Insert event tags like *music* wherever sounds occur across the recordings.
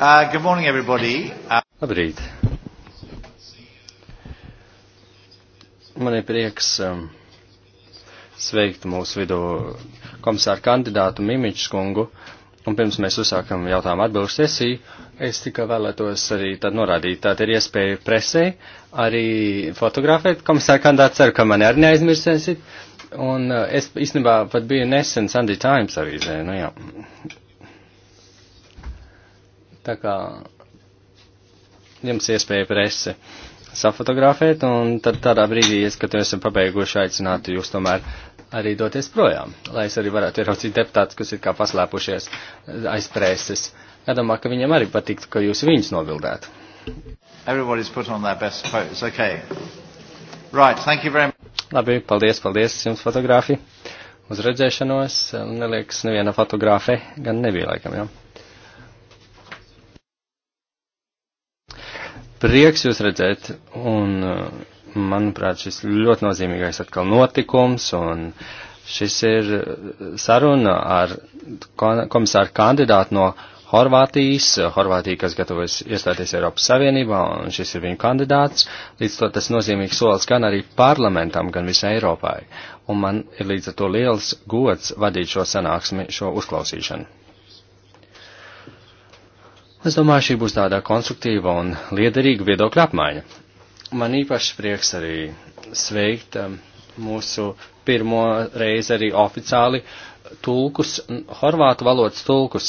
Uh, good morning, everybody. Uh... Labrīt. Man ir prieks um, sveikt mūsu vidū komisāru kandidātu Mimičs kungu. Un pirms mēs uzsākam jautājumu atbildu sesiju, es tikai vēlētos arī tad norādīt, tā ir iespēja presē arī fotografēt. Komisāra kandidāts ceru, ka mani arī neaizmirsēsit. Un uh, es īstenībā pat biju nesen Sunday Times avīzē, nu jā Tā kā jums iespēja prese safotografēt, un tad tādā brīdī, kad jūs esat pabeiguši, aicinātu jūs tomēr arī doties projām, lai es arī varētu ieraucīt deputātus, kas ir kā paslēpušies aiz preses. Jādomā, ka viņam arī patiktu, ka jūs viņus novildētu. Everybody's put on their best pose. Okay. Right, thank you very much. Labi, paldies, paldies jums fotogrāfi. Uz redzēšanos, nelieks neviena fotogrāfe, gan nebija laikam, jā. Ja? prieks jūs redzēt, un, uh, manuprāt, šis ļoti nozīmīgais atkal notikums, un šis ir uh, saruna ar komisāru kandidātu no Horvātijas, Horvātija, kas gatavojas iestāties Eiropas Savienībā, un šis ir viņu kandidāts, līdz to tas nozīmīgs solis gan arī parlamentam, gan visai Eiropai, un man ir līdz ar to liels gods vadīt šo sanāksmi, šo uzklausīšanu. Es domāju, šī būs tādā konstruktīva un liederīga viedokļa apmaiņa. Man īpaši prieks arī sveikt um, mūsu pirmo reizi arī oficiāli tulkus, horvātu valodas tulkus.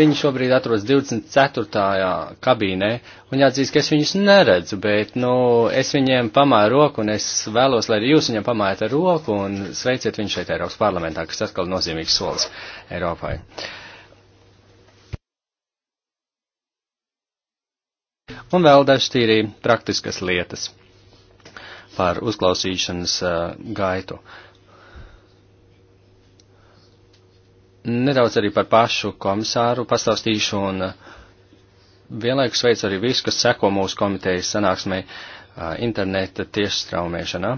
Viņi šobrīd atrodas 24. kabīnē, un jāatzīst, ka es viņus neredzu, bet, nu, es viņiem pamāju roku, un es vēlos, lai arī jūs viņam pamājat ar roku, un sveiciet viņu šeit Eiropas parlamentā, kas atkal nozīmīgs solis Eiropai. Uh, Un vēl dažs tīri praktiskas lietas par uzklausīšanas gaitu. Nedaudz arī par pašu komisāru pastāstīšu un vienlaikus veicu arī visu, kas seko mūsu komitejas sanāksmē interneta tiešstraumēšanā.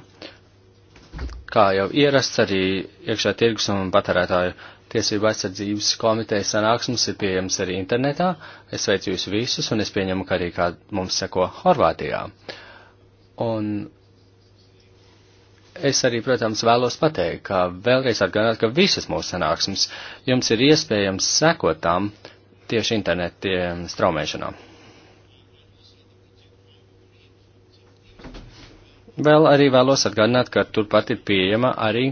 Kā jau ierasts arī iekšā tirgus un patērētāju Tiesība aizsardzības komitejas sanāksmes ir pieejams arī internetā. Es sveicu jūs visus, un es pieņemu, ka arī kā mums seko Horvātijā. Un es arī, protams, vēlos pateikt, ka vēlreiz atgādināt, ka visas mūsu sanāksmes jums ir iespējams sekot tām tieši internetu straumēšanā. Vēl arī vēlos atgādināt, ka turpat ir pieejama arī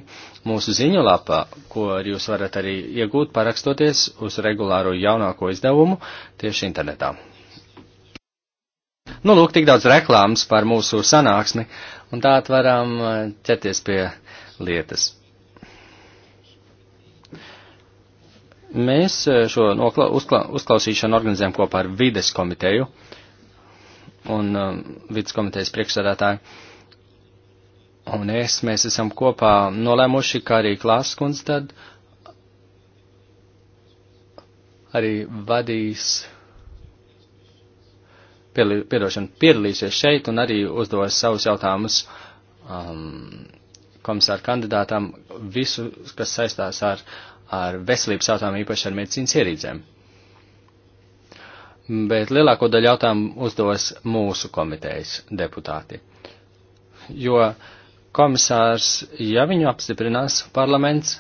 mūsu ziņu lapā, ko jūs varat arī iegūt parakstoties uz regulāro jaunāko izdevumu tieši internetā. Nu, lūk, tik daudz reklāmas par mūsu sanāksmi, un tā varam eh, ķerties pie lietas. Mēs eh, šo nokla, uzkla, uzklausīšanu organizējam kopā ar vides komiteju un um, vides komitejas priekšsēdētāju un es, mēs esam kopā nolēmuši, kā arī klāskunds tad arī vadīs, piedošana, piedalīsies šeit un arī uzdos savus jautājumus um, komisāru kandidātam visu, kas saistās ar, ar veselības jautājumu, īpaši ar medicīnas ierīdzēm. Bet lielāko daļu jautājumu uzdos mūsu komitejas deputāti. Jo uh, komisārs, ja viņu apstiprinās parlaments,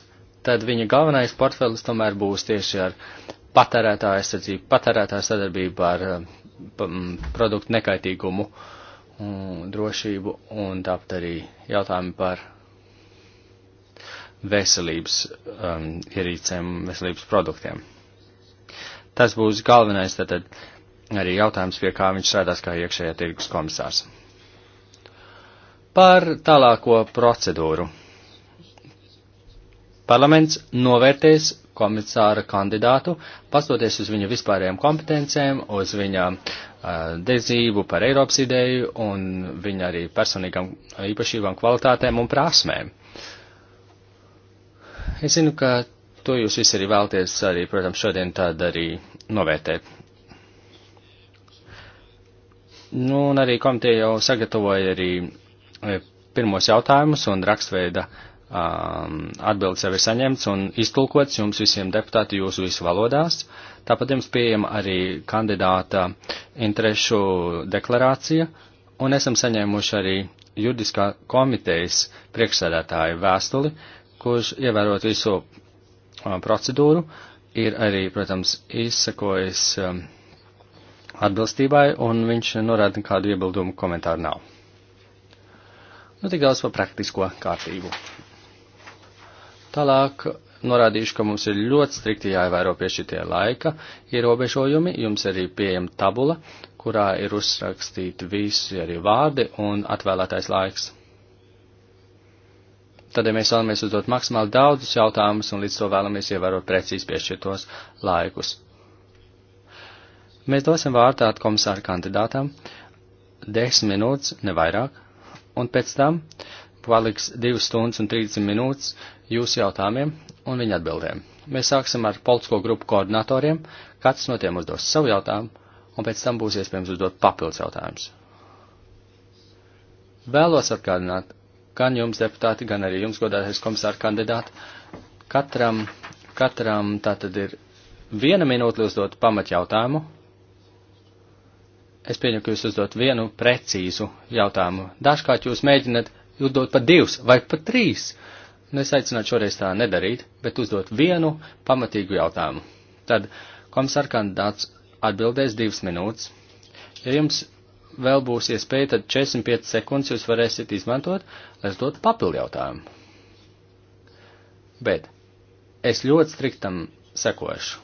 tad viņa galvenais portfelis tomēr būs tieši ar patērētāju aizsardzību, patērētāju sadarbību ar um, um, produktu nekaitīgumu, un um, drošību un tāpat arī jautājumi par veselības um, ierīcēm, veselības produktiem. Tas būs galvenais, tad arī jautājums, pie kā viņš strādās kā iekšējā tirgus komisārs. Par tālāko procedūru. Parlaments novērtēs komisāra kandidātu, pastoties uz viņa vispārējām kompetencēm, uz viņa uh, dedzību par Eiropas ideju un viņa arī personīgām īpašībām, kvalitātēm un prasmēm. Es zinu, ka to jūs visi arī vēlties arī, protams, šodien tad arī novērtēt. Nu, un arī komiteja jau sagatavoja arī E, pirmos jautājumus un rakstveida um, atbildes jau ir saņemts un iztulkots jums visiem deputāti jūsu visu valodās. Tāpat jums pieejama arī kandidāta interešu deklarācija un esam saņēmuši arī juridiskā komitejas priekšsēdētāju vēstuli, kurš ievērot visu um, procedūru ir arī, protams, izsakojis um, atbilstībai un viņš norāda, kādu iebildumu komentāru nav. Nu, tik daudz par praktisko kārtību. Tālāk norādīšu, ka mums ir ļoti strikti jāievēro pie šitie laika ierobežojumi. Jums arī pieejama tabula, kurā ir uzrakstīti visi arī vārdi un atvēlētais laiks. Tad, ja mēs vēlamies uzdot maksimāli daudzus jautājumus un līdz to vēlamies ievērot precīzi piešķirtos laikus. Mēs dosim vārtāt komisāru kandidātam desmit minūtes, nevairāk, un pēc tam paliks 2 stundas un 30 minūtes jūsu jautājumiem un viņa atbildēm. Mēs sāksim ar politisko grupu koordinatoriem, katrs no tiem uzdos savu jautājumu, un pēc tam būs iespējams uzdot papildus jautājumus. Vēlos atgādināt, gan jums, deputāti, gan arī jums, godātais komisāra kandidāti, katram, katram tātad ir viena minūte uzdot pamat jautājumu, es pieņemu, ka jūs uzdot vienu precīzu jautājumu. Dažkārt jūs mēģināt uzdot pat divus vai pat trīs. Un nu, es aicinātu šoreiz tā nedarīt, bet uzdot vienu pamatīgu jautājumu. Tad komisāra kandidāts atbildēs divas minūtes. Ja jums vēl būs iespēja, tad 45 sekundes jūs varēsiet izmantot, lai uzdot papildu jautājumu. Bet es ļoti striktam sekošu.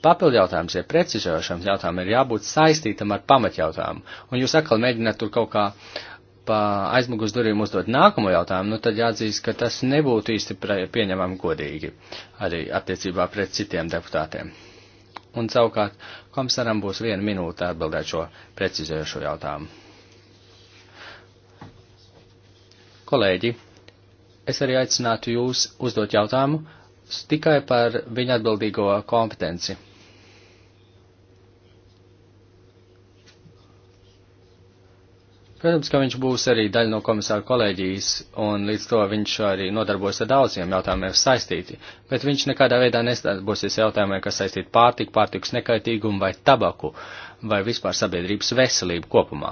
Papildu jautājums, ja precizējošams jautājumam ir jābūt saistītam ar pamatjautājumu, un jūs atkal mēģināt tur kaut kā pa aizmugus durvīm uzdot nākamo jautājumu, nu tad jāatzīst, ka tas nebūtu īsti pieņemami godīgi arī attiecībā pret citiem deputātiem. Un savukārt komisaram būs viena minūte atbildēt šo precizējošo jautājumu. Kolēģi, es arī aicinātu jūs uzdot jautājumu tikai par viņa atbildīgo kompetenci Protams, ka viņš būs arī daļa no komisāra kolēģijas, un līdz to viņš arī nodarbos ar daudziem jautājumiem saistīti, bet viņš nekādā veidā nestarbosies jautājumiem, kas saistīti pārtiku, pārtikas nekaitīgumu vai tabaku, vai vispār sabiedrības veselību kopumā.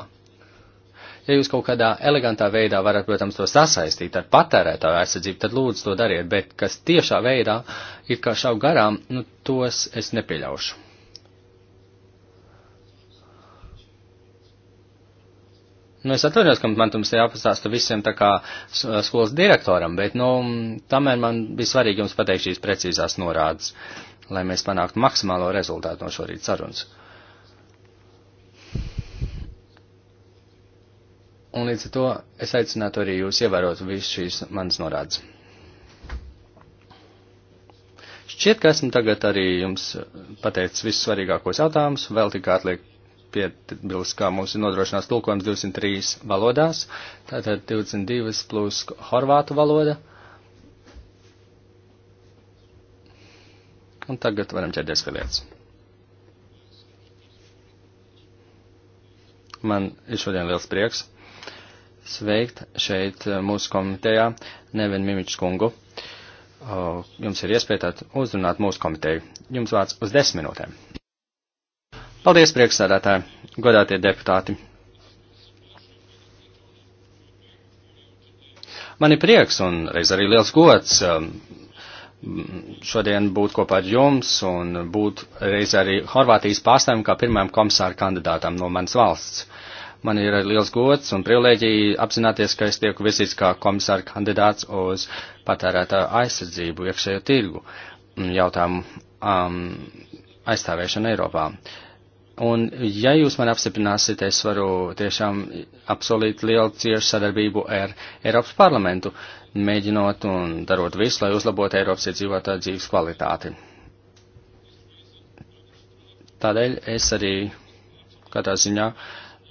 Ja jūs kaut kādā elegantā veidā varat, protams, to sasaistīt ar patērētāju aizsardzību, tad lūdzu to dariet, bet kas tiešā veidā ir kā šau garām, nu tos es nepieļaušu. Nu, es atvainojos, ka man jums jāpastāsta visiem tā kā eh, skolas direktoram, bet, nu, tamēr man bija svarīgi jums pateikt šīs precīzās norādes, lai mēs panāktu maksimālo rezultātu no šorīt sarunas. Un līdz ar to es aicinātu arī jūs ievērot visu šīs manas norādes. Šķiet, ka esmu tagad arī jums pateicis visus svarīgākos jautājumus, vēl tikai atliek piebilst, ka mums ir nodrošināts tulkojums 203 valodās, tātad 22 plus horvātu valoda. Un tagad varam ķerties pie lietas. Man ir šodien liels prieks sveikt šeit eh, mūsu komitejā Nevien Mimičs kungu. Jums ir iespēja uzrunāt mūsu komiteju. Jums vārds uz desmit minūtēm. Paldies, priekšsēdētāji, godātie deputāti. Man ir prieks un reiz arī liels gods um, šodien būt kopā ar jums un būt reiz arī Horvātijas pārstāvim kā pirmajam komisāra kandidātam no manas valsts. Man ir liels gods un privileģija apzināties, ka es tieku virzīts kā komisāra kandidāts uz patērētā aizsardzību, iekšējo tirgu jautājumu um, aizstāvēšanu Eiropā. Uh, Un, ja jūs man apstiprināsiet, es varu tiešām apsolīt lielu ciešu sadarbību ar Eiropas parlamentu, mēģinot un darot visu, lai uzlabotu Eiropas iedzīvotāju dzīves kvalitāti. Tādēļ es arī, kādā ziņā,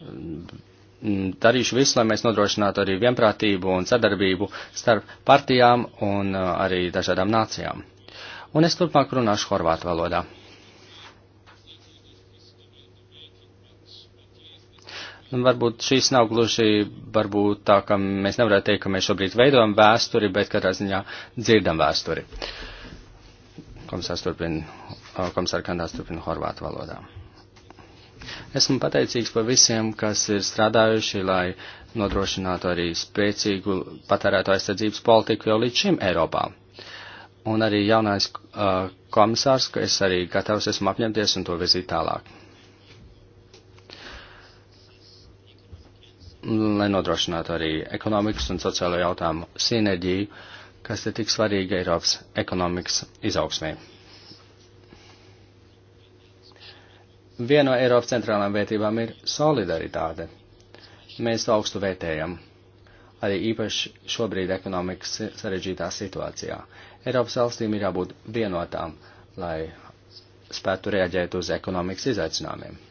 mm, darīšu visu, lai mēs nodrošinātu arī vienprātību un sadarbību starp partijām un uh, arī dažādām nācijām. Un es turpmāk runāšu horvātu valodā. Un nu, varbūt šīs nav gluži, varbūt tā, ka mēs nevarētu teikt, ka mēs šobrīd veidojam vēsturi, bet katrā ziņā dzirdam vēsturi. Komisārs turpina, komisāra kandās turpina horvātu valodā. Esmu pateicīgs par visiem, kas ir strādājuši, lai nodrošinātu arī spēcīgu patērēto aizsardzības politiku jau līdz šim Eiropā. Un arī jaunais uh, komisārs, ka es arī gatavs esmu apņemties un to vizīt tālāk. lai nodrošinātu arī ekonomikas un sociālo jautājumu sinerģiju, kas ir tik svarīga Eiropas ekonomikas izaugsmē. Viena no Eiropas centrālām vērtībām ir solidaritāte. Mēs to augstu vērtējam, arī īpaši šobrīd ekonomikas sarežģītā situācijā. Eiropas valstīm ir jābūt vienotām, lai spētu reaģēt uz ekonomikas izaicinājumiem.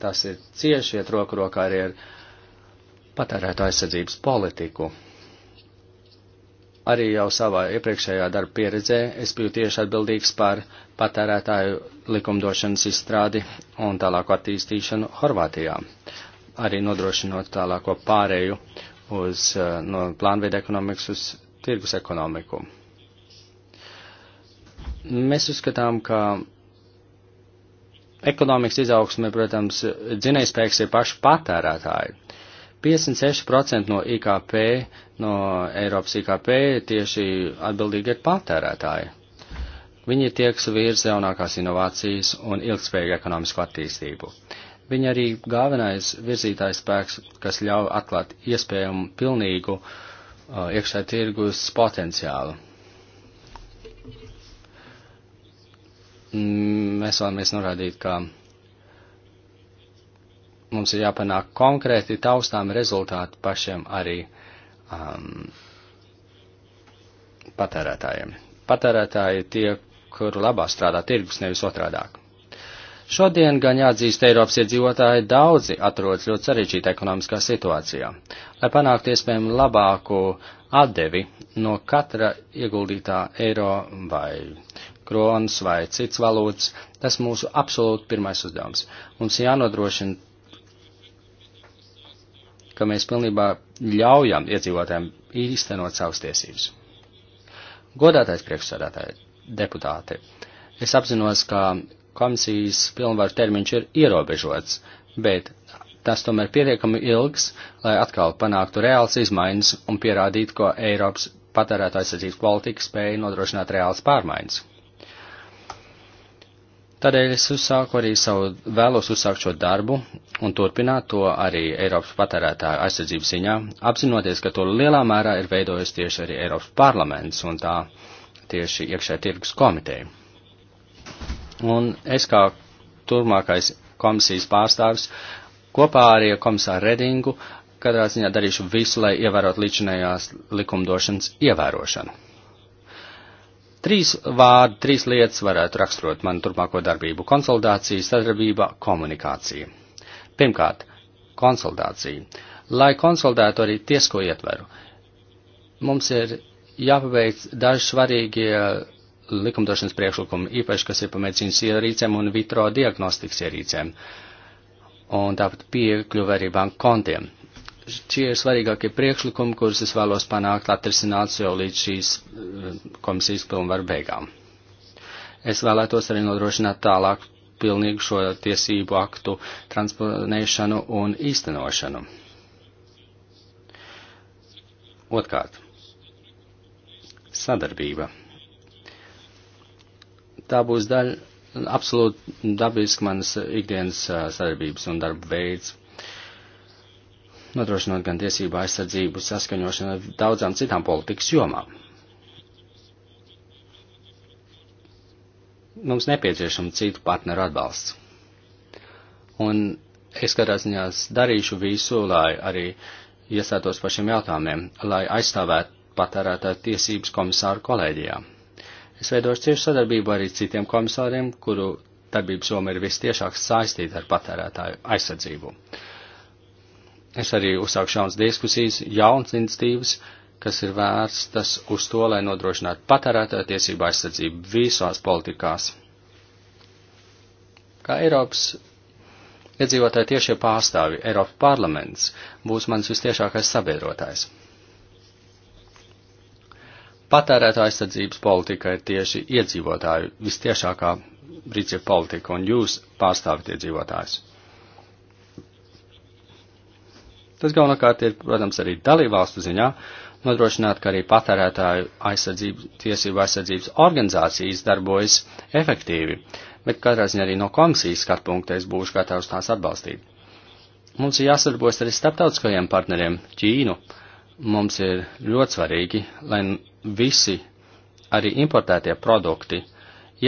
Tas ir cieši iet roku rokā arī ar patērētu aizsardzības politiku. Arī jau savā iepriekšējā darba pieredzē es biju tieši atbildīgs par patērētāju likumdošanas izstrādi un tālāko attīstīšanu Horvātijā, arī nodrošinot tālāko pārēju uz eh, no plānveida ekonomikas uz tirgus ekonomiku. Mēs uzskatām, ka ekonomikas izaugsme, protams, dzinējspēks ir paši patērētāji. 56% no IKP, no Eiropas IKP tieši atbildīgi ir patērētāji. Viņi tieks virza jaunākās inovācijas un ilgspējīgu ekonomisku attīstību. Viņi arī galvenais virzītājs spēks, kas ļauj atklāt iespējumu pilnīgu uh, iekšē tirgus potenciālu Mm, mēs vēlamies norādīt, ka mums ir jāpanāk konkrēti taustām rezultāti pašiem arī um, patērētājiem. Patērētāji tie, kur labā strādā tirgus, nevis otrādāk. Šodien gan jāatzīst, Eiropas iedzīvotāji daudzi atrodas ļoti sarežģītā ekonomiskā situācijā. Lai panāktu iespējami labāku atdevi no katra ieguldītā eiro vai kronas vai cits valūtas. Tas mūsu absolūti pirmais uzdevums. Mums jānodrošina, ka mēs pilnībā ļaujam iedzīvotājiem īstenot savas tiesības. Godātais priekšsēdētāji, deputāti, es apzinos, ka komisijas pilnvaru termiņš ir ierobežots, bet tas tomēr pietiekami ilgs, lai atkal panāktu reāls izmaiņas un pierādītu, ko Eiropas patērētāju aizsardzības politika spēja nodrošināt reāls pārmaiņas. Tādēļ es uzsāku arī savu, vēlos uzsākt šo darbu un turpināt to arī Eiropas patērētāju aizsardzības ziņā, apzinoties, ka to lielā mērā ir veidojis tieši arī Eiropas parlaments un tā tieši iekšē tirgus komiteja. Un es kā turmākais komisijas pārstāvis kopā arī komisāru Redingu katrā ziņā darīšu visu, lai ievērot līdzinējās likumdošanas ievērošanu. Trīs vārdi, trīs lietas varētu raksturot manu turpmāko darbību - konsolidācija, sadarbība, komunikācija. Pirmkārt, konsolidācija. Lai konsolidētu arī tiesko ietveru, mums ir jāpabeidz daži svarīgie eh, likumdošanas priekšlikumi, īpaši, kas ir pamēcījums ierīcēm un vitro diagnostikas ierīcēm, un tāpat piekļuva arī banku kontiem. Šie ir svarīgākie priekšlikumi, kurus es vēlos panākt atrisināt jau līdz šīs eh, komisijas pilnvaru beigām. Es vēlētos arī nodrošināt tālāk pilnīgu šo tiesību aktu transponēšanu un īstenošanu. Otkārt, sadarbība. Tā būs daļa absolūti dabiski manas ikdienas eh, sadarbības un darba veids nodrošinot gan tiesību aizsardzību saskaņošanu ar daudzām citām politikas jomām. Mums nepieciešama citu partneru atbalsts. Un es katrā ziņā darīšu visu, lai arī iestātos par šiem jautājumiem, lai aizstāvētu patērētāju tiesības komisāru kolēģijā. Es veidošu ciešu sadarbību arī citiem komisāriem, kuru darbības joma ir vistiešāk saistīta ar patērētāju aizsardzību. Uh, es arī uzsākšu jaunas diskusijas, jaunas iniciatīvas, kas ir vērstas uz to, lai nodrošinātu patērētāju tiesību aizsardzību visās politikās. Kā Eiropas iedzīvotāji tiešie pārstāvi, Eiropas parlaments būs mans vistiešākais sabiedrotājs. Patērētāju aizsardzības politika ir tieši iedzīvotāju vistiešākā rīcība politika, un jūs pārstāvat iedzīvotājus. Tas galvenokārt ir, protams, arī dalībvalstu ziņā nodrošināt, ka arī patērētāju aizsardzības, tiesību aizsardzības organizācijas darbojas efektīvi, bet katrā ziņā arī no komisijas skatu punkta es būšu gatavs tās atbalstīt. Mums ir jāsadarbojas arī starptautiskajiem partneriem Ķīnu. Mums ir ļoti svarīgi, lai visi arī importētie produkti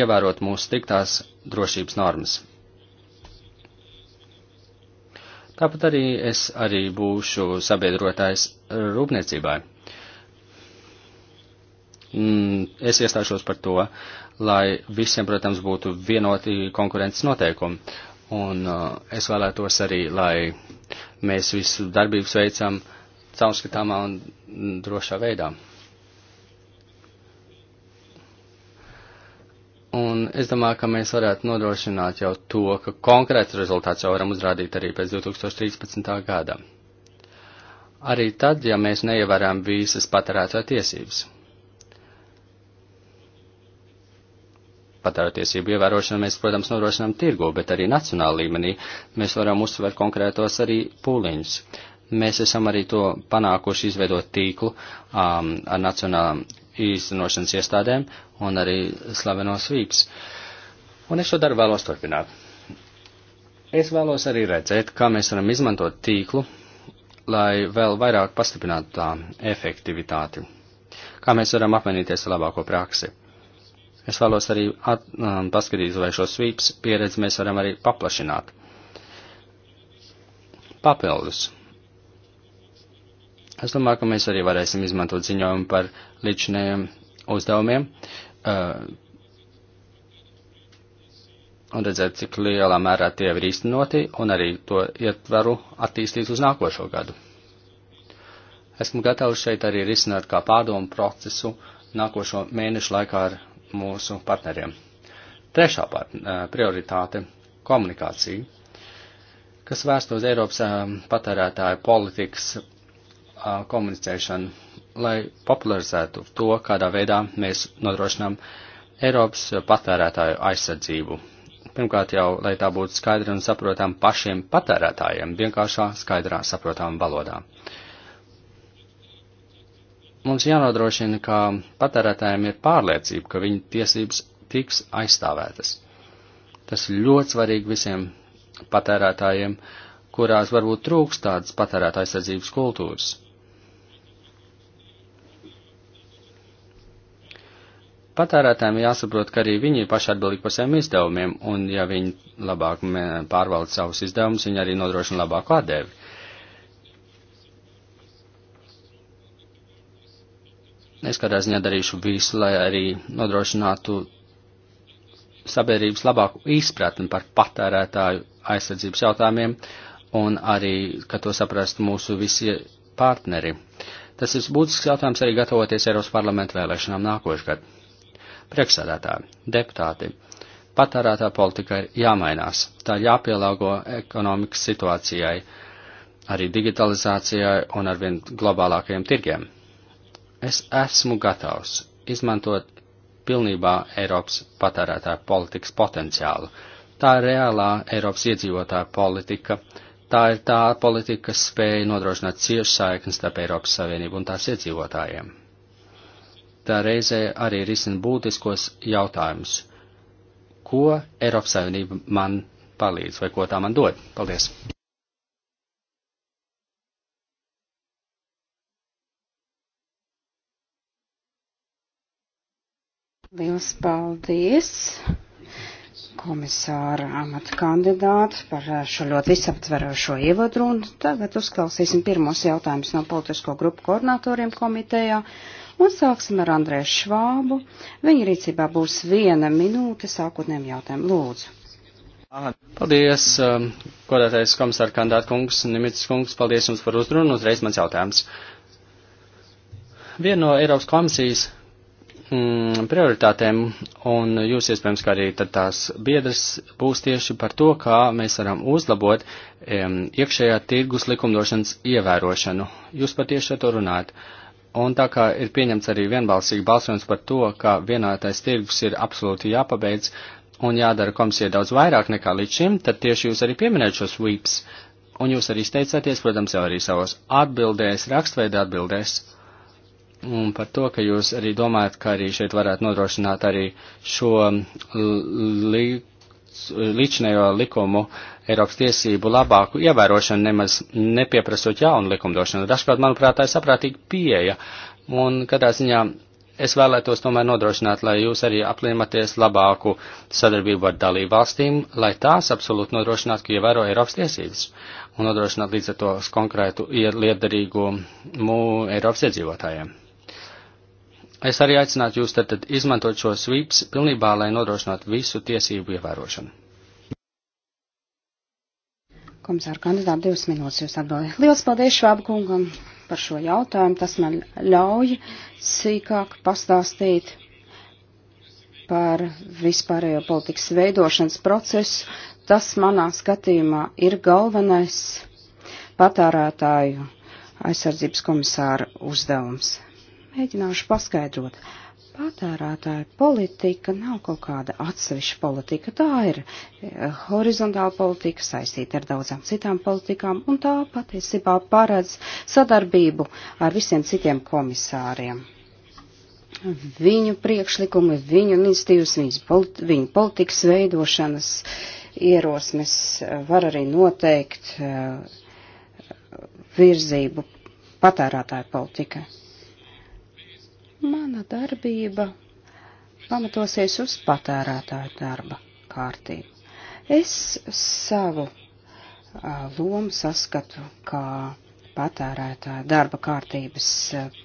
ievērot mūsu striktās drošības normas. Tāpat arī es arī būšu sabiedrotājs rūpniecībai. Mm, es iestāšos par to, lai visiem, protams, būtu vienoti konkurences noteikumi. Un uh, es vēlētos arī, lai mēs visu darbības veicam caurskatāmā un drošā veidā. Un es domāju, ka mēs varētu nodrošināt jau to, ka konkrēts rezultāts jau varam uzrādīt arī pēc 2013. gada. Arī tad, ja mēs neievērām visas patērētāja tiesības. Patērētiesību ievērošanu mēs, protams, nodrošinām tirgo, bet arī nacionāla līmenī mēs varam uzsvērt konkrētos arī pūliņus. Mēs esam arī to panākuši izveidot tīklu um, ar nacionālām īstenošanas iestādēm un arī slavenos vīks. Un es šo darbu vēlos turpināt. Es vēlos arī redzēt, kā mēs varam izmantot tīklu, lai vēl vairāk pastiprinātu tā efektivitāti. Kā mēs varam apmainīties ar labāko praksi. Es vēlos arī at, um, paskatīt, vai šo svīps pieredzi mēs varam arī paplašināt. Papildus Es domāju, ka mēs arī varēsim izmantot ziņojumu par līdzinējiem uzdevumiem uh, un redzēt, cik lielā mērā tie ir īstenoti un arī to ietveru attīstīt uz nākošo gadu. Esmu gatavs šeit arī risināt kā pārdomu procesu nākošo mēnešu laikā ar mūsu partneriem. Trešā part, uh, prioritāte - komunikācija, kas vērst uz Eiropas uh, patērētāju politikas komunicēšanu, lai popularizētu to, kādā veidā mēs nodrošinām Eiropas patērētāju aizsardzību. Pirmkārt jau, lai tā būtu skaidra un saprotama pašiem patērētājiem, vienkāršā, skaidrā, saprotama valodā. Mums jānodrošina, ka patērētājiem ir pārliecība, ka viņu tiesības tiks aizstāvētas. Tas ir ļoti svarīgi visiem patērētājiem, kurās varbūt trūkst tādas patērētāja aizsardzības kultūras. Patērētājiem jāsaprot, ka arī viņi ir paši atbildīgi par saviem izdevumiem, un ja viņi labāk pārvalda savus izdevumus, viņi arī nodrošina labāku atdevi. Es kādā ziņā darīšu visu, lai arī nodrošinātu sabiedrības labāku izpratni par patērētāju aizsardzības jautājumiem, un arī, ka to saprastu mūsu visi partneri. Tas ir būtisks jautājums arī gatavoties Eiropas parlamentu vēlēšanām nākošgad. Priekšsēdētāji, deputāti, patērētā politika ir jāmainās, tā ir jāpielāgo ekonomikas situācijai, arī digitalizācijai un arvien globālākajiem tirgiem. Es esmu gatavs izmantot pilnībā Eiropas patērētāja politikas potenciālu. Tā ir reālā Eiropas iedzīvotāja politika, tā ir tā politika, kas spēja nodrošināt ciešu saiknes starp Eiropas Savienību un tās iedzīvotājiem tā reizē arī risina būtiskos jautājumus. Ko Eiropas Savienība man palīdz vai ko tā man dod? Paldies! Liels paldies! komisāra amata kandidātu par šo ļoti visaptverošo ievadrunu. Tagad uzklausīsim pirmos jautājumus no politisko grupu koordinatoriem komitejā. Un sāksim ar Andrēs Švābu. Viņa rīcībā būs viena minūte sākotnēm jautājumiem. Lūdzu. Aha. Paldies, um, godātais komisāra kandidāta kungs, Nimits kungs, paldies jums par uzrunu. Uzreiz mans jautājums. Viena no Eiropas komisijas mm, prioritātēm, un jūs iespējams, ka arī tās biedras būs tieši par to, kā mēs varam uzlabot um, iekšējā tirgus likumdošanas ievērošanu. Jūs patiešām to runājat. Uh, Un tā kā ir pieņemts arī vienbalsīgi balsojums par to, ka vienātais tirgus ir absolūti jāpabeidz un jādara komisija daudz vairāk nekā līdz šim, tad tieši jūs arī pieminējat šos VIPs. Un jūs arī izteicāties, protams, jau arī savos atbildēs, rakstveida atbildēs, un par to, ka jūs arī domājat, ka arī šeit varētu nodrošināt arī šo li līdzinējo likumu Eiropas tiesību labāku ievērošanu, nemaz nepieprasot jaunu likumdošanu. Dažkārt, manuprāt, tā ir saprātīga pieeja. Un katrā ziņā es vēlētos tomēr nodrošināt, lai jūs arī apliematies labāku sadarbību ar dalību valstīm, lai tās absolūti nodrošinātu, ka ievēro Eiropas tiesības un nodrošināt līdz ar to konkrētu liederīgumu Eiropas iedzīvotājiem. Es arī aicinātu jūs tad, tad izmantot šo svīps pilnībā, lai nodrošinātu visu tiesību ievērošanu. Komisāra kandidāta divas minūtes jūs atbildēja. Lielas paldies Švāba kungam par šo jautājumu. Tas man ļauj sīkāk pastāstīt par vispārējo politikas veidošanas procesu. Tas manā skatījumā ir galvenais patērētāju aizsardzības komisāra uzdevums. Mēģināšu paskaidrot. Patērētāja politika nav kaut kāda atsevišķa politika. Tā ir e, horizontāla politika saistīta ar daudzām citām politikām, un tā patiesībā paredz sadarbību ar visiem citiem komisāriem. Viņu priekšlikumi, viņu iniciatīvas, viņu, politi viņu politikas veidošanas ierosmes var arī noteikt e, virzību patērētāju politikai Mana darbība pamatosies uz patērētāju darba kārtību. Es savu uh, lomu saskatu kā patērētāju darba kārtības uh,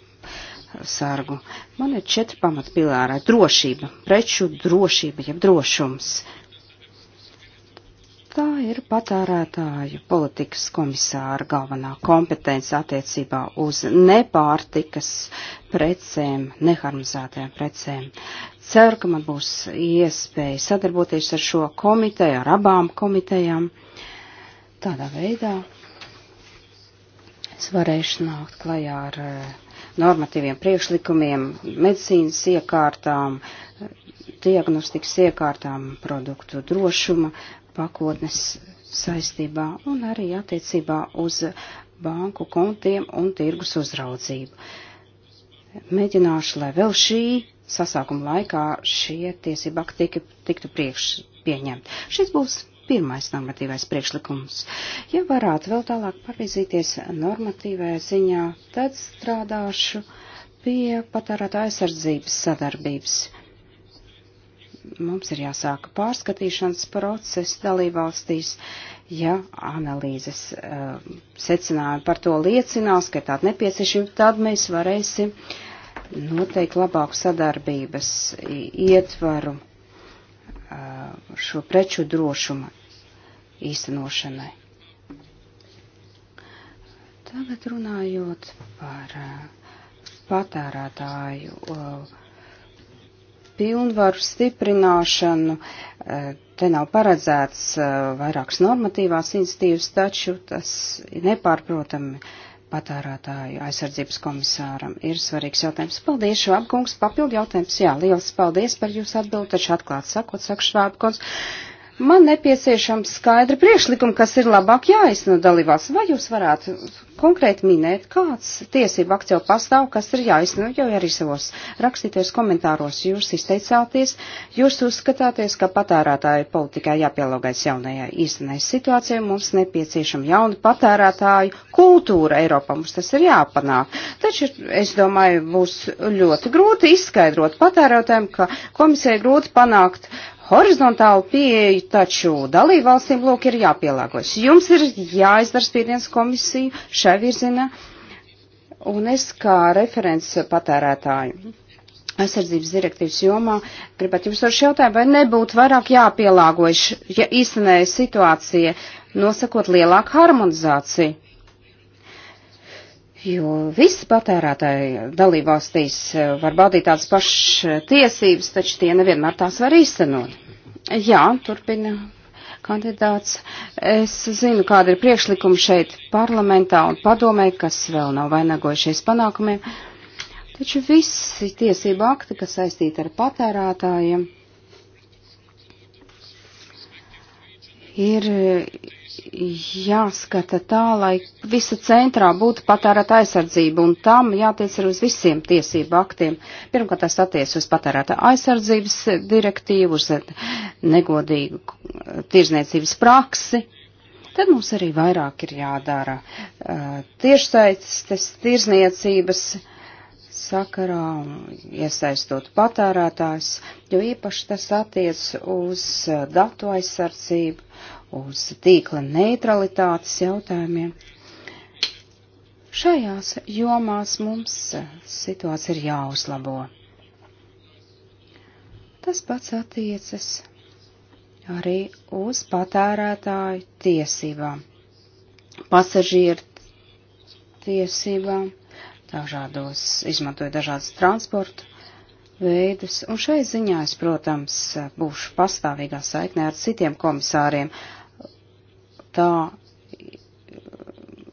sargu. Man ir četri pamatpilāri - drošība, preču drošība, jeb drošums, Tā ir patērētāju politikas komisāra galvenā kompetence attiecībā uz nepārtikas precēm, neharmonizētajām precēm. Ceru, ka man būs iespēja sadarboties ar šo komiteju, ar abām komitejām. Tādā veidā es varēšu nākt klajā ar eh, normatīviem priekšlikumiem, medicīnas iekārtām, diagnostikas iekārtām, produktu drošuma pakotnes saistībā un arī attiecībā uz banku kontiem un tirgus uzraudzību. Mēģināšu, lai vēl šī sasākuma laikā šie tiesība akti tiktu priekš pieņemti. Šis būs pirmais normatīvais priekšlikums. Ja varētu vēl tālāk parvizīties normatīvajā ziņā, tad strādāšu pie patērētā aizsardzības sadarbības mums ir jāsāk pārskatīšanas process dalībvalstīs, ja analīzes uh, secinājumi par to liecinās, ka tāda nepieciešamība, tad mēs varēsim noteikt labāku sadarbības ietvaru uh, šo preču drošuma īstenošanai. Tagad runājot par uh, patērētāju. Uh, pilnvaru stiprināšanu. Eh, te nav paredzēts eh, vairākas normatīvās institīvas, taču tas nepārprotami patērētāju aizsardzības komisāram ir svarīgs jautājums. Paldies, Švābkungs, papildu jautājums. Jā, liels paldies par jūsu atbildi, taču atklāt sakot, saka Švābkungs. Man nepieciešams skaidri priekšlikumi, kas ir labāk jāizsno dalībās. Vai jūs varētu konkrēti minēt, kāds tiesība akts jau pastāv, kas ir jāizsno, jo arī savos rakstīties komentāros jūs izteicāties, jūs uzskatāties, ka patērētāju politikai jāpielogais jaunajai īstenai situācijai, mums nepieciešama jauna patērētāju kultūra Eiropā, mums tas ir jāpanāk. Taču, es domāju, būs ļoti grūti izskaidrot patērētājiem, ka komisijai grūti panākt horizontālu pieeju, taču dalību valstīm lūk ir jāpielāgojas. Jums ir jāizdara spiediens komisiju šai virzienā, un es kā referents patērētāju aizsardzības direktīvas jomā gribētu jums ar jautājumu, vai nebūtu vairāk jāpielāgojas, ja īstenēja situācija, nosakot lielāku harmonizāciju jo visi patērētāji dalībvalstīs e, var baudīt tādas pašas e, tiesības, taču tie nevienmēr tās var īstenot. Jā, turpina kandidāts. Es zinu, kāda ir priekšlikuma šeit parlamentā un padomē, kas vēl nav vainagojušies panākumiem, taču visi tiesība akti, kas saistīti ar patērētājiem, ir jāskata tā, lai visa centrā būtu patērēta aizsardzība, un tam jātiec ir uz visiem tiesību aktiem. Pirmkārt, tas attiec uz patērēta aizsardzības direktīvu, uz negodīgu tirzniecības praksi. Tad mums arī vairāk ir jādara uh, tiešsaistes tirzniecības sakarā, iesaistot patērētājs, jo īpaši tas attiec uz uh, datu aizsardzību uz tīkla neutralitātes jautājumiem. Šajās jomās mums situācija ir jāuzlabo. Tas pats attiecas arī uz patērētāju tiesībām, pasažieru tiesībām, dažādos, izmantoju dažādas transportu veidus, un šai ziņā es, protams, būšu pastāvīgā saiknē ar citiem komisāriem, tā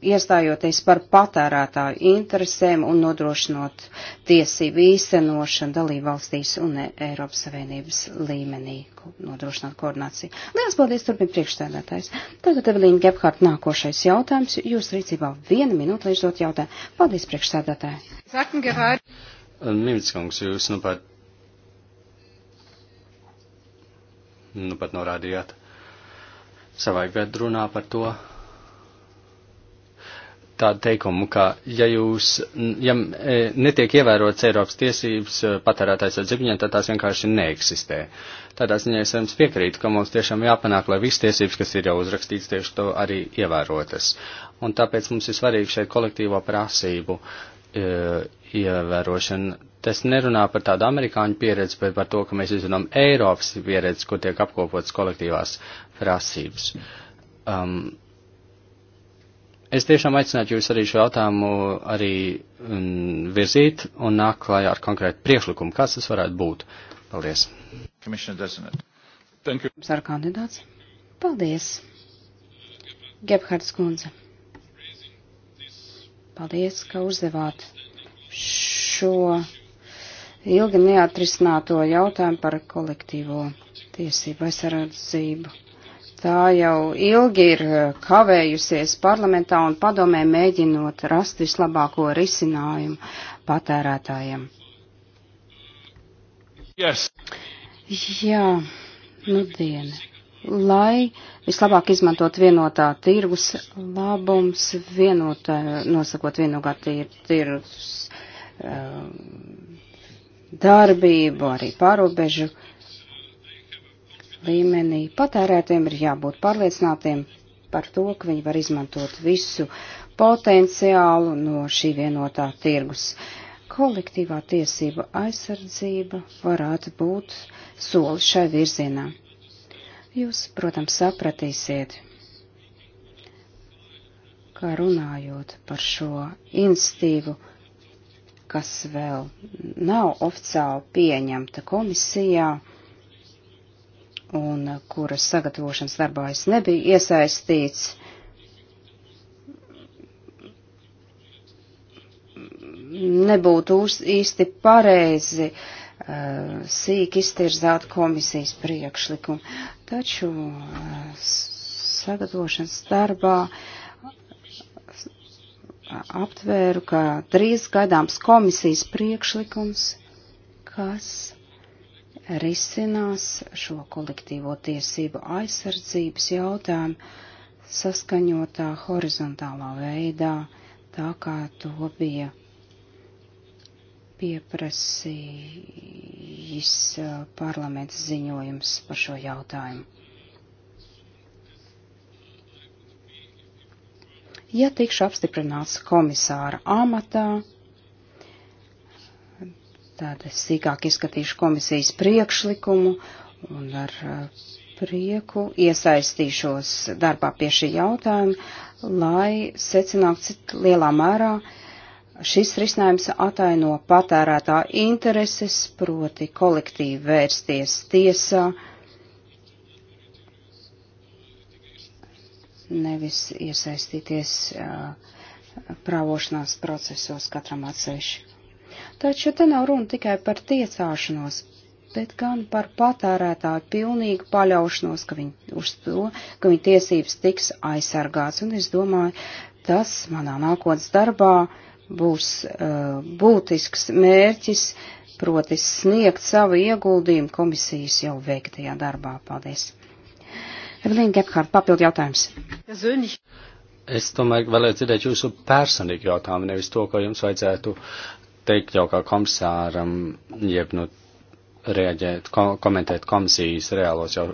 iestājoties par patērētāju interesēm un nodrošinot tiesību īstenošanu dalībvalstīs un e- Eiropas Savienības līmenī, nodrošinot koordināciju. Lielas paldies, turpin priekšstādātājs. Tagad, Evelīna Gebhārt, nākošais jautājums. Jūs rīcībā viena minūte, lai uzdot jautājumu. Paldies, priekšstādātāji. Sakam, Gebhārt. Mimitskungs, jūs nu pat, nu pat norādījāt savā gadu runā par to tādu teikumu, ka ja jūs, ja e, netiek ievērots Eiropas tiesības e, patērētājs ar dzimņiem, tad tās vienkārši neeksistē. Tādā ziņā es jums piekrītu, ka mums tiešām jāpanāk, lai visas tiesības, kas ir jau uzrakstīts, tieši to arī ievērotas. Un tāpēc mums ir svarīgi šeit kolektīvo prasību e, ievērošana. Tas nerunā par tādu amerikāņu pieredzi, bet par to, ka mēs izrunām Eiropas pieredzi, kur tiek apkopotas kolektīvās prasības. Um, es tiešām aicinātu jūs arī šo jautājumu arī um, virzīt un nāk klājā ar konkrētu priekšlikumu, kas tas varētu būt. Paldies. Komisāra kandidāts. Paldies. Gebhards Kunze. Paldies, ka uzdevāt šo ilgi neatrisināto jautājumu par kolektīvo tiesību aizsardzību. Tā jau ilgi ir eh, kavējusies parlamentā un padomē mēģinot rast vislabāko risinājumu patērētājiem. Yes. Jā, nu diena. Lai vislabāk izmantot vienotā tirgus labums, vienotā, eh, nosakot vienotā tirgus eh, darbību, arī pārobežu līmenī patērētiem ir jābūt pārliecinātiem par to, ka viņi var izmantot visu potenciālu no šī vienotā tirgus. Kolektīvā tiesība aizsardzība varētu būt solis šai virzienā. Jūs, protams, sapratīsiet, ka runājot par šo institīvu, kas vēl nav oficiāli pieņemta komisijā, un uh, kuras sagatavošanas darbā es nebiju iesaistīts. Nebūtu uz, īsti pareizi uh, sīk iztirzāt komisijas priekšlikumu, taču uh, sagatavošanas darbā uh, aptvēru, ka drīz gaidāms komisijas priekšlikums, kas risinās šo kolektīvo tiesību aizsardzības jautājumu saskaņotā horizontālā veidā, tā kā to bija pieprasījis parlaments ziņojums par šo jautājumu. Ja tikšu apstiprināts komisāra amatā, Tad es sīkāk izskatīšu komisijas priekšlikumu un ar uh, prieku iesaistīšos darbā pie šī jautājuma, lai secinātu, cik lielā mērā šis risinājums ataino patērētā intereses, proti kolektīvi vērsties tiesā, nevis iesaistīties uh, prāvošanās procesos katram atsevišķi. Taču te nav runa tikai par tiesāšanos, bet gan par patērētāju pilnīgu paļaušanos, ka viņi uz to, ka viņa tiesības tiks aizsargāts. Un es domāju, tas manā nākotnes darbā būs uh, būtisks mērķis, proti sniegt savu ieguldījumu komisijas jau veiktajā darbā. Paldies! Evelīna Gephardt, papildu jautājums. Es tomēr vēlētu dzirdēt jūsu personīgu jautājumu, nevis to, ko jums vajadzētu teikt jau kā komisāram, jeb nu reaģēt, ko, komentēt komisijas reālos jau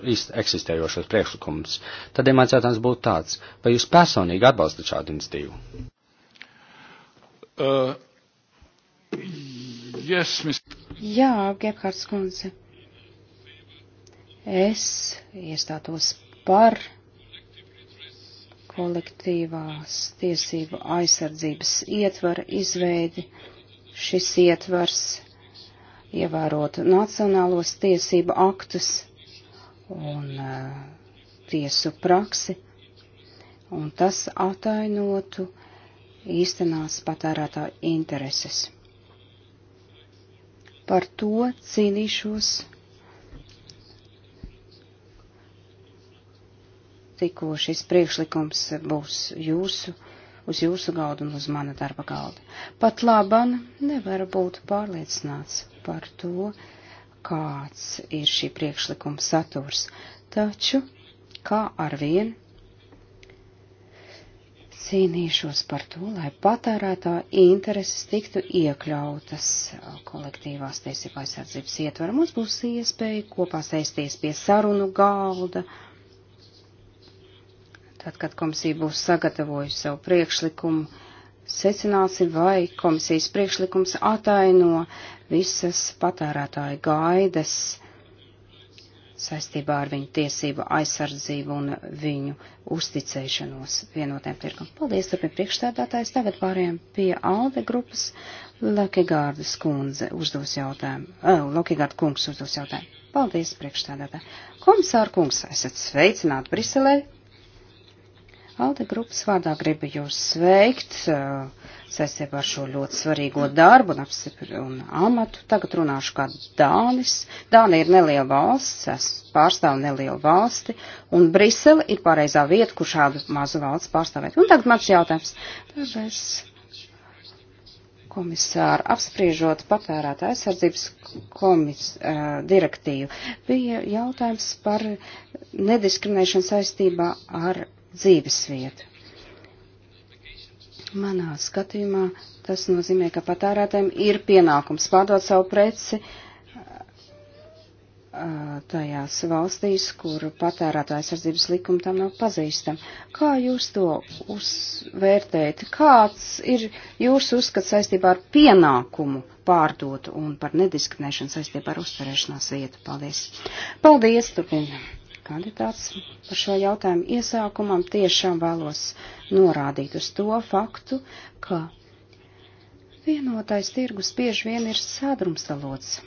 eksistējošos priekšlikumus, tad ja mans jautājums būtu tāds, vai jūs personīgi atbalstat šādu institīvu? Uh, yes, mis... Jā, Gebhards kundze. Es iestātos par kolektīvās tiesību aizsardzības ietvara izveidi. Uh, šis ietvars, ievērot nacionālos tiesību aktus un uh, tiesu praksi, un tas atainotu īstenās patērētā intereses. Par to cīnīšos tikko šis priekšlikums būs jūsu uz jūsu galdu un uz mana darba galdu. Pat laban nevar būt pārliecināts par to, kāds ir šī priekšlikuma saturs, taču kā arvien cīnīšos par to, lai patērētā intereses tiktu iekļautas kolektīvās tiesība aizsardzības ietvaram. Mums būs iespēja kopā sēsties pie sarunu galda Tad, kad komisija būs sagatavojusi savu priekšlikumu, secināsim, vai komisijas priekšlikums ataino visas patērētāju gaidas saistībā ar viņu tiesību aizsardzību un viņu uzticēšanos vienotiem tirkam. Paldies, turpin priekšstādātājs. Tagad pārējām pie Alde grupas. Lakigārdas kundze uzdos jautājumu. Uh, Lakigārda kungs uzdos jautājumu. Paldies, priekšstādātāji. Komisāra kungs, esat sveicināti Briselē. Alde grupas vārdā gribu jūs sveikt saistībā ar šo ļoti svarīgo darbu un, apstipri, un amatu. Tagad runāšu kā Dānis. Dāna ir neliela valsts, es pārstāvu nelielu valsti, un Brisele ir pareizā vieta, kur šādu mazu valsts pārstāvēt. Un tagad mans jautājums. Tāpēc komisāru apspriežot patērētā aizsardzības komis, uh, direktīvu, bija jautājums par nediskriminēšanu saistībā ar dzīves vietu. Manā skatījumā tas nozīmē, ka patērētājiem ir pienākums pārdot savu preci tajās valstīs, kur patērētāja sardzības likuma tam nav pazīstama. Kā jūs to uzvērtējat? Kāds ir jūsu uzskats saistībā ar pienākumu pārdot un par nediskriminēšanu saistībā ar uzturēšanās vietu? Paldies! Paldies, turpinam! kandidāts par šo jautājumu iesākumam tiešām vēlos norādīt uz to faktu, ka vienotais tirgus bieži vien ir sadrumstalots.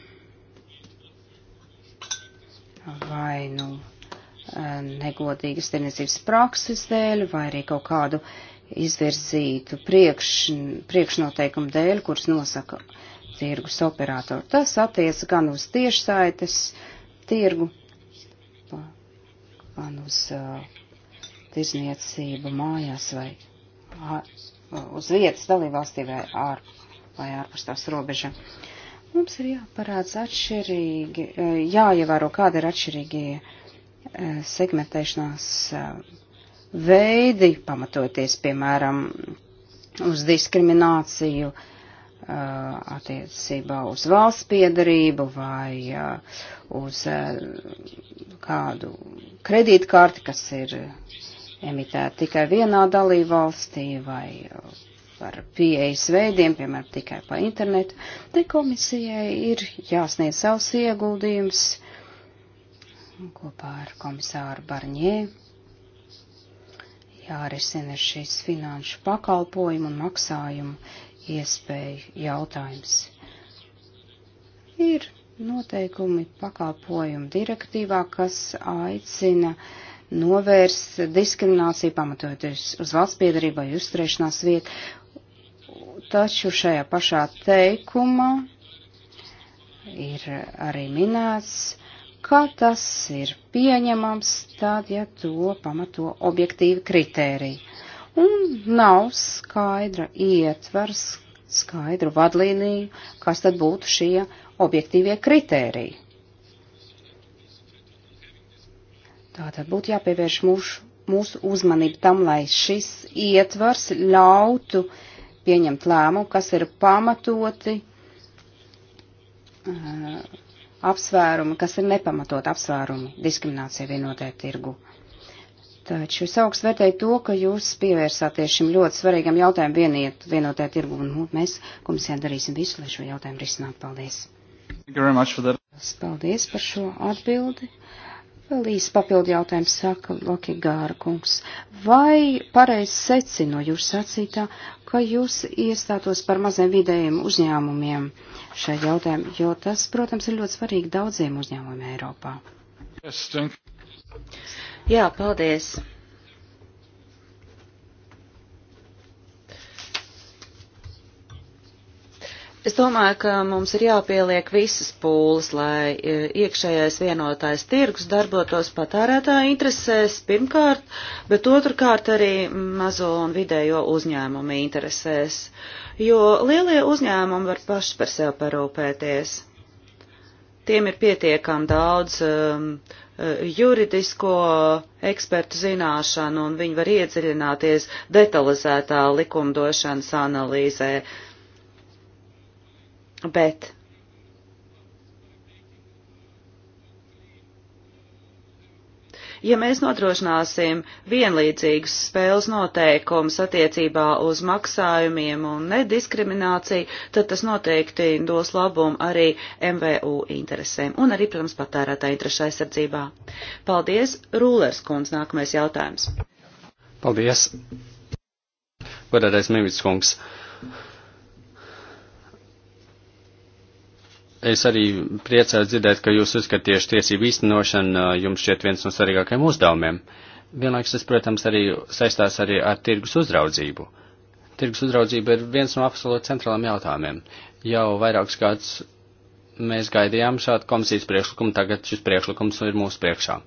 Vai nu negodīgas tirniecības prakses dēļ, vai arī kaut kādu izvirzītu priekš, priekšnoteikumu dēļ, kuras nosaka tirgus operātori. Tas attiec gan uz tiešsaites tirgu, man uz uh, tirzniecību mājās vai ar, uz vietas dalībvalstī vai, ār, vai ārpus tās robeža. Mums ir jāparāds atšķirīgi, uh, jāievēro, kāda ir atšķirīgie uh, segmentēšanās uh, veidi, pamatoties, piemēram, uz diskrimināciju uh, Uh, attiecībā uz valsts piedarību vai uh, uz uh, kādu kredītkarti, kas ir emitēta tikai vienā dalībvalstī vai par pieejas veidiem, piemēram, tikai pa internetu, te komisijai ir jāsniedz savs ieguldījums kopā ar komisāru Barņē jārisina šīs finanšu pakalpojumu un maksājumu iespēju jautājums. Ir noteikumi pakalpojumu direktīvā, kas aicina novērst diskrimināciju pamatojoties uz valsts piedarību vai uzturēšanās vietu. Taču šajā pašā teikumā ir arī minēts, ka tas ir pieņemams tad, ja to pamato objektīvi kritēriji un nav skaidra ietvers, skaidru vadlīniju, kas tad būtu šie objektīvie kritēriji. Tātad būtu jāpievērš mūsu, mūsu uzmanību tam, lai šis ietvars ļautu pieņemt lēmumu, kas ir pamatoti uh, apsvērumi, kas ir nepamatot apsvērumi diskriminācija vienotajā tirgu. Uh, Taču es augstu vērtēju to, ka jūs pievērsāties šim ļoti svarīgam jautājumam vieniet, vienotē tirgu, un nu, mēs komisijā darīsim visu, lai šo jautājumu risinātu. Paldies! Paldies par šo atbildi! Vēl īsi papildu jautājums saka Loki Gāra kungs. Vai pareizi secino jūs sacītā, ka jūs iestātos par maziem vidējiem uzņēmumiem šai jautājumu, jo tas, protams, ir ļoti svarīgi daudziem uzņēmumiem Eiropā? Yes, Jā, paldies. Es domāju, ka mums ir jāpieliek visas pūles, lai e, iekšējais vienotais tirgus darbotos patērētāju interesēs pirmkārt, bet otrkārt arī mazo un vidējo uzņēmumu interesēs, jo lielie uzņēmumi var paši par sevi parūpēties. Tiem ir pietiekam daudz um, uh, Eh, juridisko ekspertu zināšanu un viņi var iedziļināties detalizētā likumdošanas analīzē. Bet Ja mēs nodrošināsim vienlīdzīgus spēles noteikumus attiecībā uz maksājumiem un nediskrimināciju, tad tas noteikti dos labumu arī MVU interesēm un arī, protams, patērētāju interešu aizsardzībā. Paldies, Rūlers kundz, nākamais jautājums. Paldies. Godātais Mimits kungs. Uh, es arī priecājos dzirdēt, ka jūs uzskatāt tieši tiesību īstenošanu jums šķiet viens no svarīgākajiem uzdevumiem. Vienlaikus tas, protams, arī saistās arī ar tirgus uzraudzību. Tirgus uzraudzība ir viens no absolūti centrālām jautājumiem. Jau vairākus gadus mēs gaidījām šādu komisijas priekšlikumu, tagad šis priekšlikums ir mūsu priekšā.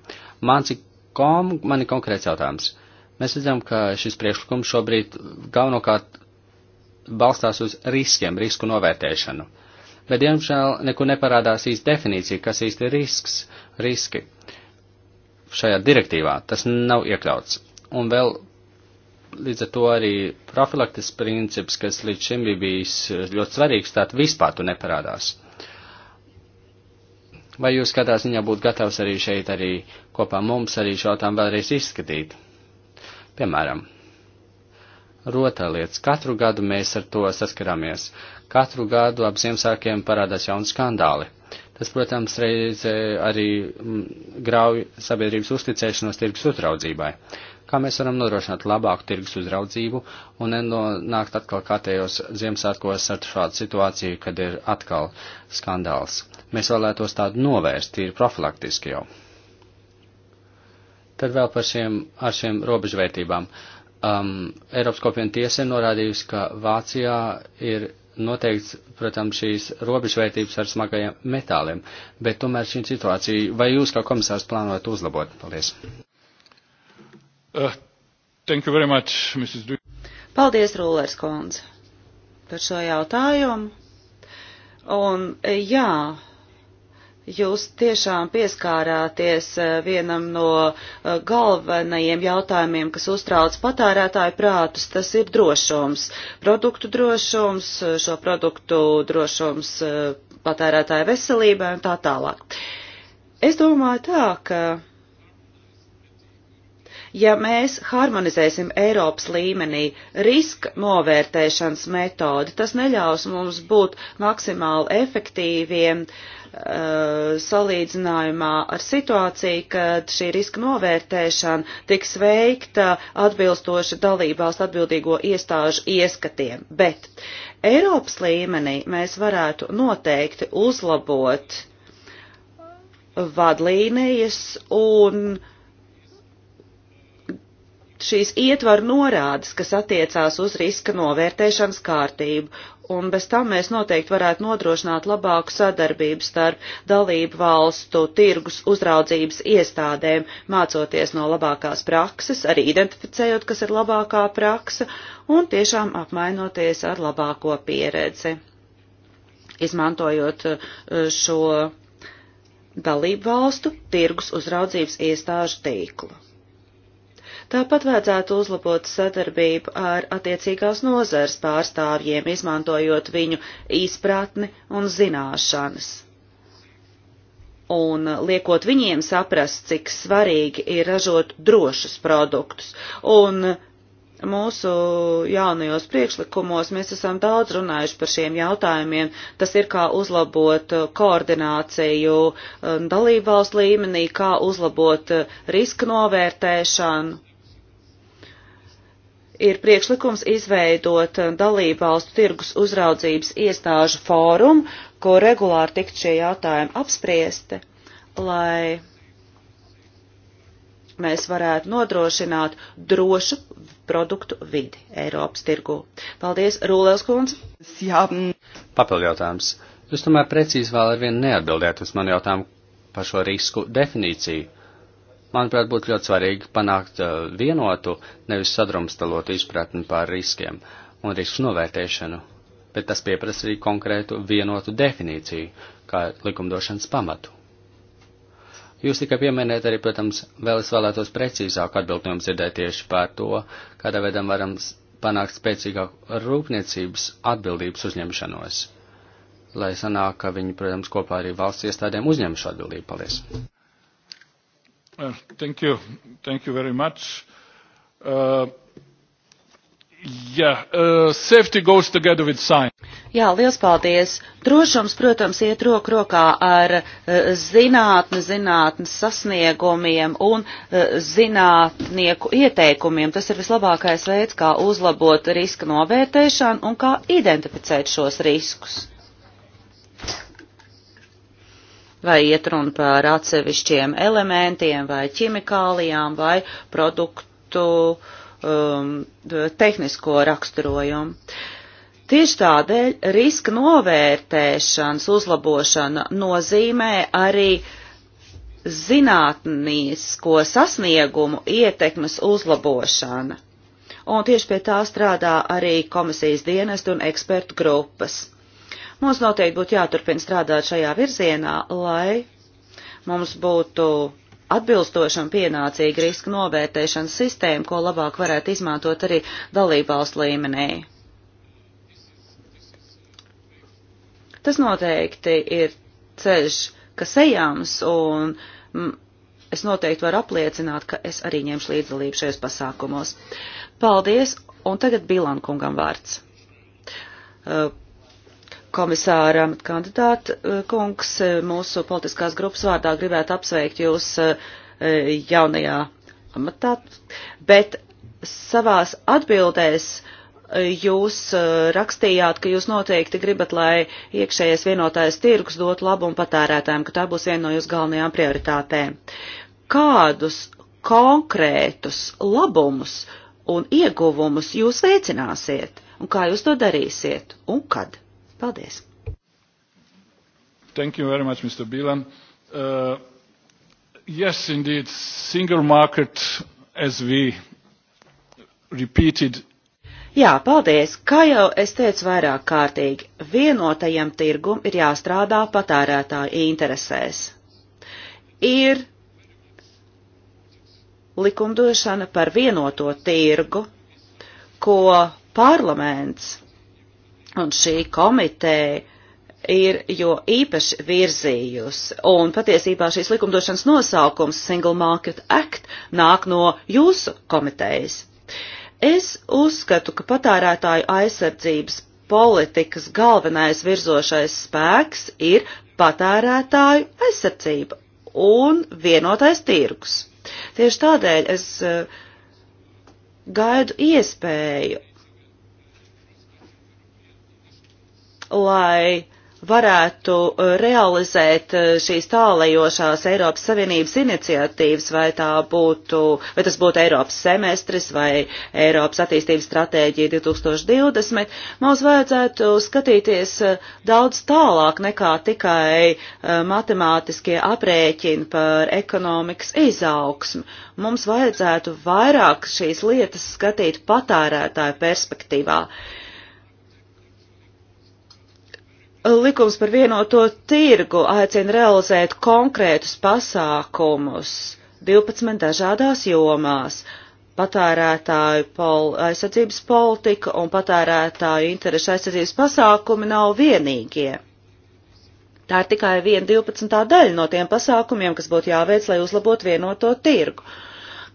Mans kom, man ir konkrēts jautājums. Mēs redzam, ka šis priekšlikums šobrīd galvenokārt balstās uz riskiem, risku novērtēšanu bet diemžēl nekur neparādās īsti definīcija, kas īsti ir risks, riski šajā direktīvā. Tas nav iekļauts. Un vēl līdz ar to arī profilaktis princips, kas līdz šim bija bijis ļoti svarīgs, tāt vispār tu neparādās. Vai jūs katrā ziņā būtu gatavs arī šeit arī kopā mums arī šo tām vēlreiz izskatīt? Piemēram, rotaļlietas. Katru gadu mēs ar to saskarāmies. Uh, Katru gadu ap Ziemassvētkiem parādās jauni skandāli. Tas, protams, reizē arī mm, grauj sabiedrības uzticēšanos tirgus uzraudzībai. Kā mēs varam nodrošināt labāku tirgus uzraudzību un nenonākt atkal kārtējos Ziemassvētkos ar šādu situāciju, kad ir atkal skandāls. Mēs vēlētos tādu novērst, tīri profilaktiski jau. Tad vēl par šiem, ar šiem robežvērtībām. Um, Eiropas kopiena tiesa ir norādījusi, ka Vācijā ir noteikts, protams, šīs robežvērtības ar smagajiem metāliem, bet tomēr šī situācija, vai jūs kā komisārs plānojat uzlabot? Paldies. Uh, thank you very much, Mrs. Du Paldies, Rūlers Kondze, par šo jautājumu. Un jā, Jūs tiešām pieskārāties eh, vienam no eh, galvenajiem jautājumiem, kas uztrauc patērētāju prātus. Tas ir drošums. Produktu drošums, eh, šo produktu drošums patērētāju veselībai un tā tālāk. Es domāju tā, ka ja mēs harmonizēsim Eiropas līmenī riska novērtēšanas metodi, tas neļaus mums būt maksimāli efektīviem uh, Eh, salīdzinājumā ar situāciju, kad šī riska novērtēšana tiks veikta atbilstoši dalībās atbildīgo iestāžu ieskatiem. Bet Eiropas līmenī mēs varētu noteikti uzlabot vadlīnijas un šīs ietvaru norādes, kas attiecās uz riska novērtēšanas kārtību, un bez tam mēs noteikti varētu nodrošināt labāku sadarbību starp dalību valstu tirgus uzraudzības iestādēm, mācoties no labākās prakses, arī identificējot, kas ir labākā praksa, un tiešām apmainoties ar labāko pieredzi, izmantojot eh, šo dalību valstu tirgus uzraudzības iestāžu tīklu. Tāpat vajadzētu uzlabot sadarbību ar attiecīgās nozars pārstāvjiem, izmantojot viņu izpratni un zināšanas. Un liekot viņiem saprast, cik svarīgi ir ražot drošus produktus. Un mūsu jaunajos priekšlikumos mēs esam daudz runājuši par šiem jautājumiem. Tas ir kā uzlabot koordināciju um, dalībvalsts līmenī, kā uzlabot uh, riska novērtēšanu ir priekšlikums izveidot eh, dalību valstu tirgus uzraudzības iestāžu fórumu, ko regulāri tikt šie jautājumi apspriesti, lai mēs varētu nodrošināt drošu produktu vidi Eiropas tirgu. Paldies, Rūlēls kundze. Papildu jautājums. Jūs tomēr precīzi vēl ar vienu neatbildēt uz manu jautājumu par šo risku definīciju manuprāt, būtu ļoti svarīgi panākt uh, vienotu, nevis sadrumstalotu izpratni par riskiem un risku novērtēšanu, bet tas pieprasa arī konkrētu vienotu definīciju, kā likumdošanas pamatu. Jūs tikai pieminējat arī, protams, vēl es vēlētos precīzāk atbildi jums dzirdēt tieši par to, kādā veidā varam panākt spēcīgāku rūpniecības atbildības uzņemšanos, lai sanāk, ka viņi, protams, kopā arī valsts iestādēm uzņem šo atbildību. Paldies! Uh, thank you. Thank you very much. Uh, yeah, uh, safety goes together with science. Jā, liels paldies. Drošums, protams, iet roku rokā ar uh, zinātni, zinātnes sasniegumiem un uh, zinātnieku ieteikumiem. Tas ir vislabākais veids, kā uzlabot riska novērtēšanu un kā identificēt šos riskus vai iet runa par atsevišķiem elementiem vai ķimikālijām vai produktu um, tehnisko raksturojumu. Tieši tādēļ riska novērtēšanas uzlabošana nozīmē arī zinātnīsko sasniegumu ietekmes uzlabošana. Un tieši pie tā strādā arī komisijas dienestu un ekspertu grupas. Mums noteikti būtu jāturpina strādāt šajā virzienā, lai mums būtu atbilstoša un pienācīga riska novērtēšanas sistēma, ko labāk varētu izmantot arī dalībvalstu līmenī. Tas noteikti ir ceļš, kas ejams, un mm, es noteikti varu apliecināt, ka es arī ņemšu līdzdalību šajos pasākumos. Paldies, un tagad Bilankungam vārds. Uh, komisāram kandidāta e, kungs. E, mūsu politiskās grupas vārdā gribētu apsveikt jūs e, jaunajā amatā, bet savās atbildēs jūs rakstījāt, ka jūs noteikti gribat, lai iekšējais vienotais tirgus dotu labumu patērētājiem, ka tā būs viena no jūsu galvenajām prioritātēm. Kādus konkrētus labumus un ieguvumus jūs veicināsiet un kā jūs to darīsiet un kad? Paldies! Thank you very much, Mr. Bilan. Uh, yes, indeed, single market as we repeated. Jā, paldies. Kā jau es teicu vairāk kārtīgi, vienotajam tirgum ir jāstrādā patērētāju interesēs. Ir likumdošana par vienoto tirgu, ko parlaments Un šī komiteja ir jo īpaši virzījusi, un patiesībā šīs likumdošanas nosaukums Single Market Act nāk no jūsu komitejas. Es uzskatu, ka patērētāju aizsardzības politikas galvenais virzošais spēks ir patērētāju aizsardzība un vienotais tirgus. Tieši tādēļ es eh, gaidu iespēju lai varētu uh, realizēt uh, šīs tālajošās Eiropas Savienības iniciatīvas, vai tā būtu, vai tas būtu Eiropas semestris vai Eiropas attīstības stratēģija 2020, mums vajadzētu skatīties uh, daudz tālāk nekā tikai matemātiskie aprēķini par ekonomikas izaugsmu. Mums vajadzētu vairāk šīs lietas skatīt patērētāju perspektīvā. likums par vienoto tirgu aicina realizēt konkrētus pasākumus 12 dažādās jomās - patērētāju pol aizsardzības politika un patērētāju interešu aizsardzības pasākumi nav vienīgie. Tā ir tikai viena 12. daļa no tiem pasākumiem, kas būtu jāveic, lai uzlabotu vienoto tirgu.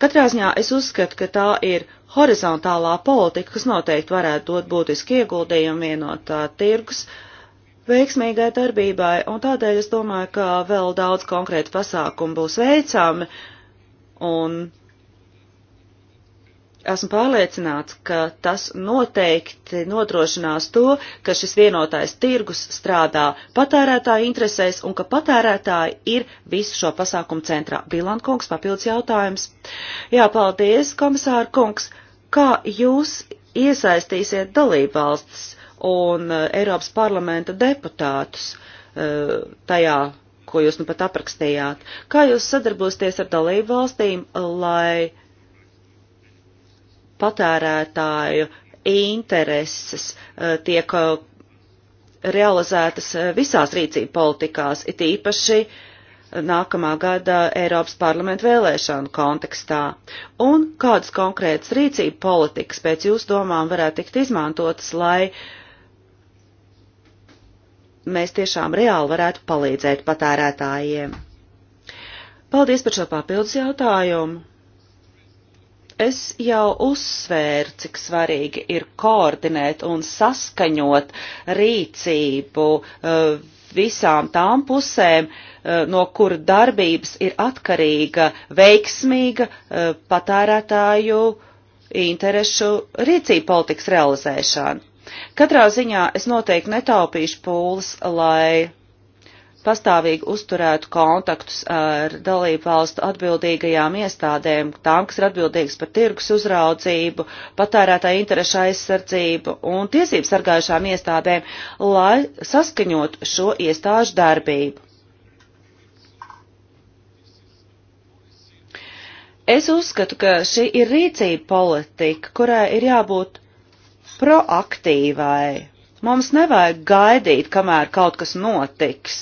Katrā ziņā es uzskatu, ka tā ir horizontālā politika, kas noteikti varētu dot būtiski ieguldījumu vienotā tirgus uh, veiksmīgai darbībai, un tādēļ es domāju, ka vēl daudz konkrētu pasākumu būs veicami, un esmu pārliecināts, ka tas noteikti nodrošinās to, ka šis vienotais tirgus strādā patērētāju interesēs un ka patērētāji ir visu šo pasākumu centrā. Bilankungs, papildus jautājums. Jā, paldies, komisāra kungs. Kā jūs iesaistīsiet dalībvalstis? un eh, Eiropas parlamenta deputātus eh, tajā, ko jūs nu pat aprakstījāt. Kā jūs sadarbosieties ar dalību valstīm, lai patērētāju intereses eh, tiek realizētas visās rīcība politikās, it īpaši nākamā gada Eiropas parlamenta vēlēšanu kontekstā, un kādas konkrētas rīcība politikas pēc jūs domām varētu tikt izmantotas, lai uh, mēs tiešām reāli varētu palīdzēt patērētājiem. Paldies par šo papildus jautājumu. Es jau uzsvēru, cik svarīgi ir koordinēt un saskaņot rīcību eh, visām tām pusēm, eh, no kura darbības ir atkarīga veiksmīga eh, patērētāju interešu rīcība politikas realizēšana. Katrā ziņā es noteikti netaupīšu pūles, lai pastāvīgi uzturētu kontaktus ar dalību valstu atbildīgajām iestādēm, tām, kas ir atbildīgas par tirgus uzraudzību, patērētāja interešu aizsardzību un tiesību sargājušām iestādēm, lai saskaņot šo iestāžu darbību. Es uzskatu, ka šī ir rīcība politika, kurai ir jābūt proaktīvai. Mums nevajag gaidīt, kamēr kaut kas notiks.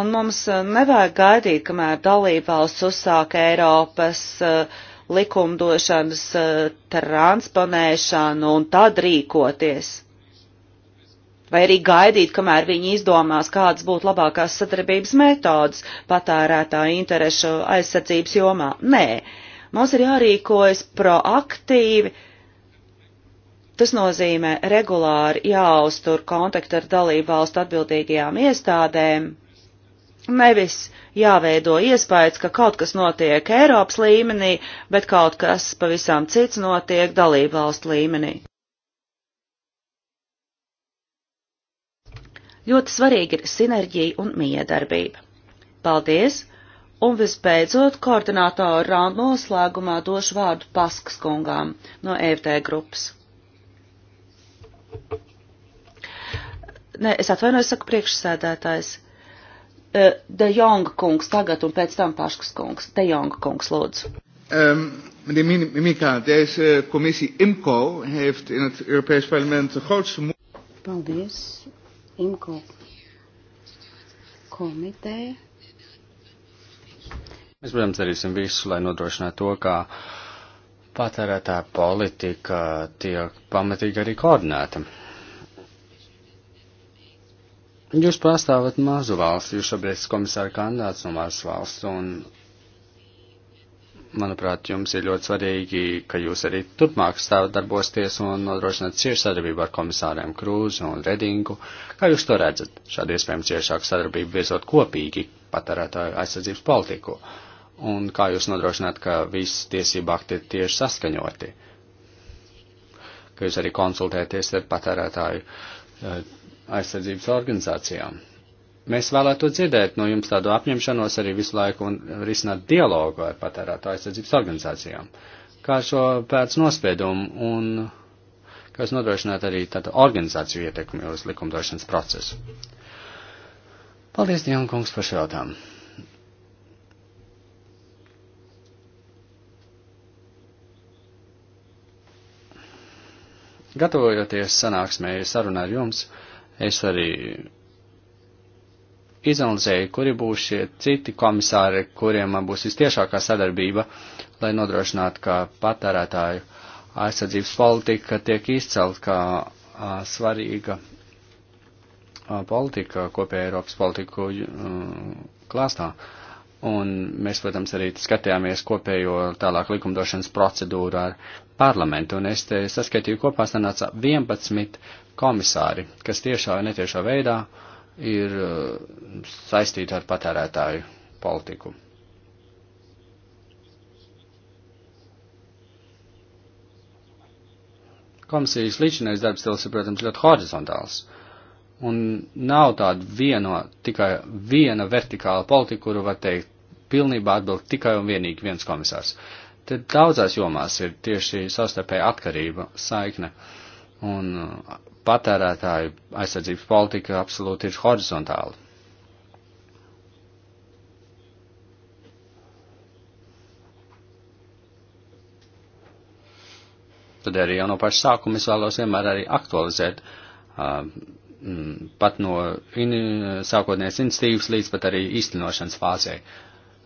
Un mums eh, nevajag gaidīt, kamēr dalībvalsts uzsāk Eiropas uh, likumdošanas uh, transponēšanu un tad rīkoties. Vai arī gaidīt, kamēr viņi izdomās, kādas būtu labākās sadarbības metodas patērētāju interešu aizsardzības jomā. Nē, Mums ir jārīkojas proaktīvi. Tas nozīmē regulāri jāuztur kontakti ar dalību valstu atbildīgajām iestādēm. Nevis jāveido iespējas, ka kaut kas notiek Eiropas līmenī, bet kaut kas pavisam cits notiek dalību valstu līmenī. Ļoti svarīgi ir sinerģija un miedarbība. Paldies! Un visbeidzot, koordinātoru raundu noslēgumā došu vārdu Paskas kungām no EFT grupas. Nē, es atvainojos, saku priekšsēdētājs. Eh, de Jonga kungs tagad un pēc tam Paškas kungs. De Jonga kungs, lūdzu. Um, meneer Mimika, deze commissie IMCO heeft in het Europees Parlement de grootste moeite. Paldies. IMCO komiteja Mēs, protams, darīsim visu, lai nodrošinātu to, ka patērētā politika tiek pamatīgi arī koordinēta. Jūs pārstāvat mazu valsti, jūs šobrīd esat komisāra kandidāts no mazas valsts, un, manuprāt, jums ir ļoti svarīgi, ka jūs arī turpmāk darbosties un nodrošināt ciešu sadarbību ar komisāriem Krūzu un Redingu. Kā jūs to redzat? Šādi iespējams ciešāku sadarbību virzot kopīgi patērētāju aizsardzības politiku. Uh, un kā jūs nodrošināt, ka visi tiesību akti ir tieši saskaņoti, ka jūs arī konsultēties ar patērētāju eh, aizsardzības organizācijām. Mēs vēlētu dzirdēt no jums tādu apņemšanos arī visu laiku un risināt dialogu ar patērētāju aizsardzības organizācijām. Kā šo pēc nospiedumu un kas nodrošinātu arī tādu organizāciju ietekmi uz likumdošanas procesu. Paldies, Dievam, kungs, par šo jautājumu. Gatavojoties sanāksmēji sarunā ar jums, es arī izanalizēju, kuri būs šie citi komisāri, kuriem būs vistiešākā sadarbība, lai nodrošinātu, ka patērētāju aizsardzības politika tiek izcelt kā a, svarīga a, politika kopējā Eiropas politiku a, klāstā. Un mēs, protams, arī skatījāmies kopējo tālāk likumdošanas procedūru ar parlamentu, un es te saskaitīju kopā sanāca 11 komisāri, kas tiešā vai netiešā veidā ir uh, saistīti ar patērētāju politiku. Komisijas līdzinājums darbs stils ir, protams, ļoti horizontāls. Un nav tāda viena, tikai viena vertikāla politika, kuru var teikt, pilnībā atbild tikai un vienīgi viens komisārs. Uh, Te daudzās jomās ir tieši savstarpēja atkarība, saikne. Un uh, patērētāju aizsardzības politika absolūti ir horizontāla. Tad arī jau no paša sākuma es vēlos vienmēr arī aktualizēt uh, pat no in, sākotnēs institīvas līdz pat arī īstenošanas fāzē.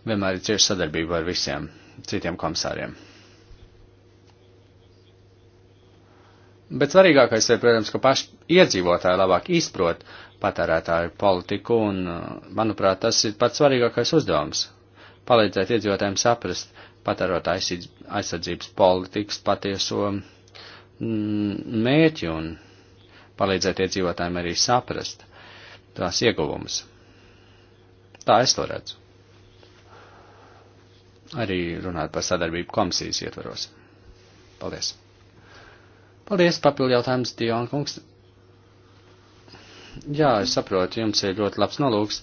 Vienmēr ir cieši sadarbība ar visiem citiem komisāriem. Bet svarīgākais ir, protams, ka paši iedzīvotāji labāk izprot patērētāju politiku, un, uh, manuprāt, tas ir pats svarīgākais uzdevums - palīdzēt iedzīvotājiem saprast patērētāju aizsardzības politikas patieso mm, mērķi un palīdzēt iedzīvotājiem arī saprast tās ieguvumus. Tā es to redzu arī runāt par sadarbību komisijas ietvaros. Paldies! Paldies, papildu jautājums, Dion kungs. Jā, es saprotu, jums ir ļoti labs nolūks,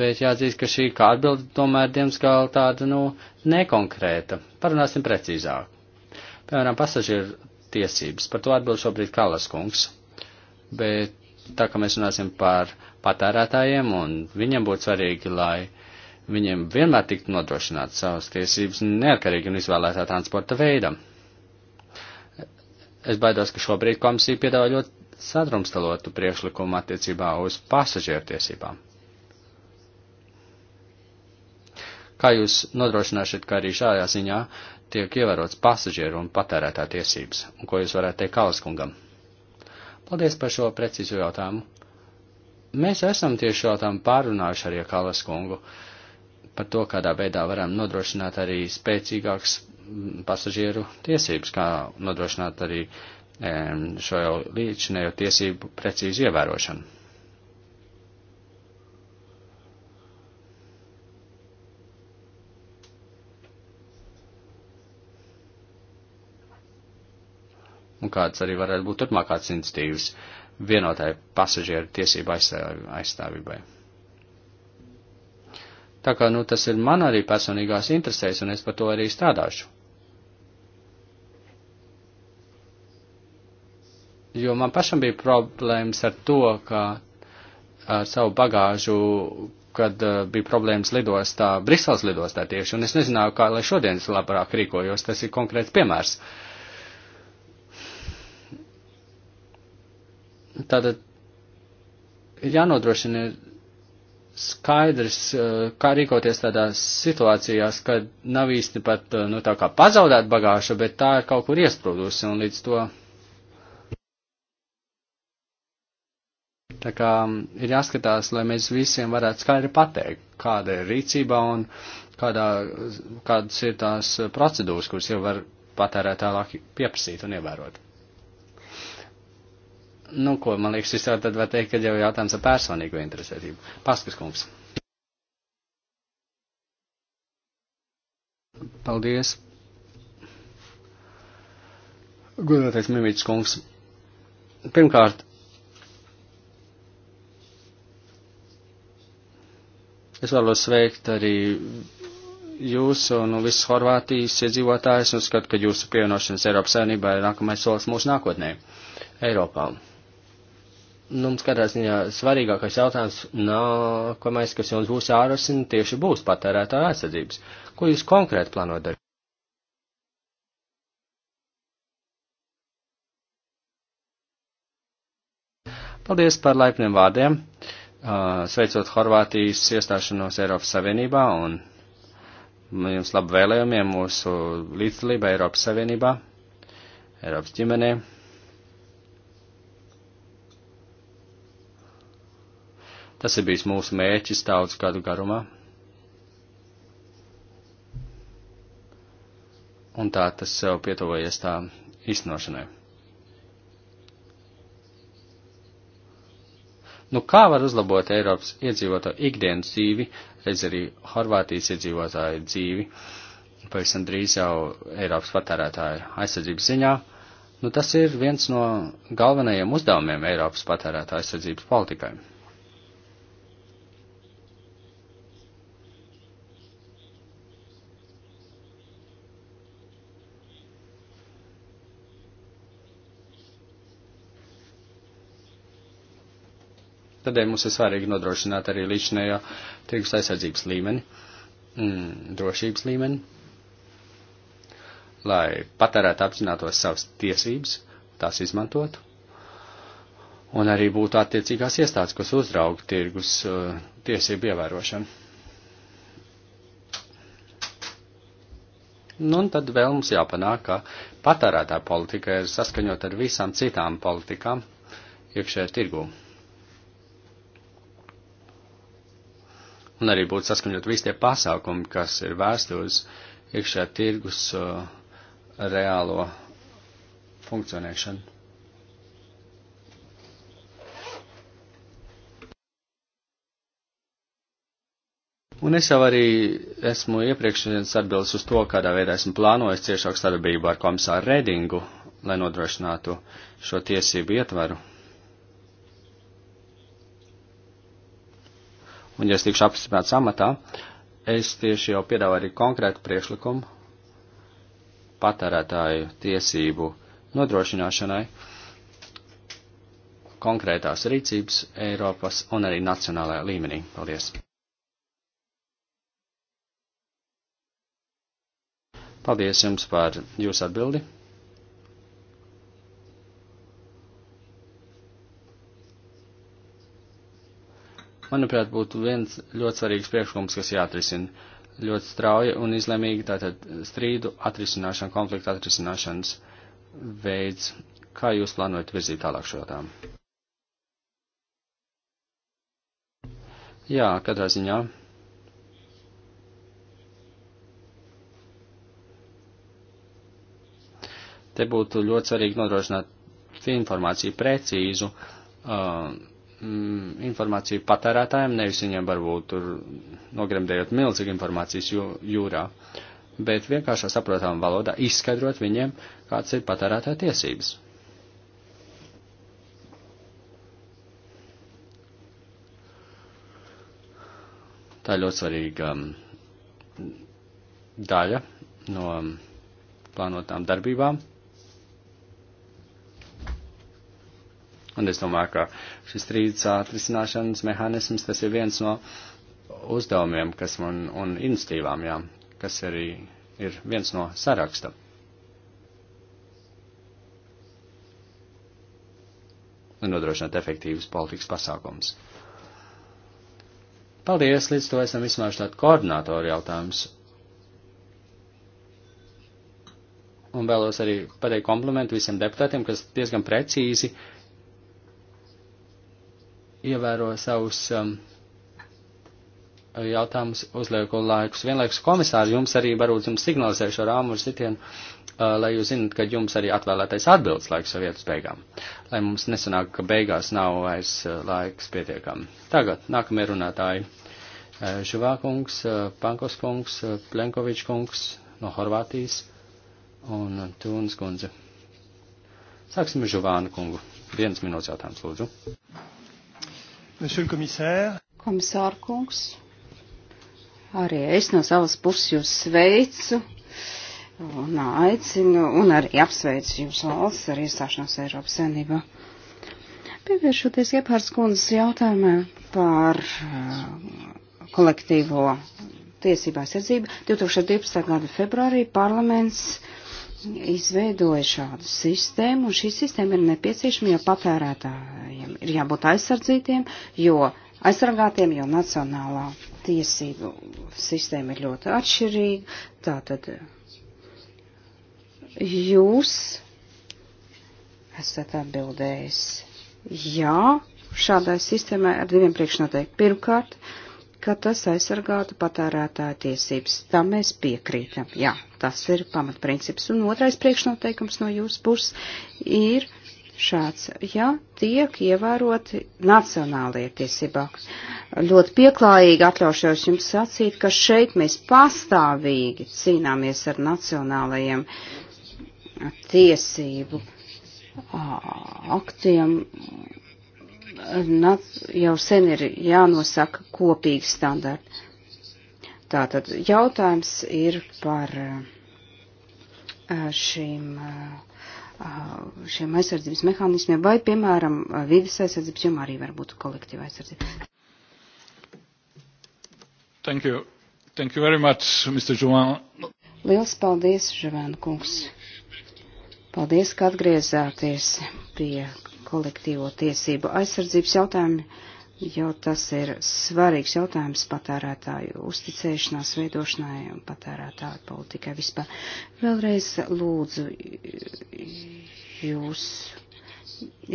bet jāatzīst, ka šī kā atbilde tomēr, diemžēl, tāda, nu, nekonkrēta. Parunāsim precīzāk. Piemēram, pasažieru tiesības. Par to atbild šobrīd Kalas kungs. Bet tā kā mēs runāsim par patērētājiem, un viņiem būtu svarīgi, lai viņiem vienmēr tiktu nodrošināt savas tiesības neatkarīgi un izvēlētā transporta veidam. Es baidos, ka šobrīd komisija piedāvā ļoti sadrumstalotu priekšlikumu attiecībā uz pasažieru tiesībām. Kā jūs nodrošināsiet, ka arī šajā ziņā tiek ievērots pasažieru un patērētā tiesības, un ko jūs varētu teikt Kauskungam? Paldies par šo precīzu jautājumu. Mēs esam tieši jautājumu pārunājuši arī Kalaskungu. kungu par to, kādā veidā varam nodrošināt arī spēcīgāks mm, pasažieru tiesības, kā nodrošināt arī šo jau līdzinējo tiesību precīzu ievērošanu. Un kāds arī varētu būt turpmākās institīvas vienotai pasažieru tiesību aizstāvībai. Tā kā, nu, tas ir man arī personīgās interesēs, un es par to arī strādāšu. Jo man pašam bija problēmas ar to, ka ar savu bagāžu, kad uh, bija problēmas lidostā, Briseles lidostā tieši, un es nezināju, kā lai šodien es labāk rīkojos, tas ir konkrēts piemērs. Tātad jānodrošina skaidrs, eh, kā rīkoties tādās situācijās, kad nav īsti pat, eh, nu, tā kā pazaudēt bagāžu, bet tā ir kaut kur iesprūdusi un līdz to. Tā kā mm, ir jāskatās, lai mēs visiem varētu skaidri pateikt, kāda ir rīcība un kādā, kādas ir tās procedūras, kuras jau var patērētāji pieprasīt un ievērot. Nu, ko, man liekas, es jau tad var teikt, ka jau jautājums ar personīgo interesētību. Paskas kungs. Paldies. Godātais Mimīts kungs. Pirmkārt, es vēlos sveikt arī jūs un nu, visus Horvātijas iedzīvotājus un skatu, ka jūsu pievienošanas Eiropas Savienībā ir nākamais solis mūsu nākotnē Eiropā. Nu, mums katrā ziņā svarīgākais jautājums nākamais, kas jums būs jārasina, tieši būs patērētāja aizsardzības. Ko jūs konkrēti plānojat darīt? Paldies par laipniem vārdiem, uh, sveicot Horvātijas iestāšanos Eiropas Savienībā un jums labu vēlējumiem mūsu līdzdalība Eiropas Savienībā, Eiropas ģimenei. Tas ir bijis mūsu mērķis daudz gadu garumā. Un tā tas sev pietuvojies tā īstenošanai. Nu, kā var uzlabot Eiropas iedzīvotāju ikdienas dzīvi, reiz arī Horvātijas iedzīvotāju dzīvi, pavisam drīz jau Eiropas patērētāju aizsardzības ziņā? Nu, tas ir viens no galvenajiem uzdevumiem Eiropas patērētāju aizsardzības politikai. Tādēļ mums ir svarīgi nodrošināt arī līdzinējo tirgus aizsardzības līmeni, mm, drošības līmeni, lai patērētu apzinātos savas tiesības, tās izmantotu, un arī būtu attiecīgās iestādes, kas uzrauga tirgus uh, tiesību ievērošanu. Nu, un tad vēl mums jāpanāk, ka patērētā politika ir saskaņot ar visām citām politikām iekšējā tirgū. un arī būtu saskaņot visi tie pasākumi, kas ir vēsti uz iekšā tirgus uh, reālo funkcionēšanu. Un es jau arī esmu iepriekšējais atbildes uz to, kādā veidā esmu plānojis ciešāku sadarbību ar komisāru Redingu, lai nodrošinātu šo tiesību ietvaru. un ja es tikšu apstiprināts amatā, es tieši jau piedāvāju arī konkrētu priekšlikumu patērētāju tiesību nodrošināšanai konkrētās rīcības Eiropas un arī nacionālajā līmenī. Paldies! Paldies jums par jūsu atbildi! manuprāt, būtu viens ļoti svarīgs priekšlikums, kas jāatrisina ļoti strauji un izlēmīgi, tātad strīdu atrisināšana, konflikta atrisināšanas veids. Kā jūs plānojat virzīt tālāk šo jautājumu? Jā, katrā ziņā. Te būtu ļoti svarīgi nodrošināt informāciju precīzu. Uh, mm, informāciju patērētājiem, nevis viņiem varbūt tur nogremdējot milzīgi informācijas jū, jūrā, bet vienkāršā saprotamā valodā izskaidrot viņiem, kāds ir patērētāja tiesības. Tā ir ļoti svarīga um, daļa no um, plānotām darbībām. Un es domāju, ka šis strīdus atrisināšanas mehānisms, tas ir viens no uzdevumiem, kas man un inicitīvām, jā, kas arī ir viens no saraksta. Un nodrošināt efektīvas politikas pasākums. Paldies, līdz to esam izmēruši tādu koordinātoru jautājumus. un vēlos arī pateikt komplimentu visiem deputātiem, kas diezgan precīzi ievēro savus um, jautājumus, uzlieku laikus. Vienlaikus komisāri jums arī varbūt jums signalizēšu ar āmuru sitienu, uh, lai jūs zinat, ka jums arī atvēlētais atbildes laiks ar vietas beigām. Lai mums nesanāk, ka beigās nav vairs uh, laiks pietiekami. Tagad nākamie runātāji. Uh, Žuvākungs, uh, Pankos kungs, uh, Plenkovičs kungs no Horvātijas un Tūnas kundze. Sāksim ar Žuvānu kungu. Vienas minūtes jautājums, lūdzu. Komisārkungs, arī es no savas puses jūs sveicu un aicinu un arī apsveicu jūs valsts ar iestāšanos Eiropas saimnībā. Pievēršoties Gephards kundzes jautājumā par uh, kolektīvo tiesībā sardzību, 2012. gada februārī parlaments izveidoja šādu sistēmu, un šī sistēma ir nepieciešama, jo patērētājiem ir jābūt aizsardzītiem, jo aizsargātiem, jo nacionālā tiesību sistēma ir ļoti atšķirīga. Tātad jūs esat atbildējis jā šādai sistēmai ar diviem priekšnoteikumiem. Pirmkārt, uh, ka tas aizsargātu patērētāja tiesības. Tam mēs piekrītam. Jā, tas ir pamatprincips. Un otrais priekšnoteikums no jūsu puses ir šāds, ja tiek ievēroti nacionālie tiesībā. Ļoti pieklājīgi atļaušos jums sacīt, ka šeit mēs pastāvīgi cīnāmies ar nacionālajiem tiesību aktiem jau sen ir jānosaka kopīgi standarti. Tātad jautājums ir par šīm, šiem aizsardzības mehānismiem vai, piemēram, vidas aizsardzības jomā arī var būt kolektīva aizsardzība. Thank you. Thank you very much, Mr. Jovan. Liels paldies, Žavēna kungs. Paldies, ka atgriezāties pie kolektīvo tiesību aizsardzības jautājumi, jo tas ir svarīgs jautājums patērētāju uzticēšanās veidošanai un patērētāju politikai vispār. Vēlreiz lūdzu jūs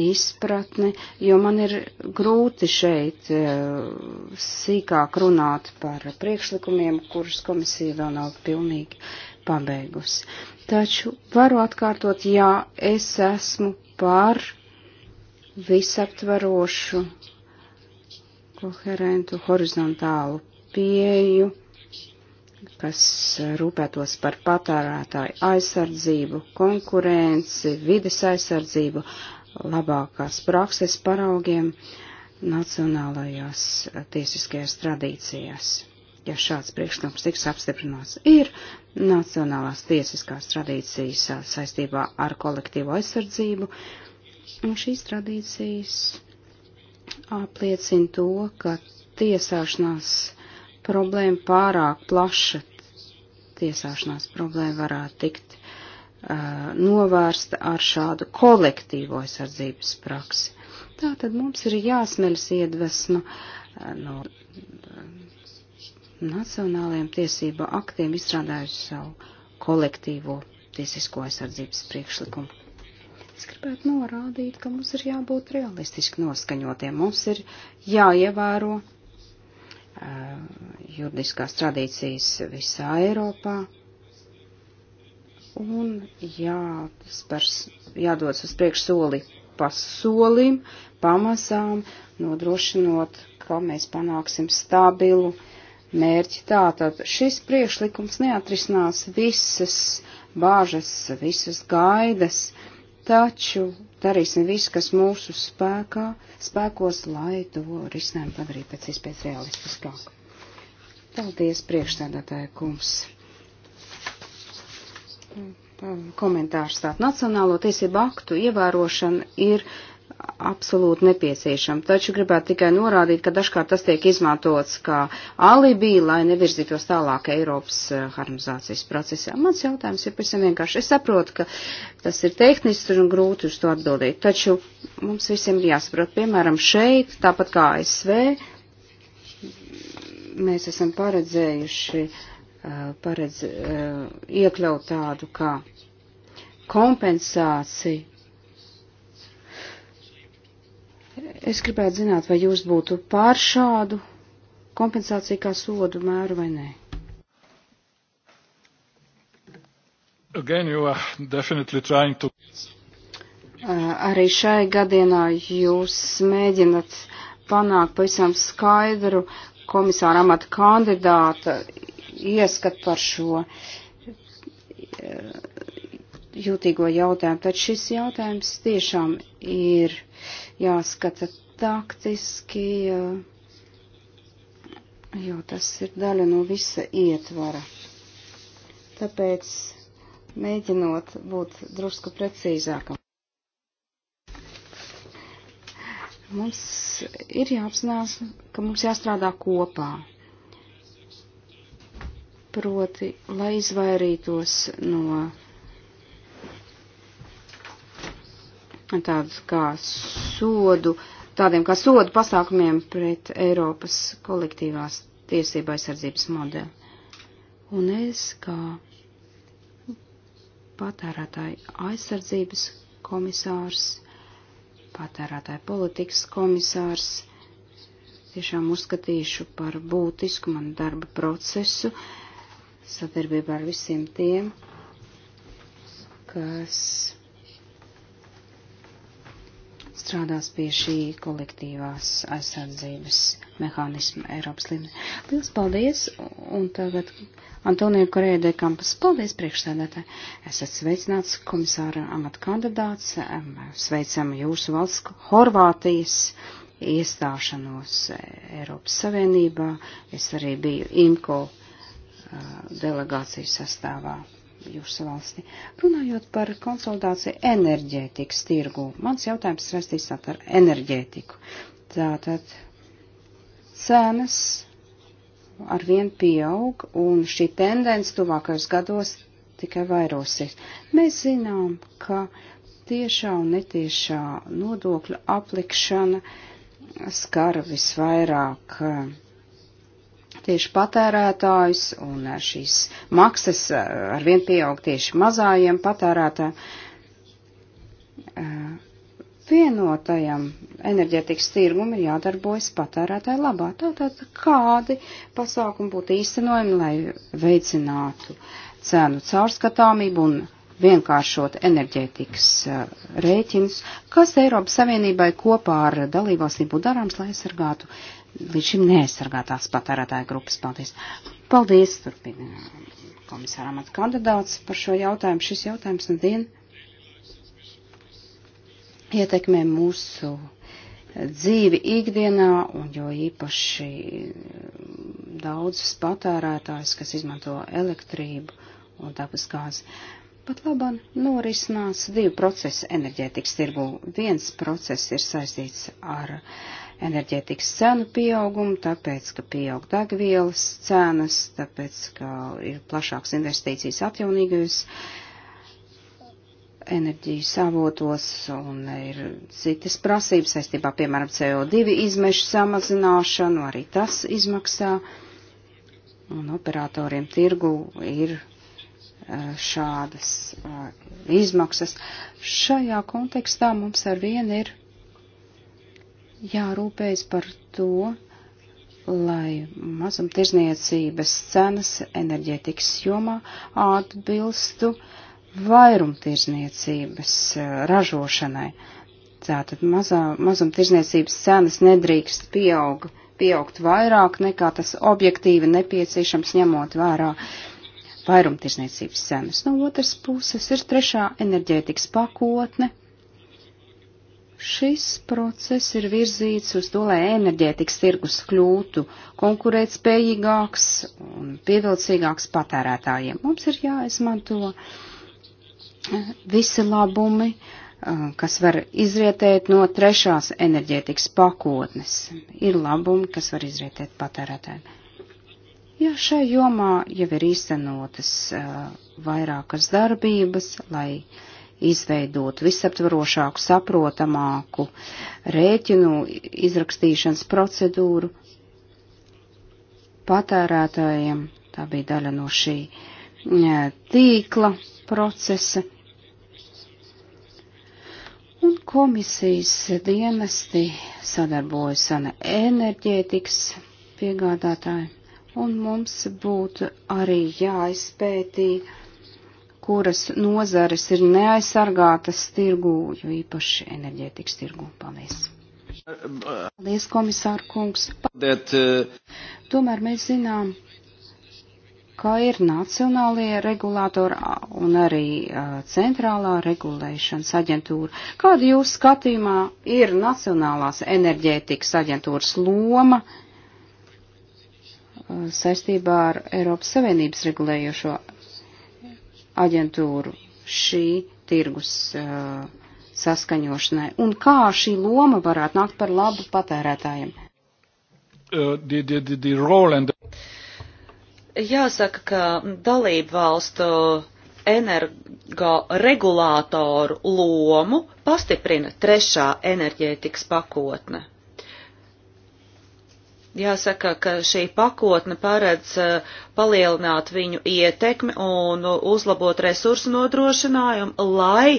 izpratni, jo man ir grūti šeit eh, sīkāk runāt par priekšlikumiem, kurus komisija vēl nav pilnīgi pabeigusi. Taču varu atkārtot, jā, es esmu par visaptvarošu, koherentu, horizontālu pieju, kas rūpētos par patērētāju aizsardzību, konkurenci, vides aizsardzību, labākās prakses paraugiem nacionālajās tiesiskajās tradīcijās. Ja šāds priekšnums tiks apstiprināts, ir nacionālās tiesiskās tradīcijas saistībā ar kolektīvo aizsardzību, uh, Un šīs tradīcijas apliecina to, ka tiesāšanās problēma pārāk plaša, tiesāšanās problēma varētu tikt uh, novērsta ar šādu kolektīvo aizsardzības praksi. Tā tad mums ir jāsmeļas iedvesma uh, no uh, nacionālajiem tiesību aktiem izstrādājusi savu kolektīvo tiesisko aizsardzības priekšlikumu. Es gribētu norādīt, ka mums ir jābūt realistiski noskaņotiem. Mums ir jāievēro uh, juridiskās tradīcijas visā Eiropā un jāspars, jādodas uz priekšsoli pa solim, pamazām nodrošinot, ka mēs panāksim stabilu mērķi. Tātad šis priekšlikums neatrisinās visas bāžas, visas gaidas taču darīsim visu, kas mūsu spēkā, spēkos, lai to risinājumu padarītu pēc iespējas realistiskāku. Paldies, priekšstādātāja kungs. Komentārs tātad Nacionālo tiesību aktu ievērošana ir absolūti nepieciešama. Taču gribētu tikai norādīt, ka dažkārt tas tiek izmantots kā alibi, lai nevirzītos tālāk Eiropas eh, harmonizācijas procesā. Mans jautājums ir pavisam vienkārši. Es saprotu, ka tas ir tehniski un grūti uz to atbildēt, taču mums visiem ir jāsaprot, piemēram, šeit, tāpat kā ASV, mēs esam paredzējuši, eh, paredz, eh, iekļaut tādu kā kompensāciju Es gribētu zināt, vai jūs būtu pār šādu kompensāciju kā sodu mēru vai nē. Again, you are definitely trying to... Uh, arī šai gadienā jūs mēģinat panākt pavisam skaidru komisāra amata kandidāta ieskat par šo uh, jūtīgo jautājumu. Tad šis jautājums tiešām ir jāskata taktiski, eh, jo tas ir daļa no visa ietvara. Tāpēc mēģinot būt drusku precīzākam. Mums ir jāapzinās, ka mums jāstrādā kopā. Proti, lai izvairītos no tādas kā sodu, tādiem kā sodu pasākumiem pret Eiropas kolektīvās tiesība aizsardzības modeli. Un es kā patērētāju aizsardzības komisārs, patērētāju politikas komisārs, tiešām uzskatīšu par būtisku manu darba procesu sadarbībā ar visiem tiem, kas strādās pie šī kolektīvās aizsardzības mehānisma Eiropas līmenī. Lielas paldies! Un tagad Antonija Korēde Kampas, paldies priekšsēdētāji! Esat sveicināts komisāra amata kandidāts, sveicam jūsu valsts Horvātijas iestāšanos Eiropas Savienībā. Es arī biju IMCO delegācijas sastāvā jūsu valsti. Runājot par konsolidāciju enerģētikas tirgu, mans jautājums saistīts ar enerģētiku. Tātad cenas ar vien pieaug, un šī tendence tuvākajos gados tikai vairosies. Mēs zinām, ka tiešā un netiešā nodokļa aplikšana skar visvairāk uh, tieši patērētājus, un eh, šīs maksas eh, arvien pieaug tieši mazājiem patērētājiem. Eh, vienotajam enerģetikas tirgum ir jādarbojas patērētāju labā. Tātad kādi pasākumi būtu īstenojami, lai veicinātu cēnu caurskatāmību un vienkāršot enerģētikas rēķinus, kas Eiropas Savienībai kopā ar dalībvalstīm būtu darāms, lai aizsargātu līdz šim neaizsargātās patērētāja grupas. Paldies! Paldies! Turpina komisāram at kandidāts par šo jautājumu. Šis jautājums nedien ietekmē mūsu dzīvi ikdienā un jo īpaši daudzas patērētājas, kas izmanto elektrību un dabas gāzi. Pat labāk norisinās divi procesi enerģētikas tirgu. Viens process ir saistīts ar uh, enerģētikas cenu pieaugumu, tāpēc, ka pieaug degvielas cenas, tāpēc, ka ir plašāks investīcijas atjaunīgajos enerģijas avotos un ir citas prasības saistībā, piemēram, CO2 izmešu samazināšanu, arī tas izmaksā. Un operatoriem tirgu ir šādas izmaksas. Šajā kontekstā mums ar vienu ir jārūpējas par to, lai mazumtirzniecības cenas enerģētikas jomā atbilstu vairumtirzniecības eh, ražošanai. Tātad mazā, mazumtirzniecības cenas nedrīkst pieaug, pieaugt vairāk nekā tas objektīvi nepieciešams ņemot vērā vairumtirzniecības cenas. No otras puses ir trešā enerģētikas pakotne, Šis process ir virzīts uz to, lai enerģētikas tirgus kļūtu konkurētspējīgāks un pievilcīgāks patērētājiem. Mums ir jāizmanto eh, visi labumi, eh, kas var izrietēt no trešās enerģētikas pakotnes. Ir labumi, kas var izrietēt patērētājiem. Ja šai jomā jau ir īstenotas eh, vairākas darbības, lai uh, izveidot visaptvarošāku, saprotamāku rēķinu izrakstīšanas procedūru patērētājiem. Tā bija daļa no šī tīkla procesa. Un komisijas dienesti sadarbojas ar enerģētikas piegādātājiem, un mums būtu arī jāizpētīja kuras nozares ir neaizsargātas tirgū, jo īpaši enerģētikas tirgū. Paldies! Paldies, komisāra kungs! That, uh... Tomēr mēs zinām, ka ir nacionālie regulātori un arī uh, centrālā regulēšanas aģentūra. Kāda jūs skatījumā ir nacionālās enerģētikas aģentūras loma? Uh, saistībā ar Eiropas Savienības regulējošo aģentūru šī tirgus uh, saskaņošanai un kā šī loma varētu nākt par labu patērētājiem? Uh, the, the, the, the role and the... Jāsaka, ka dalību valstu energoregulātoru lomu pastiprina trešā enerģētikas pakotne. Jāsaka, ka šī pakotne paredz e, palielināt viņu ietekmi un uzlabot resursu nodrošinājumu, lai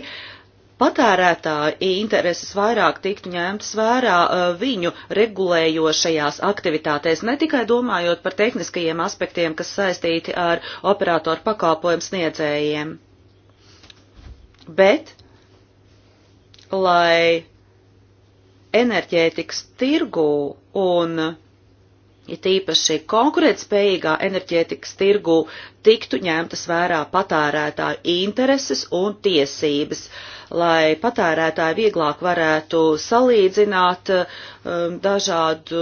patērētāji intereses vairāk tiktu ņemtas vērā e, viņu regulējošajās aktivitātēs, ne tikai domājot par tehniskajiem aspektiem, kas saistīti ar operatoru pakalpojumu sniedzējiem, bet lai enerģētikas tirgū un ja tīpaši konkurētspējīgā enerģētikas tirgu tiktu ņemtas vērā patērētāju intereses un tiesības, lai patērētāji vieglāk varētu salīdzināt um, dažādu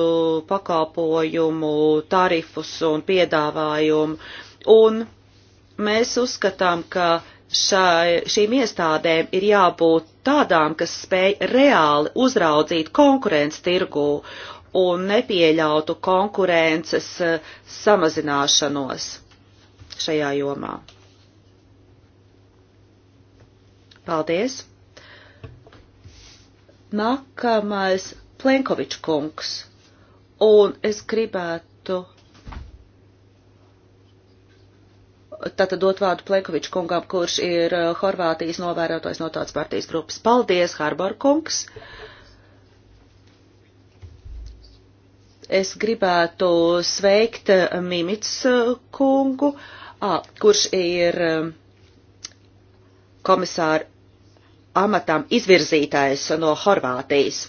pakalpojumu tarifus un piedāvājumu. Un mēs uzskatām, ka šai, šīm iestādēm ir jābūt tādām, kas spēj reāli uzraudzīt konkurences tirgū un nepieļautu konkurences eh, samazināšanos šajā jomā. Paldies! Nākamais Plenkovičs kungs, un es gribētu tātad dot vārdu Plekoviču kungam, kurš ir eh, Horvātijas novērotājs no tāds partijas grupas. Paldies, Harbor kungs! Uh, es gribētu sveikt eh, Mimits eh, kungu, kurš ir eh, komisāra amatam izvirzītājs no Horvātijas.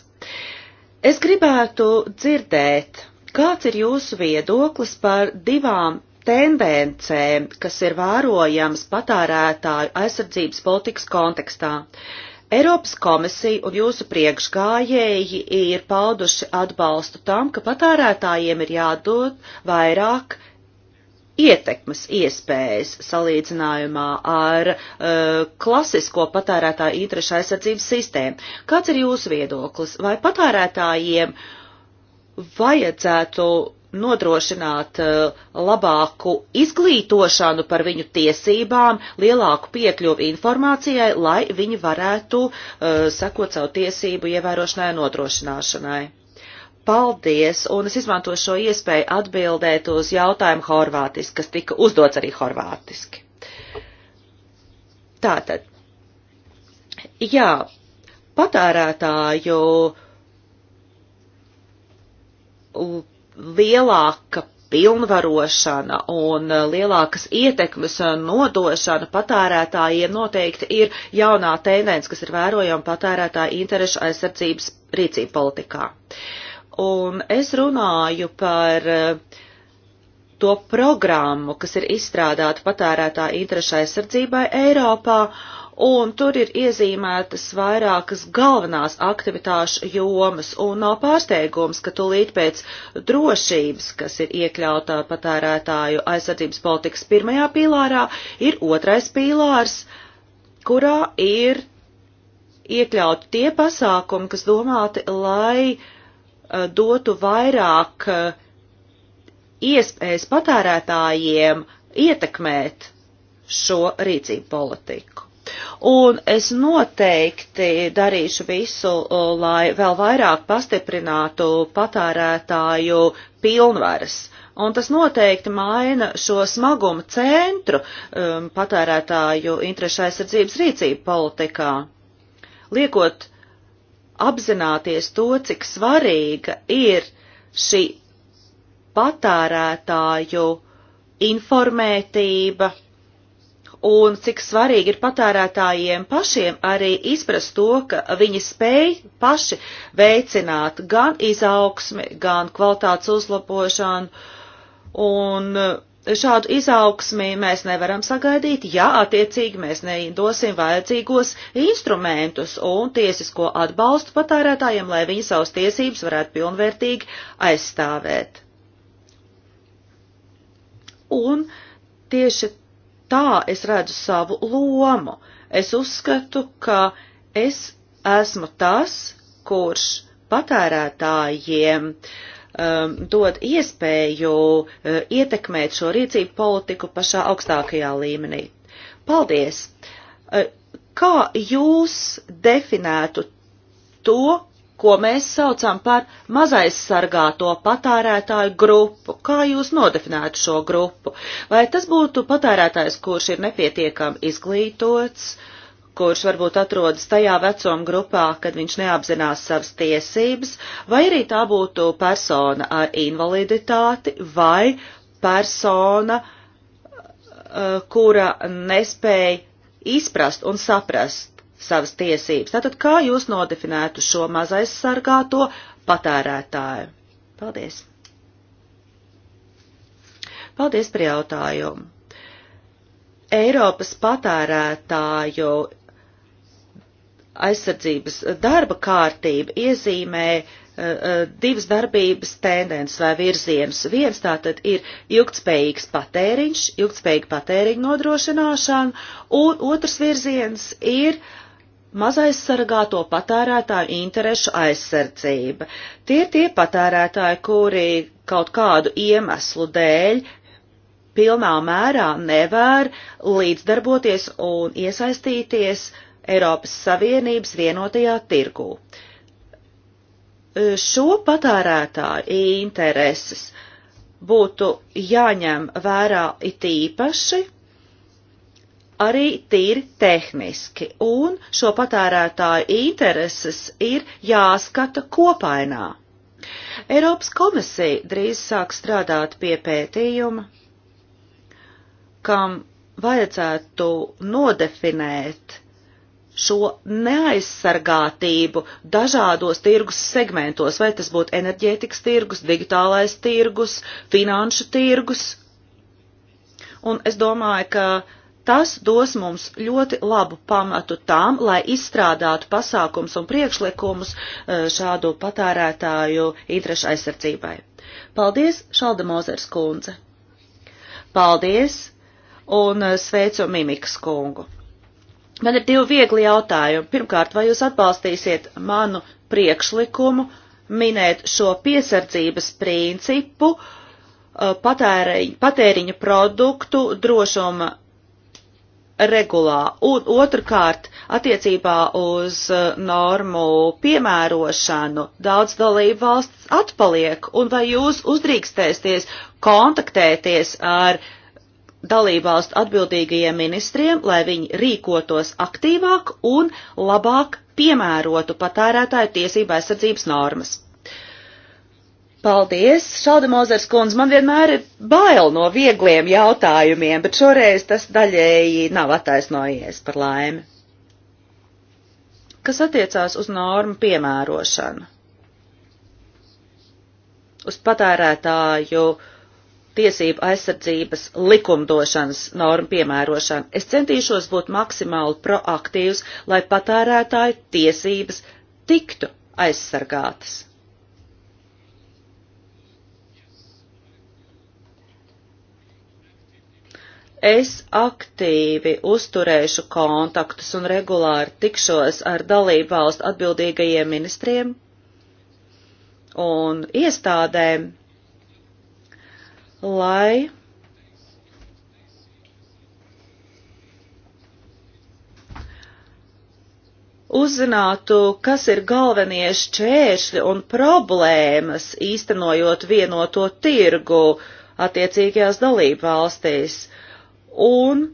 Es gribētu dzirdēt, kāds ir jūsu viedoklis par divām tendencēm, kas ir vērojams patērētāju aizsardzības politikas kontekstā. Uh, Eiropas komisija un jūsu priekšgājēji ir pauduši atbalstu tam, ka patērētājiem ir jādod vairāk ietekmes iespējas salīdzinājumā ar uh, klasisko patērētāju īpašu aizsardzības sistēmu. Kāds ir jūsu viedoklis? Vai patērētājiem vajadzētu nodrošināt eh, labāku izglītošanu par viņu tiesībām, lielāku piekļuvi informācijai, lai viņi varētu uh, sekot savu tiesību ievērošanai un nodrošināšanai. Paldies, un es izmantošu šo iespēju atbildēt uz jautājumu horvātiski, kas tika uzdots arī horvātiski. Tātad, jā, patērētāju lielāka pilnvarošana un uh, lielākas ietekmes uh, nodošana patērētājiem noteikti ir jaunā tendence, kas ir vērojama patērētāja interešu aizsardzības rīcība politikā. Un es runāju par uh, to programmu, kas ir izstrādāta patērētāja interešu aizsardzībai Eiropā un tur ir iezīmētas vairākas galvenās aktivitāšu jomas, un nav pārsteigums, ka tūlīt pēc drošības, kas ir iekļautā patērētāju aizsardzības politikas pirmajā pīlārā, ir otrais pīlārs, kurā ir iekļauti tie pasākumi, kas domāti, lai uh, dotu vairāk uh, iespējas patērētājiem ietekmēt šo rīcību politiku. Un es noteikti darīšu visu, lai vēl vairāk pastiprinātu patērētāju pilnvaras. Un tas noteikti maina šo smagumu centru um, patērētāju interešu aizsardzības rīcību politikā, liekot apzināties to, cik svarīga ir šī patērētāju informētība, un cik svarīgi ir patērētājiem pašiem arī izprast to, ka viņi spēj paši veicināt gan izaugsmi, gan kvalitātes uzlabošanu. Un e, šādu izaugsmi mēs nevaram sagaidīt, ja attiecīgi mēs neidosim vajadzīgos instrumentus un tiesisko atbalstu patērētājiem, lai viņi savus tiesības varētu pilnvērtīgi aizstāvēt. Un tieši tā es redzu savu lomu. Es uzskatu, ka es esmu tas, kurš patērētājiem um, dod iespēju uh, ietekmēt šo rīcību politiku pašā augstākajā līmenī. Paldies! Uh, kā jūs definētu to, ko mēs saucam par mazaizsargāto patērētāju grupu. Kā jūs nodefinētu šo grupu? Vai tas būtu patērētājs, kurš ir nepietiekami izglītots, kurš varbūt atrodas tajā vecuma grupā, kad viņš neapzinās savas tiesības, vai arī tā būtu persona ar invaliditāti vai persona, uh, kura nespēja izprast un saprast savas tiesības. Tātad, kā jūs nodefinētu šo mazaizsargāto patērētāju? Paldies! Paldies par jautājumu! Eiropas patērētāju aizsardzības darba kārtība iezīmē uh, divas darbības tendences vai virzienus. Viens tātad ir ilgtspējīgs patēriņš, ilgtspējīga patēriņa nodrošināšana, un otrs virziens ir uh, mazaizsargāto patērētāju interešu aizsardzība. Tie ir tie patērētāji, kuri kaut kādu iemeslu dēļ pilnā mērā nevar līdzdarboties un iesaistīties Eiropas Savienības vienotajā tirgū. Šo patērētāju intereses būtu jāņem vērā it īpaši, arī tīri tehniski, un šo patērētāju intereses ir jāskata kopainā. Eiropas komisija drīz sāk strādāt pie pētījuma, kam vajadzētu nodefinēt šo neaizsargātību dažādos tirgus segmentos, vai tas būtu enerģētikas tirgus, digitālais tirgus, finanšu tirgus. Un es domāju, ka Tas dos mums ļoti labu pamatu tām, lai izstrādātu pasākums un priekšlikumus e, šādu patērētāju interešu aizsardzībai. Paldies, Šalda Mozers kundze! Paldies un e, sveicu Mimikas kungu! Man ir divi viegli jautājumi. Pirmkārt, vai jūs atbalstīsiet manu priekšlikumu minēt šo piesardzības principu e, patēriņu, patēriņu produktu drošuma regulā. Un otrkārt, attiecībā uz uh, normu piemērošanu daudz dalību valsts atpaliek, un vai jūs uzdrīkstēsties kontaktēties ar dalību valstu atbildīgajiem ministriem, lai viņi rīkotos aktīvāk un labāk piemērotu patērētāju tiesību aizsardzības normas? Paldies, Šalda Mozers kundze, man vienmēr ir bail no viegliem jautājumiem, bet šoreiz tas daļēji nav attaisnojies par laimi. Kas attiecās uz normu piemērošanu? Uz patērētāju tiesību aizsardzības likumdošanas normu piemērošanu. Es centīšos būt maksimāli proaktīvs, lai patērētāju tiesības tiktu aizsargātas. Es aktīvi uzturēšu kontaktus un regulāri tikšos ar dalību valstu atbildīgajiem ministriem un iestādēm, lai uzzinātu, kas ir galvenie šķēršļi un problēmas īstenojot vienoto tirgu attiecīgajās dalību valstīs. Uh, un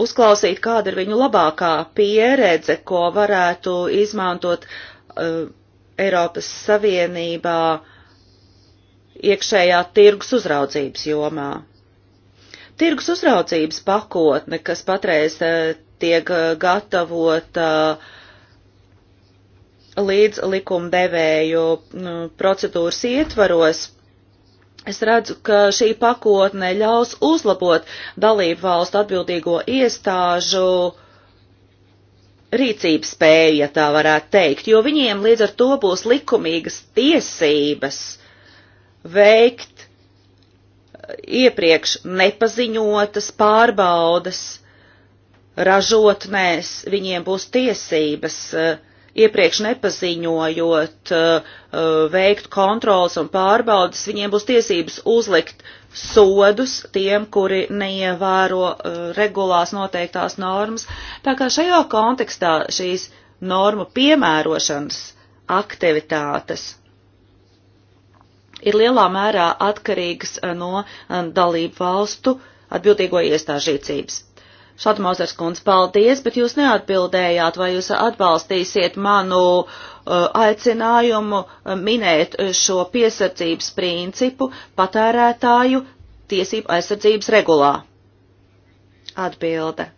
uzklausīt, kāda ir viņu labākā pieredze, ko varētu izmantot uh, Eiropas Savienībā iekšējā tirgus uzraudzības jomā. Tirgus uzraudzības pakotne, kas patreiz uh, tiek uh, gatavota uh, līdz likumdevēju mm, procedūras ietvaros, Es redzu, ka šī pakotne ļaus uzlabot dalību valstu atbildīgo iestāžu rīcības spēju, ja tā varētu teikt, jo viņiem līdz ar to būs likumīgas tiesības veikt eh, iepriekš nepaziņotas pārbaudas ražotnēs, viņiem būs tiesības uh, iepriekš nepaziņojot, eh, veikt kontrols un pārbaudas, viņiem būs tiesības uzlikt sodus tiem, kuri neievēro eh, regulās noteiktās normas. Tā kā šajā kontekstā šīs normu piemērošanas aktivitātes ir lielā mērā atkarīgas eh, no dalību valstu atbildīgo iestāžu rīcības. Šatmauzers kundz, paldies, bet jūs neatbildējāt, vai jūs atbalstīsiet manu uh, aicinājumu uh, minēt uh, šo piesardzības principu patērētāju tiesību aizsardzības regulā. Atbilde.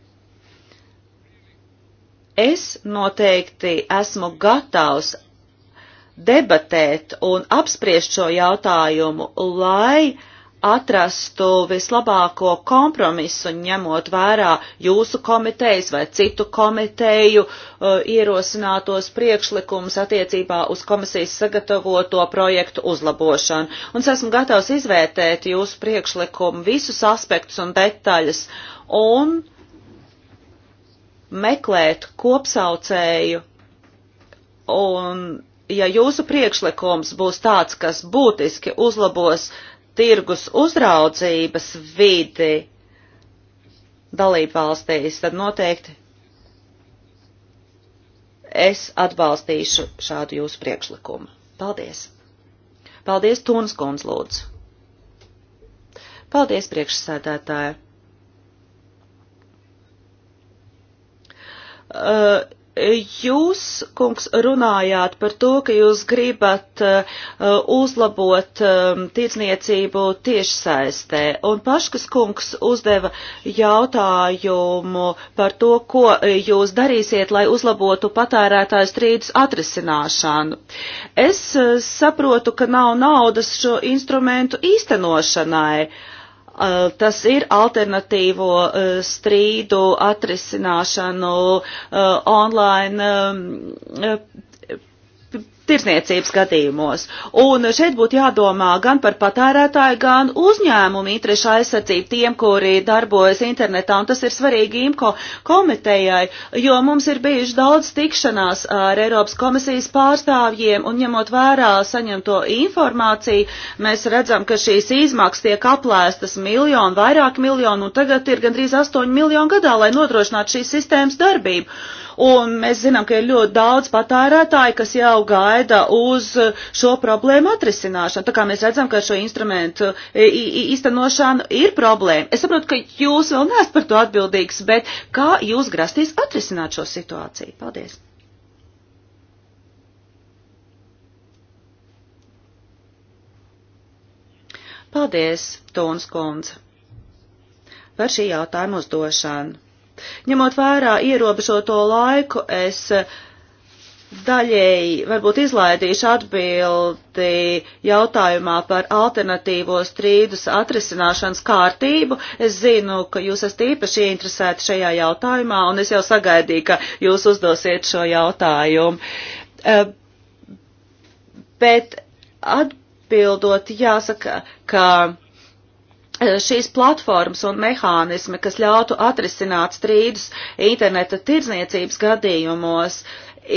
Es noteikti esmu gatavs debatēt un apspriest šo jautājumu, lai uh, atrastu vislabāko kompromisu, ņemot vērā jūsu komitejas vai citu komiteju uh, ierosinātos priekšlikumus attiecībā uz komisijas sagatavoto projektu uzlabošanu. Un es esmu gatavs izvērtēt jūsu priekšlikumu visus aspektus un detaļas un meklēt kopsaucēju un ja jūsu priekšlikums būs tāds, kas būtiski uzlabos uh, tirgus uzraudzības vidi dalībvalstīs, tad noteikti es atbalstīšu šādu jūsu priekšlikumu. Paldies! Paldies, Tūnas kundz, lūdzu! Paldies, priekšsēdētāja! Uh, Jūs, kungs, runājāt par to, ka jūs gribat uh, uzlabot um, tirdzniecību tiešsaistē, un Paškas kungs uzdeva jautājumu par to, ko jūs darīsiet, lai uzlabotu patērētāju strīdus atrisināšanu. Es uh, saprotu, ka nav naudas šo instrumentu īstenošanai. Uh, Eh, tas ir alternatīvo eh, strīdu atrisināšanu eh, online tirsniecības gadījumos. Un šeit būtu jādomā gan par patērētāju, gan uzņēmumu interešu aizsardzību tiem, kuri darbojas internetā, un tas ir svarīgi IMCO komitejai, jo mums ir bijuši daudz tikšanās ar Eiropas komisijas pārstāvjiem, un ņemot vērā saņemto informāciju, mēs redzam, ka šīs izmaksas tiek aplēstas miljonu, vairāk miljonu, un tagad ir gandrīz 8 miljonu gadā, lai nodrošinātu šīs sistēmas darbību un mēs zinām, ka ir ļoti daudz patērētāji, kas jau gaida uz šo problēmu atrisināšanu. Tā kā mēs redzam, ka šo instrumentu e, īstenošana ir problēma. Es saprotu, ka jūs vēl neesat par to atbildīgs, bet kā jūs grasties atrisināt šo situāciju? Paldies! Paldies, Tons kundze, par šī jautājuma uzdošanu. Ņemot vērā ierobežoto laiku, es daļēji varbūt izlaidīšu atbildi jautājumā par alternatīvo strīdus atrisināšanas kārtību. Es zinu, ka jūs esat īpaši interesēti šajā jautājumā, un es jau sagaidīju, ka jūs uzdosiet šo jautājumu. Eh, bet atbildot, jāsaka, ka E, šīs platformas un mehānismi, kas ļautu atrisināt strīdus interneta tirdzniecības gadījumos,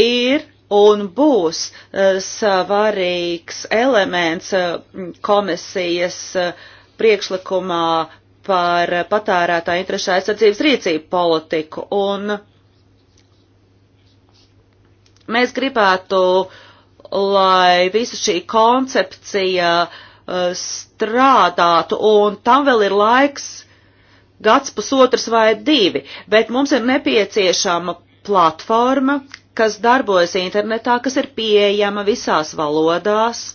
ir un būs e, svarīgs elements e, komisijas priekšlikumā par patērētāju interešu aizsardzības rīcību politiku. Un mēs gribētu, lai visa šī koncepcija uh, Eh, strādāt, un tam vēl ir laiks gads, pusotrs vai divi, bet mums ir nepieciešama platforma, kas darbojas internetā, kas ir pieejama visās valodās.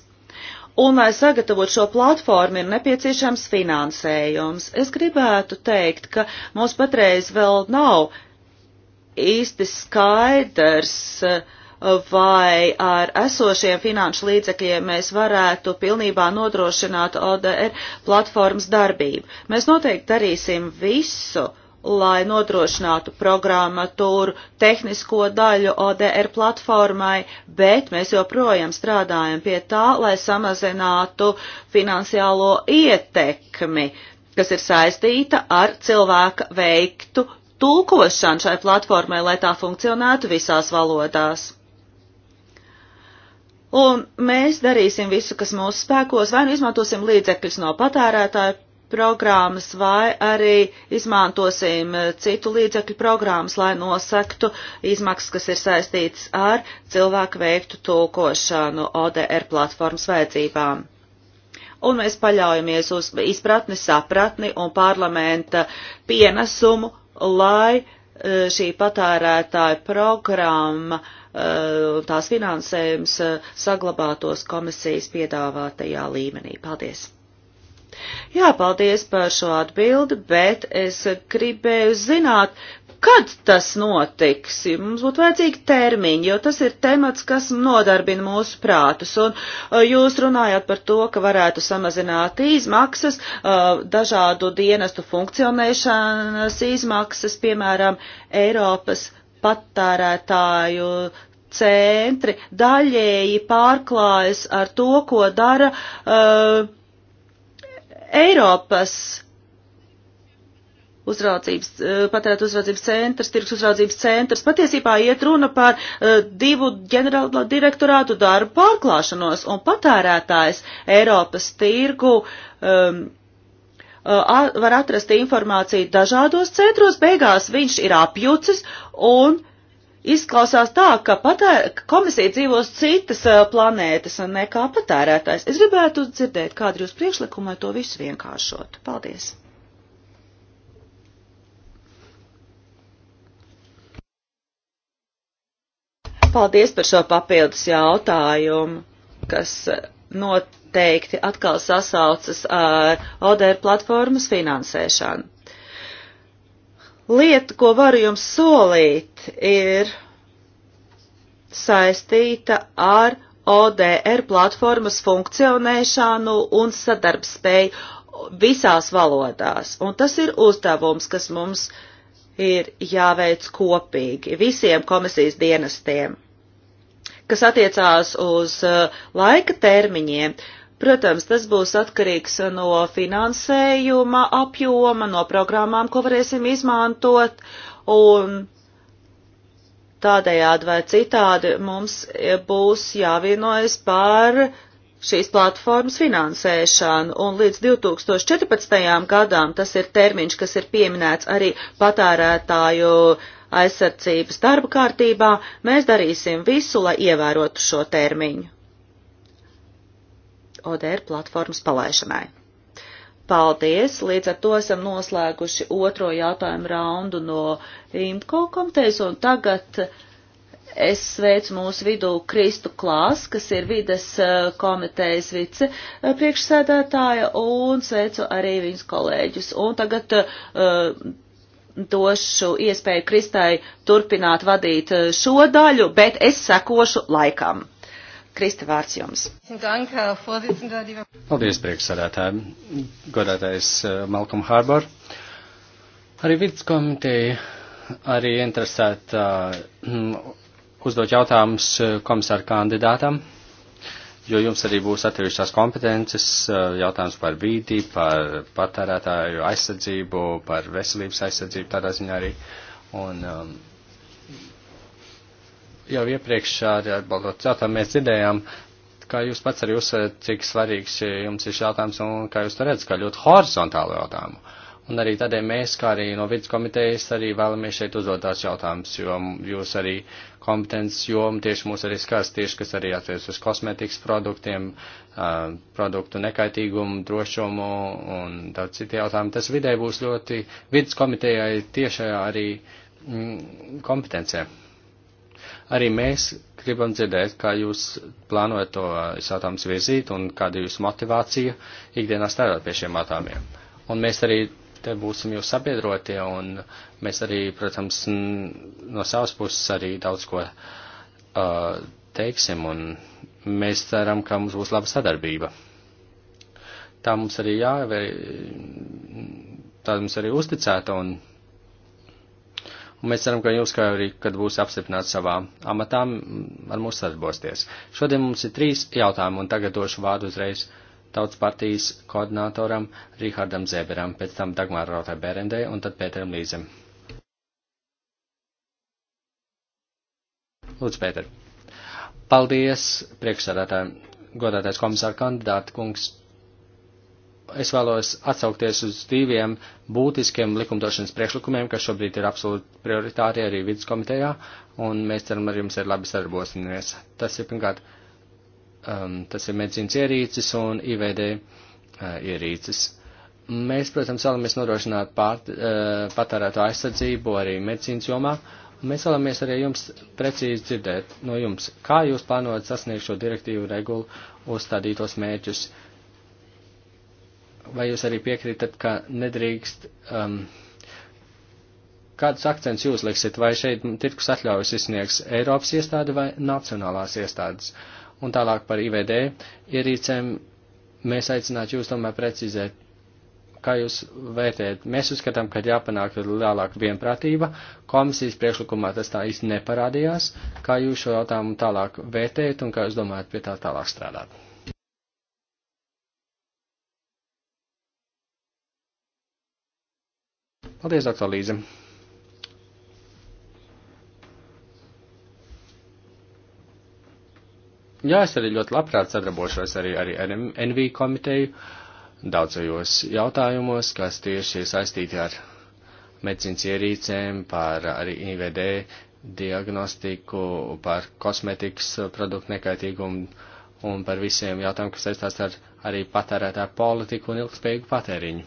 Un, lai sagatavot šo platformu, ir nepieciešams finansējums. Es gribētu teikt, ka mums patreiz vēl nav īsti skaidrs, uh, vai ar esošiem finanšu līdzekļiem mēs varētu pilnībā nodrošināt ODR platformas darbību. Mēs noteikti darīsim visu, lai nodrošinātu programmatūru, tehnisko daļu ODR platformai, bet mēs joprojām strādājam pie tā, lai samazinātu finansiālo ietekmi, kas ir saistīta ar cilvēka veiktu tulkošanu šai platformai, lai tā funkcionētu visās valodās. Un mēs darīsim visu, kas mūsu spēkos, vai nu izmantosim līdzekļus no patērētāju programmas, vai arī izmantosim eh, citu līdzekļu programmas, lai nosektu izmaksas, kas ir saistītas ar cilvēku veiktu tulkošanu ODR platformas vajadzībām. Un mēs paļaujamies uz izpratni, sapratni un parlamenta pienesumu, lai eh, šī patērētāja programma uh, un eh, tās finansējums eh, saglabātos komisijas piedāvātajā līmenī. Paldies! Jā, paldies par šo atbildi, bet es gribēju zināt, kad tas notiks. Mums būtu vajadzīgi termiņi, jo tas ir temats, kas nodarbina mūsu prātus. Un eh, jūs runājāt par to, ka varētu samazināt izmaksas, dažādu dienestu funkcionēšanas izmaksas, piemēram, Eiropas patērētāju centri daļēji pārklājas ar to, ko dara uh, Eiropas uzraudzības, uh, patērēt uzraudzības centrs, tirgus uzraudzības centrs. Patiesībā iet runa par uh, divu ģenerāla direktorātu darbu pārklāšanos un patērētājs Eiropas tirgu um, var atrast informāciju dažādos centros, beigās viņš ir apjucis un izklausās tā, ka patēr, komisija dzīvos citas planētas un ne kā patērētājs. Es gribētu dzirdēt, kāda ir jūsu priekšlikuma, lai to visu vienkāršotu. Paldies! Paldies par šo papildus jautājumu, kas noteikti atkal sasaucas ar ODR platformas finansēšanu. Lieta, ko varu jums solīt, ir saistīta ar ODR platformas funkcionēšanu un sadarbspēju visās valodās. Un tas ir uzdevums, kas mums ir jāveic kopīgi visiem komisijas dienestiem kas attiecās uz uh, laika termiņiem. Protams, tas būs atkarīgs no finansējuma apjoma, no programmām, ko varēsim izmantot, un tādējādi vai citādi mums eh, būs jāvienojas par šīs platformas finansēšanu, un līdz 2014. gadām tas ir termiņš, kas ir pieminēts arī patērētāju uh, aizsardzības darba kārtībā, mēs darīsim visu, lai ievērotu šo termiņu. ODR platformas palaišanai. Paldies! Līdz ar to esam noslēguši otro jautājumu raundu no IMCO komitejas, un tagad es sveicu mūsu vidū Kristu Klās, kas ir vides eh, komitejas vice eh, priekšsēdētāja, un sveicu arī viņas kolēģus. Un tagad uh, došu iespēju Kristai turpināt vadīt eh, šo daļu, bet es sekošu laikam. Krista vārds jums. Paldies, priekšsādātāji. Godātais eh, Malcolm Harbour. Arī vidas komiteja arī interesēta uh, uzdot jautājumus komisāru kandidātam jo jums arī būs atsevišķās kompetences jautājums par vīdi, par patērētāju aizsardzību, par veselības aizsardzību tādā ziņā arī. Un, um, jau iepriekš arī atbaldot jautājumu mēs dzirdējām, kā jūs pats arī uzsverat, cik svarīgs jums ir šis jautājums un kā jūs to redzat, kā ļoti horizontālu jautājumu. Uh, Un arī tādēļ mēs, kā arī no vidas komitejas, arī vēlamies šeit uzdot tās jautājumus, jo jūs arī kompetences joma tieši mūs arī skars tieši, kas arī attiecas uz kosmetikas produktiem, produktu nekaitīgumu, drošumu un daudz citu jautājumu. Tas vidē būs ļoti vidas komitejai tiešajā arī mm, kompetencē. Arī mēs gribam dzirdēt, kā jūs plānojat to jautājumus virzīt un kāda ir jūsu motivācija ikdienā strādāt pie šiem jautājumiem. Un mēs arī te būsim jūs sabiedrotie, un mēs arī, protams, no savas puses arī daudz ko uh, teiksim, un mēs ceram, ka mums būs laba sadarbība. Tā mums arī jāvei, tā mums arī uzticēta, un, un mēs ceram, ka jūs, kā arī, kad būs apstiprināts savā amatā, ar mums sadarbosties. Šodien mums ir trīs jautājumi, un tagad došu vārdu uzreiz. Uh, tautas partijas koordinatoram Rihardam Zēberam, pēc tam Dagmāra Rotai Berendē un tad Pēteram Līzem. Lūdzu, Pēter. Paldies, priekšsādātāji, godātais komisāra kandidāta kungs. Es vēlos atsaukties uz diviem būtiskiem likumdošanas priekšlikumiem, kas šobrīd ir absolūti prioritāri arī viduskomitejā, un mēs ceram, ar jums ir labi sadarbosimies. Tas ir pirmkārt um, tas ir medicīnas ierīces un IVD uh, ierīces. Mēs, protams, vēlamies nodrošināt pār, uh, patērēto aizsardzību arī medicīnas jomā. Mēs vēlamies arī jums precīzi dzirdēt no jums, kā jūs plānojat sasniegt šo direktīvu regulu uzstādītos mērķus. Vai jūs arī piekrītat, ka nedrīkst. Um, kādus akcentus jūs liksiet, vai šeit tirkus atļaujas izsniegs Eiropas iestāde vai nacionālās iestādes? Uh, Un tālāk par IVD ierīcēm mēs aicinātu jūs tomēr precizēt, kā jūs vērtējat. Mēs uzskatām, ka jāpanāk lielāka vienprātība. Komisijas priekšlikumā tas tā īsti neparādījās. Kā jūs šo jautājumu tālāk vērtējat un kā jūs domājat pie tā tālāk strādāt? Paldies, doktor Līze. Jā, es arī ļoti labprāt sadarbošos arī ar NV komiteju daudzajos jautājumos, kas tieši ir saistīti ar medicīnas ierīcēm, par arī IVD diagnostiku, par kosmetikas produktu nekaitīgumu un par visiem jautājumiem, kas saistās ar arī patērētāju politiku un ilgspējīgu patēriņu.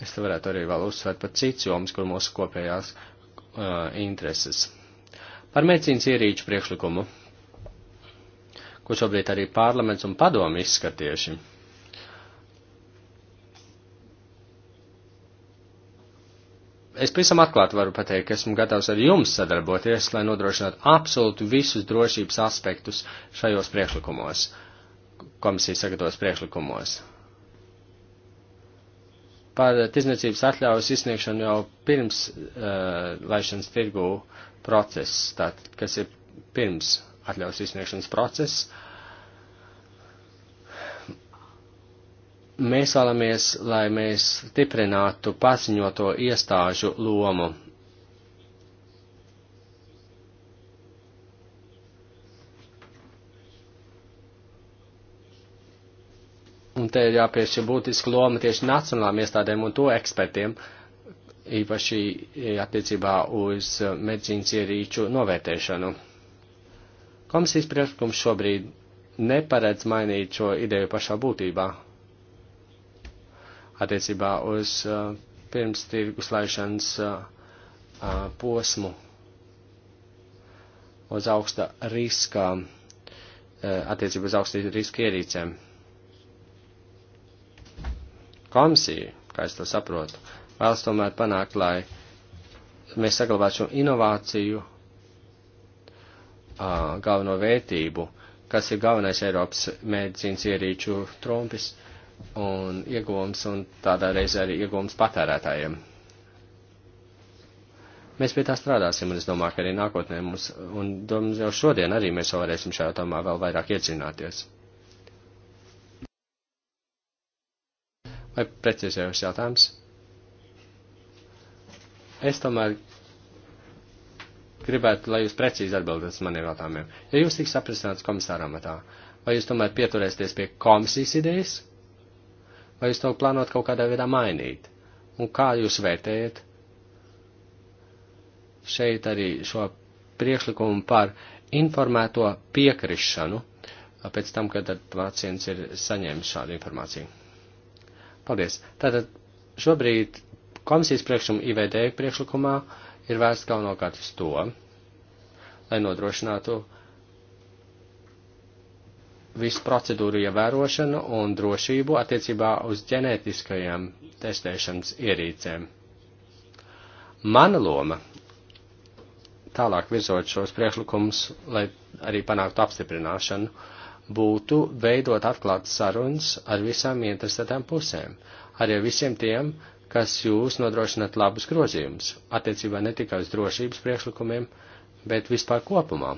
Es te varētu arī vēl uzsvērt par cits joms, kur mūsu kopējās uh, intereses. Par medicīnas ierīču priekšlikumu ko šobrīd arī parlaments un padomi izskatieši. Es pavisam atklāti varu pateikt, ka esmu gatavs ar jums sadarboties, lai nodrošinātu absolūti visus drošības aspektus šajos priekšlikumos, komisijas sagatavos priekšlikumos. Par tirzniecības atļaujas izsniegšanu jau pirms uh, laišanas tirgu process, tātad, kas ir pirms uh, atļaus izsniegšanas process. Mēs vēlamies, lai mēs stiprinātu paziņoto iestāžu lomu. Un te ir jāpiešķir būtiska loma tieši nacionālām iestādēm un to ekspertiem, īpaši attiecībā uz medicīnas ierīču novērtēšanu. Komisijas priekšlikums šobrīd neparedz mainīt šo ideju pašā būtībā attiecībā uz uh, pirms tirgus laišanas uh, uh, posmu uz augsta riska, uh, attiecībā uz augsta riska ierīcēm. Komisija, kā es to saprotu, vēlas tomēr panākt, lai mēs saglabātu šo inovāciju ā, galveno vērtību, kas ir galvenais Eiropas medicīnas ierīču trumpis un iegūms un tādā reizē arī iegūms patērētājiem. Mēs pie tā strādāsim, un es domāju, ka arī nākotnē mums, un domāju, jau šodien arī mēs jau varēsim šajā jautājumā vēl vairāk iedzināties. Vai precizējums jautājums? Es tomēr gribētu, lai jūs precīzi atbildat uz maniem jautājumiem. Ja jūs tiks aprasināts komisāra amatā, vai jūs tomēr pieturēsieties pie komisijas idejas, vai jūs to plānot kaut kādā veidā mainīt? Un kā jūs vērtējat šeit arī šo priekšlikumu par informēto piekrišanu pēc tam, kad pacients ir saņēmis šādu informāciju? Paldies. Tātad šobrīd komisijas priekšlikuma IVD priekšlikumā uh, ir vērsts galvenokārt uz to, lai nodrošinātu visu procedūru ievērošanu un drošību attiecībā uz ģenētiskajām testēšanas ierīcēm. Mana loma tālāk virzot šos priekšlikumus, lai arī panāktu apstiprināšanu, būtu veidot atklātas sarunas ar visām interesētām pusēm, arī ar visiem tiem, kas jūs nodrošināt labus grozījumus attiecībā ne tikai uz drošības priekšlikumiem, bet vispār kopumā.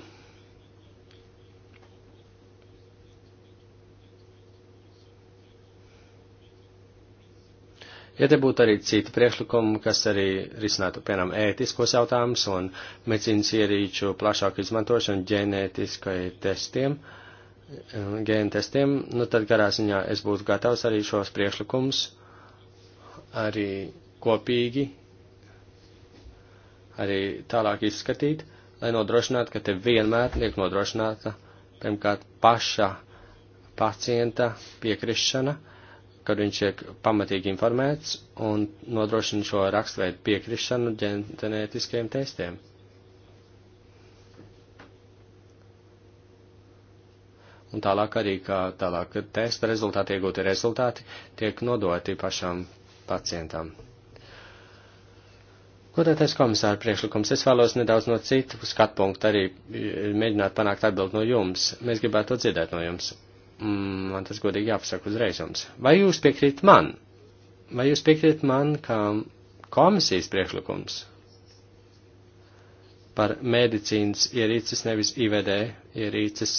Ja te būtu arī citi priekšlikumi, kas arī risinātu, piemēram, ētiskos jautājumus un medicīnas ierīču plašāku izmantošanu ģenētiskai testiem, eh, gēnu testiem, nu tad garā ziņā es būtu gatavs arī šos priekšlikumus uh, arī kopīgi arī tālāk izskatīt, lai nodrošinātu, ka te vienmēr tiek nodrošināta pirmkārt paša pacienta piekrišana, kad viņš tiek pamatīgi informēts un nodrošina šo rakstveidu piekrišanu ģenētiskiem testiem. un tālāk arī, kā tālāk testa rezultāti, iegūti rezultāti, tiek nodoti pašam pacientam. Godātais komisāra priekšlikums, es vēlos nedaudz no citu skatu punktu arī e, mēģināt panākt atbildi no jums. Mēs gribētu to dzirdēt no jums. Mm, man tas godīgi jāpasaka uzreiz jums. Vai jūs piekrīt man? Vai jūs piekrīt man, ka komisijas priekšlikums par medicīnas ierīces, nevis IVD ierīces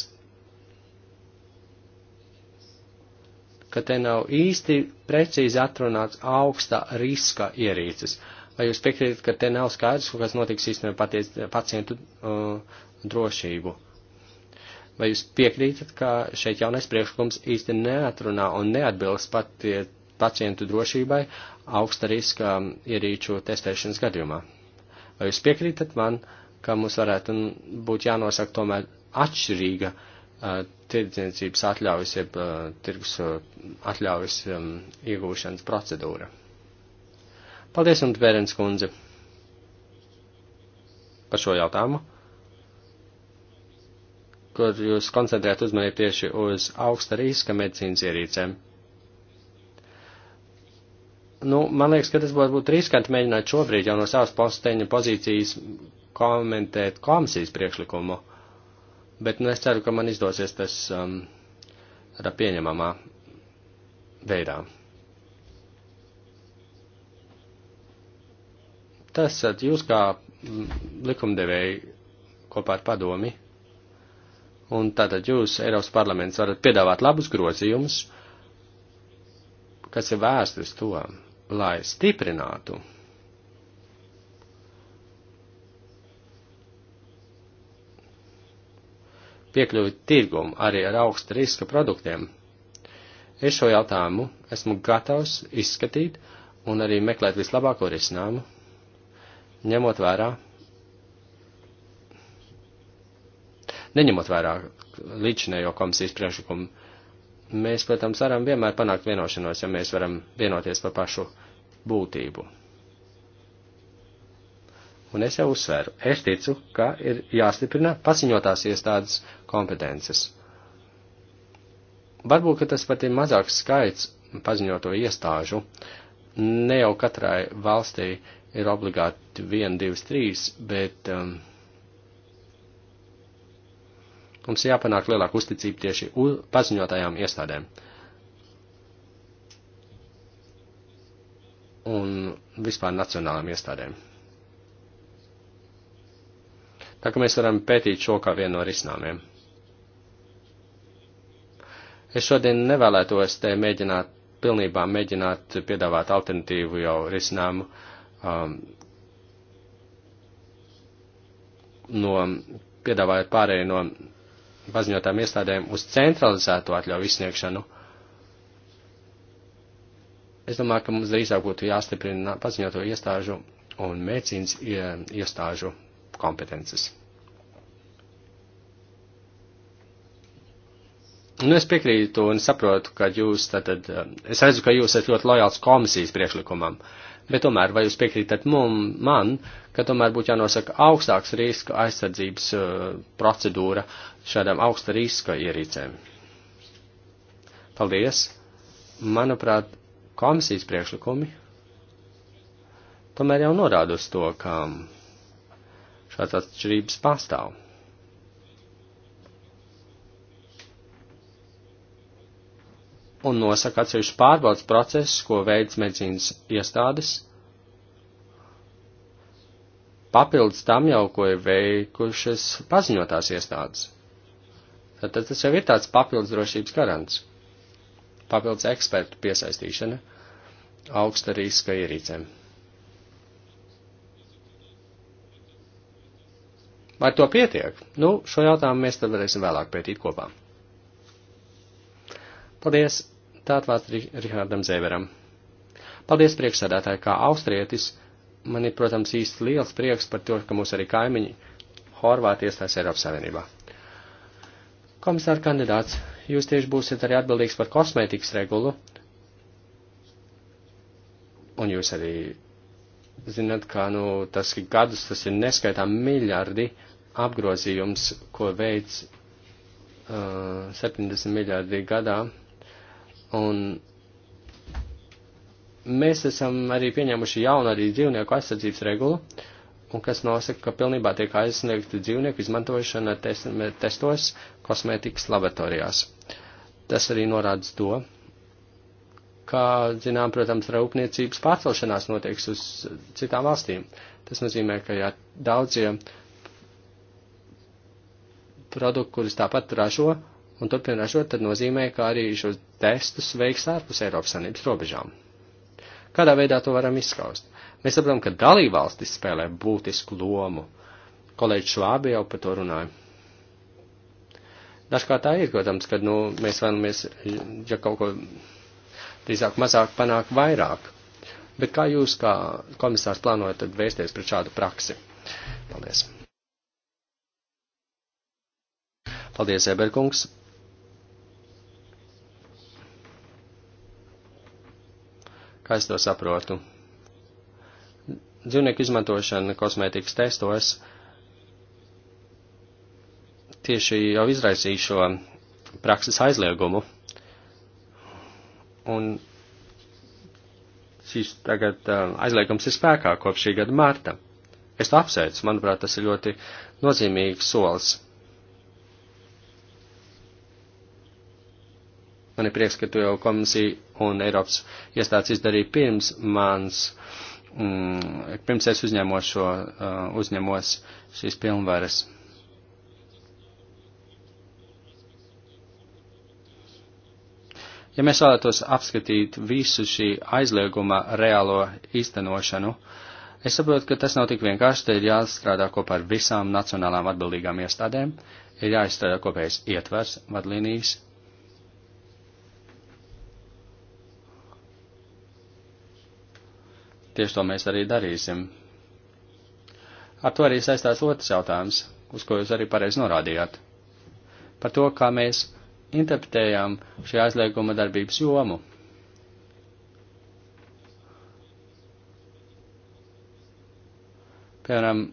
ka te nav īsti precīzi atrunāts augsta riska ierīces. Vai jūs piekrītat, ka te nav skaidrs, kas notiks īstenībā pacientu uh, drošību? Vai jūs piekrītat, ka šeit jaunais priekšlikums īsti neatrunā un neatbilst pat pacientu drošībai augsta riska ierīču testēšanas gadījumā? Vai jūs piekrītat man, ka mums varētu būt jānosaka tomēr atšķirīga uh, Uh, tirdzniecības atļaujas, jeb uh, tirgus uh, atļaujas um, iegūšanas procedūra. Paldies jums, Bērens kundze, par šo jautājumu, kur jūs koncentrējat uzmanību tieši uz augsta riska medicīnas ierīcēm. Nu, man liekas, ka tas būtu būt riskanti mēģināt šobrīd jau no savas posteņa pozīcijas komentēt komisijas priekšlikumu. Uh, Bet nu, es ceru, ka man izdosies tas um, tādā pieņemamā veidā. Tas esat jūs kā mm, likumdevēji kopā ar padomi, un tātad jūs, Eiropas parlaments, varat piedāvāt labus grozījumus, kas ir vērsti uz to, lai stiprinātu piekļuvi tirgumu arī ar augsta riska produktiem. Es šo jautājumu esmu gatavs izskatīt un arī meklēt vislabāko risinājumu, ņemot vērā, neņemot vērā līdzinējo komisijas priekšlikumu. Mēs, protams, varam vienmēr panākt vienošanos, ja mēs varam vienoties par pašu būtību. Un es jau uzsveru, es ticu, ka ir jāstiprina paziņotās iestādes kompetences. Varbūt, ka tas pat ir mazāks skaits paziņoto iestāžu. Ne jau katrai valstī ir obligāti 1, 2, 3, bet um, mums jāpanāk lielāka uzticība tieši uz paziņotajām iestādēm. un vispār nacionālām iestādēm. Tā ka mēs varam pētīt šo kā vienu no risinājumiem. Es šodien nevēlētos te mēģināt, pilnībā mēģināt piedāvāt alternatīvu jau risinājumu um, no, piedāvājot pārēju no paziņotām iestādēm uz centralizēto atļauju izsniegšanu. Es domāju, ka mums drīzāk būtu jāstiprina paziņoto iestāžu un medicīnas iestāžu kompetences. Nu, es piekrītu un saprotu, ka jūs tātad, um, es redzu, ka jūs esat ļoti lojāls komisijas priekšlikumam, bet tomēr vai jūs piekrītat mum, man, ka tomēr būtu jānosaka augstāks riska aizsardzības uh, procedūra šādām augsta riska ierīcēm? Paldies! Manuprāt, komisijas priekšlikumi tomēr jau norāda uz to, ka um, šāds atšķirības pastāv. Un nosaka atsevišķu pārbaudas procesus, ko veids medicīnas iestādes. Papildus tam jau, ko ir veikušas paziņotās iestādes. Tad tas jau ir tāds papildus drošības garants. Papildus ekspertu piesaistīšana augsta riska ierīcēm. Vai to pietiek? Nu, šo jautājumu mēs tad varēsim vēlāk pētīt kopā. Paldies, tāt vārds Rihardam Zēveram. Paldies, priekšsēdētāji, kā austrietis. Man ir, protams, īsti liels prieks par to, ka mūs arī kaimiņi Horvāti iestās Eiropas Savienībā. Komisāra kandidāts, jūs tieši būsiet arī atbildīgs par kosmētikas regulu, un jūs arī zināt, kā, nu, tas gadus tas ir neskaitām miljardi, uh, apgrozījums, ko veids uh, 70 miljārdi gadā, un mēs esam arī pieņēmuši jaunu arī dzīvnieku aizsardzības regulu, un kas nosaka, ka pilnībā tiek aizsniegta dzīvnieku izmantošana test, testos kosmētikas laboratorijās. Tas arī norāda to, ka, zinām, protams, rūpniecības pārcelšanās notieks uz citām valstīm. Tas nozīmē, ka ja daudzie produktu, kurus tāpat ražo un turpina ražot, tad nozīmē, ka arī šos testus veiks ārpus Eiropas Sanības robežām. Kādā veidā to varam izskaust? Mēs saprotam, ka dalībvalstis spēlē būtisku lomu. Kolēģis Švābi jau par to runāja. Dažkārt tā ir, protams, kad nu, mēs vēlamies, ja kaut ko drīzāk mazāk panākt vairāk. Bet kā jūs, kā komisārs, plānojat vērsties pret šādu praksi? Paldies! Paldies, Eberkungs! Kā es to saprotu? Dzīvnieku izmantošana kosmētikas testos tieši jau izraisīja šo prakses aizliegumu. Un šis tagad uh, aizliegums ir spēkā kopš šī gada mārta. Es to apsveicu, manuprāt, tas ir ļoti nozīmīgs solis. Man ir prieks, ka to jau komisija un Eiropas iestādes izdarīja pirms mans, mm, pirms es uzņēmos šo, uh, uzņēmos šīs pilnvaras. Ja mēs vēlētos apskatīt visu šī aizlieguma reālo īstenošanu, es saprotu, ka tas nav tik vienkārši, te ir jāstrādā kopā ar visām nacionālām atbildīgām iestādēm, ir jāizstrādā kopējais ietvers, vadlīnijas, Tieši to mēs arī darīsim. Ar to arī saistās otrs jautājums, uz ko jūs arī pareizi norādījāt. Par to, kā mēs interpretējām šī aizlieguma darbības jomu. Piemēram,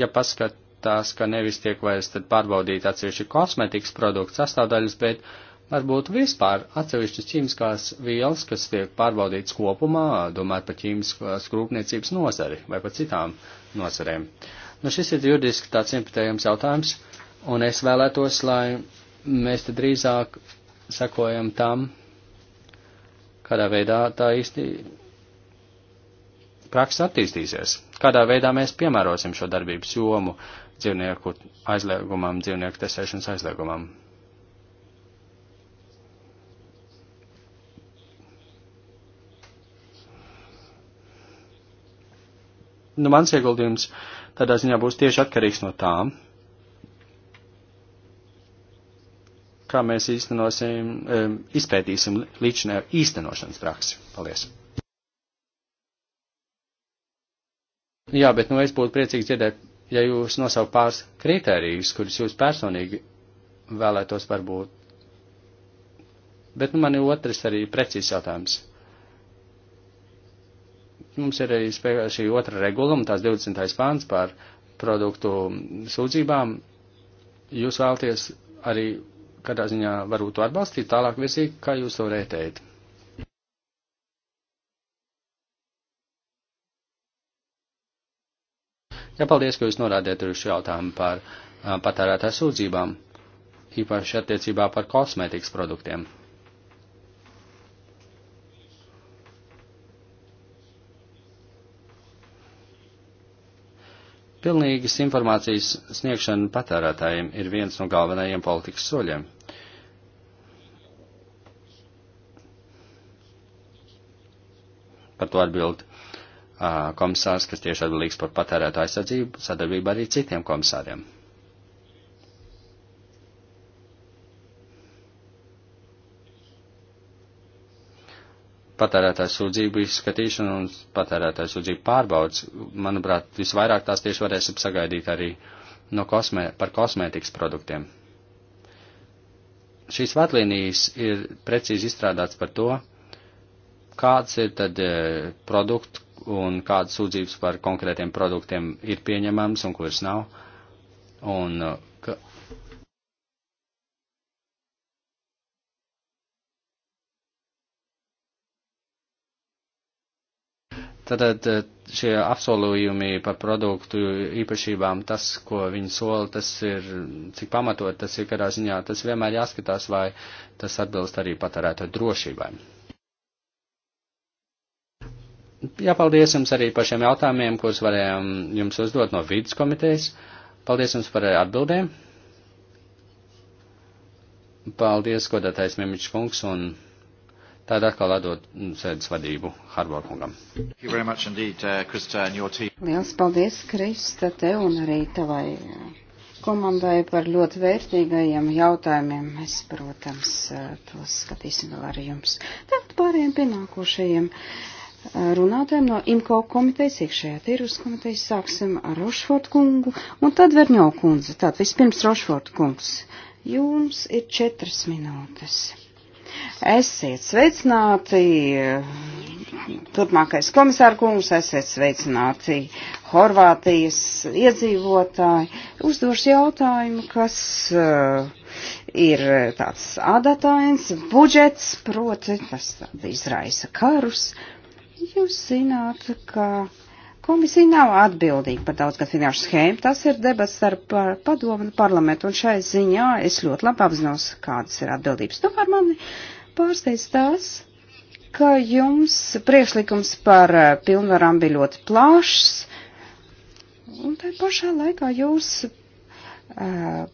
ja paskatās, ka nevis tiek vairs tad pārbaudīt atsevišķi kosmetikas produktu sastāvdaļas, bet var būt vispār atsevišķas ķīmiskās vielas, kas tiek pārbaudītas kopumā, domājot par ķīmiskās rūpniecības nozari vai par citām nozarēm. Nu, šis ir juridiski tāds impetējums jautājums, un es vēlētos, lai mēs te drīzāk sakojam tam, kādā veidā tā īsti praksa attīstīsies, kādā veidā mēs piemērosim šo darbības jomu dzīvnieku aizliegumam, dzīvnieku tesēšanas aizliegumam. Nu, mans ieguldījums tādā ziņā būs tieši atkarīgs no tām, kā mēs īstenosim, izpētīsim līdzinēju īstenošanas praksi. Paldies! Jā, bet nu es būtu priecīgs dzirdēt, ja jūs nosaukt pāris kritērijus, kurus jūs personīgi vēlētos varbūt. Bet nu man ir otrs arī precīzs jautājums. Mums ir arī spēkā šī otra reguluma, tās 20. pāns par produktu sūdzībām. Jūs vēlties arī kādā ziņā varbūt to atbalstīt, tālāk virzīt, kā jūs to rētējat. Jā, paldies, ka jūs norādījāt uz šo jautājumu par patērētāju sūdzībām, īpaši attiecībā par kosmētikas produktiem. Pilnīgas informācijas sniegšana patērētājiem ir viens no galvenajiem politikas soļiem. Par to atbild komisārs, kas tieši atbildīgs par patērētāju aizsardzību, sadarbību arī citiem komisāriem. patērētāju sūdzību izskatīšanu un patērētāju sūdzību pārbaudas, manuprāt, visvairāk tās tieši varēsim sagaidīt arī no kosmē, par kosmētikas produktiem. Šīs vadlīnijas ir precīzi izstrādāts par to, kāds ir tad e, produkts un kādas sūdzības par konkrētiem produktiem ir pieņemams un kuras nav. Un e, Tātad šie apsolījumi par produktu īpašībām, tas, ko viņi sola, tas ir, cik pamatot tas ir kādā ziņā, tas vienmēr jāskatās, vai tas atbilst arī patērēto drošībai. Jāpaldies jums arī par šiem jautājumiem, kurus varējām jums uzdot no vidas komitejas. Paldies jums par atbildēm. Paldies, godātais Mimičs kungs un. Tādā atkal atdod mm, sēdes vadību Harborkungam. Uh, Liels paldies, Krista, tev un arī tavai komandai par ļoti vērtīgajiem jautājumiem. Mēs, protams, uh, tos skatīsim vēl ar jums. Tagad pārējiem pienākošajiem uh, runātājiem no IMCO komitejas, iekšējā tirgus komitejas, sāksim ar Rošfortu kungu un tad Verņo kundze. Tātad vispirms Rošfortu kungs. Jums ir četras minūtes. Esiet sveicināti, turpmākais komisāra kungs, esiet sveicināti Horvātijas iedzīvotāji. Uzdošu jautājumu, kas uh, ir tāds adatāins budžets, proti tas izraisa karus. Jūs zināt, ka Komisija nav atbildīga par daudzgad finanšu schēmu, tas ir debats starp padomu un parlamentu, un šai ziņā es ļoti labi apzinos, kādas ir atbildības. Tomēr mani pārsteidz tās, ka jums priekšlikums par eh, pilnvarām bija ļoti plašs, un tai pašā laikā jūs eh,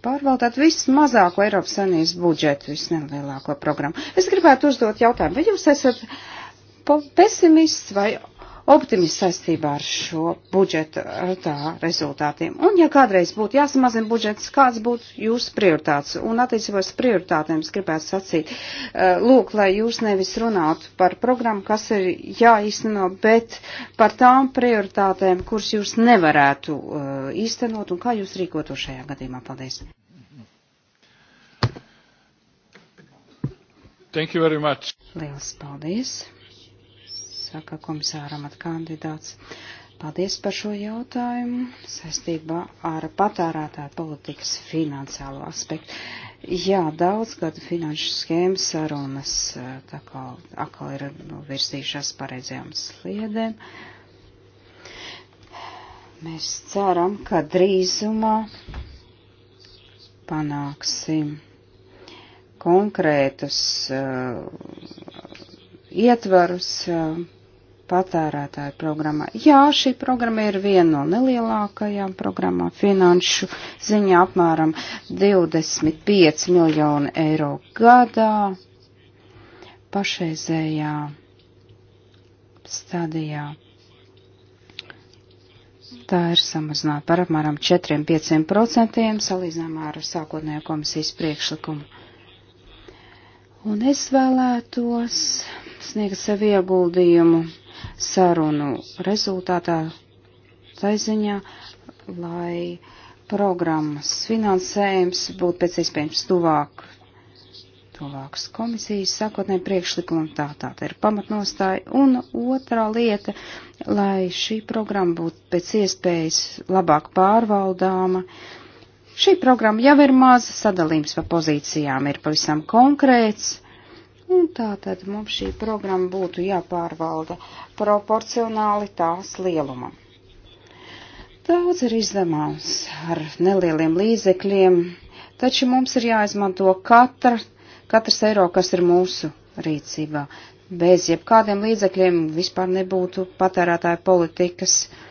pārvaldāt vismazāko Eiropas Savienības budžetu, visnelielāko programmu. Es gribētu uzdot jautājumu, vai jūs esat pesimists vai optimists saistībā ar šo budžetu, ar tā rezultātiem. Un ja kādreiz būtu jāsamazina budžets, kāds būtu jūsu prioritāts? Un attiecībos prioritātēm es gribētu sacīt, eh, lūk, lai jūs nevis runātu par programmu, kas ir jāīsteno, bet par tām prioritātēm, kuras jūs nevarētu eh, īstenot un kā jūs rīkotu šajā gadījumā. Paldies! Thank you very much. Liels paldies saka komisāram at kandidāts. Paldies par šo jautājumu saistībā ar patērētāju politikas finansiālo aspektu. Jā, daudz gadu finanšu schēmas sarunas eh, tā kā atkal ir nu, virzījušās pareizajām sliedēm. Mēs ceram, ka drīzumā panāksim konkrētus uh, ietvarus. Uh, patērētāju programmā. Jā, šī programma ir viena no nelielākajām programmām finanšu ziņā apmēram 25 miljonu eiro gadā pašreizējā stadijā. Tā ir samazināta par apmēram 4-5% salīdzinājumā ar sākotnējo komisijas priekšlikumu. Un es vēlētos sniegt sev ieguldījumu sarunu rezultātā taiziņā, lai programmas finansējums būtu pēc iespējams tuvāk, tuvāks komisijas sakotnē priekšlikumam. Tā tā ir pamatnostāja. Un otrā lieta, lai šī programma būtu pēc iespējas labāk pārvaldāma. Šī programma jau ir maza, sadalījums pa pozīcijām ir pavisam konkrēts Un tātad mums šī programma būtu jāpārvalda proporcionāli tās lielumam. Daudz ir izdevams ar nelieliem līdzekļiem, taču mums ir jāizmanto katra, katrs eiro, kas ir mūsu rīcībā. Bez jebkādiem līdzekļiem vispār nebūtu patērētāja politikas uh,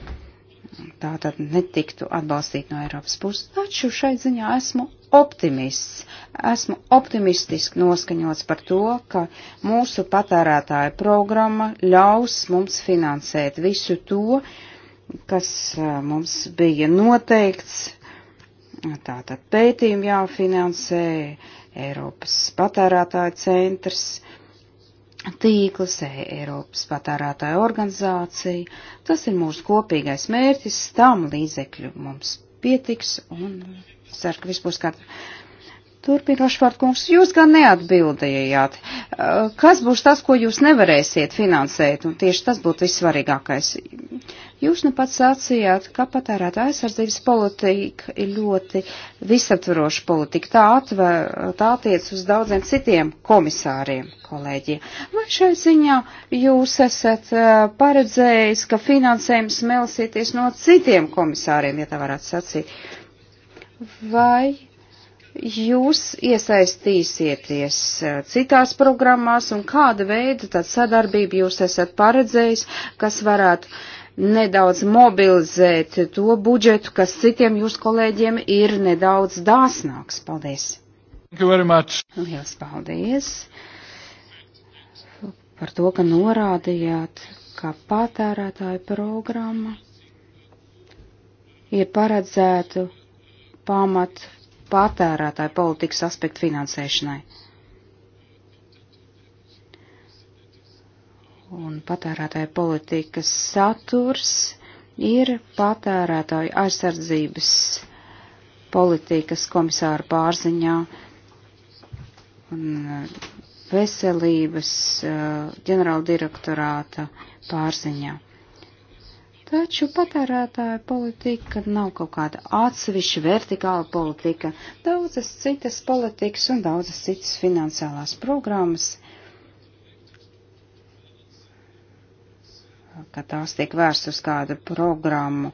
tā tad netiktu atbalstīt no Eiropas puses. Taču šai ziņā esmu optimists. Esmu optimistiski noskaņots par to, ka mūsu patērētāja programma ļaus mums finansēt visu to, kas mums bija noteikts. Tātad pētījumi jāfinansē, Eiropas patērētāja centrs tīklus, e, Eiropas patērētāja organizācija. Tas ir mūsu kopīgais mērķis, tam līdzekļu mums pietiks un ceru, ka viss būs kārtībā. Turpina Rošvārd kungs, jūs gan neatbildējāt. Eh, kas būs tas, ko jūs nevarēsiet finansēt? Un tieši tas būtu vissvarīgākais. Jūs nu pats sacījāt, ka patērēta aizsardzības politika ir ļoti visaptvaroša politika. Tā, atve, tā attiec uz daudziem citiem komisāriem, kolēģiem. Vai šai ziņā jūs esat eh, paredzējis, ka finansējums melsieties no citiem komisāriem, ja tā varētu sacīt? Vai jūs iesaistīsieties eh, citās programmās un kāda veida tad sadarbība jūs esat paredzējis, kas varētu nedaudz mobilizēt to budžetu, kas citiem jūs kolēģiem ir nedaudz dāsnāks. Paldies! Lielas paldies par to, ka norādījāt, ka patērētāju programma ir paredzētu pamat patērētāju politikas aspektu finansēšanai. Un patērētāju politikas saturs ir patērētāju aizsardzības politikas komisāra pārziņā un uh, veselības uh, ģenerāla direktorāta pārziņā. Taču patērētāja politika nav kaut kāda atsevišķa vertikāla politika. Daudzas citas politikas un daudzas citas finansiālās programmas, ka tās tiek vērst uz kādu programmu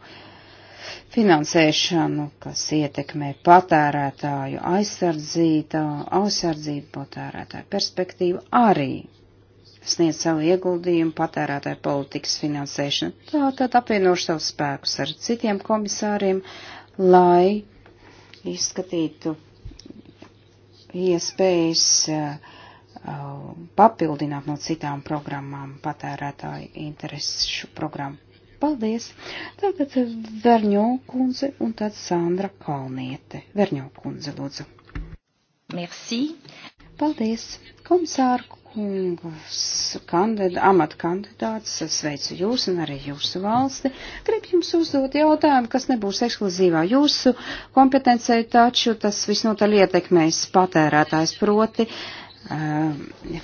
finansēšanu, kas ietekmē patērētāju aizsardzību, aizsardzību patērētāju perspektīvu arī sniedz savu ieguldījumu patērētāju politikas finansēšanu. Tātad apvienošu savus spēkus ar citiem komisāriem, lai izskatītu iespējas uh, papildināt no citām programmām patērētāju interesu programmu. Paldies! Tagad Verņo kundze un tad Sandra Kalniete. Verņo kundze, lūdzu. Merci. Paldies, komisāru kungs, kandid, amatkandidāts, sveicu jūs un arī jūsu valsti. Gribu jums uzdot jautājumu, kas nebūs ekskluzīvā jūsu kompetencija, taču tas visnotaļ ietekmēs patērētājs proti. Uh,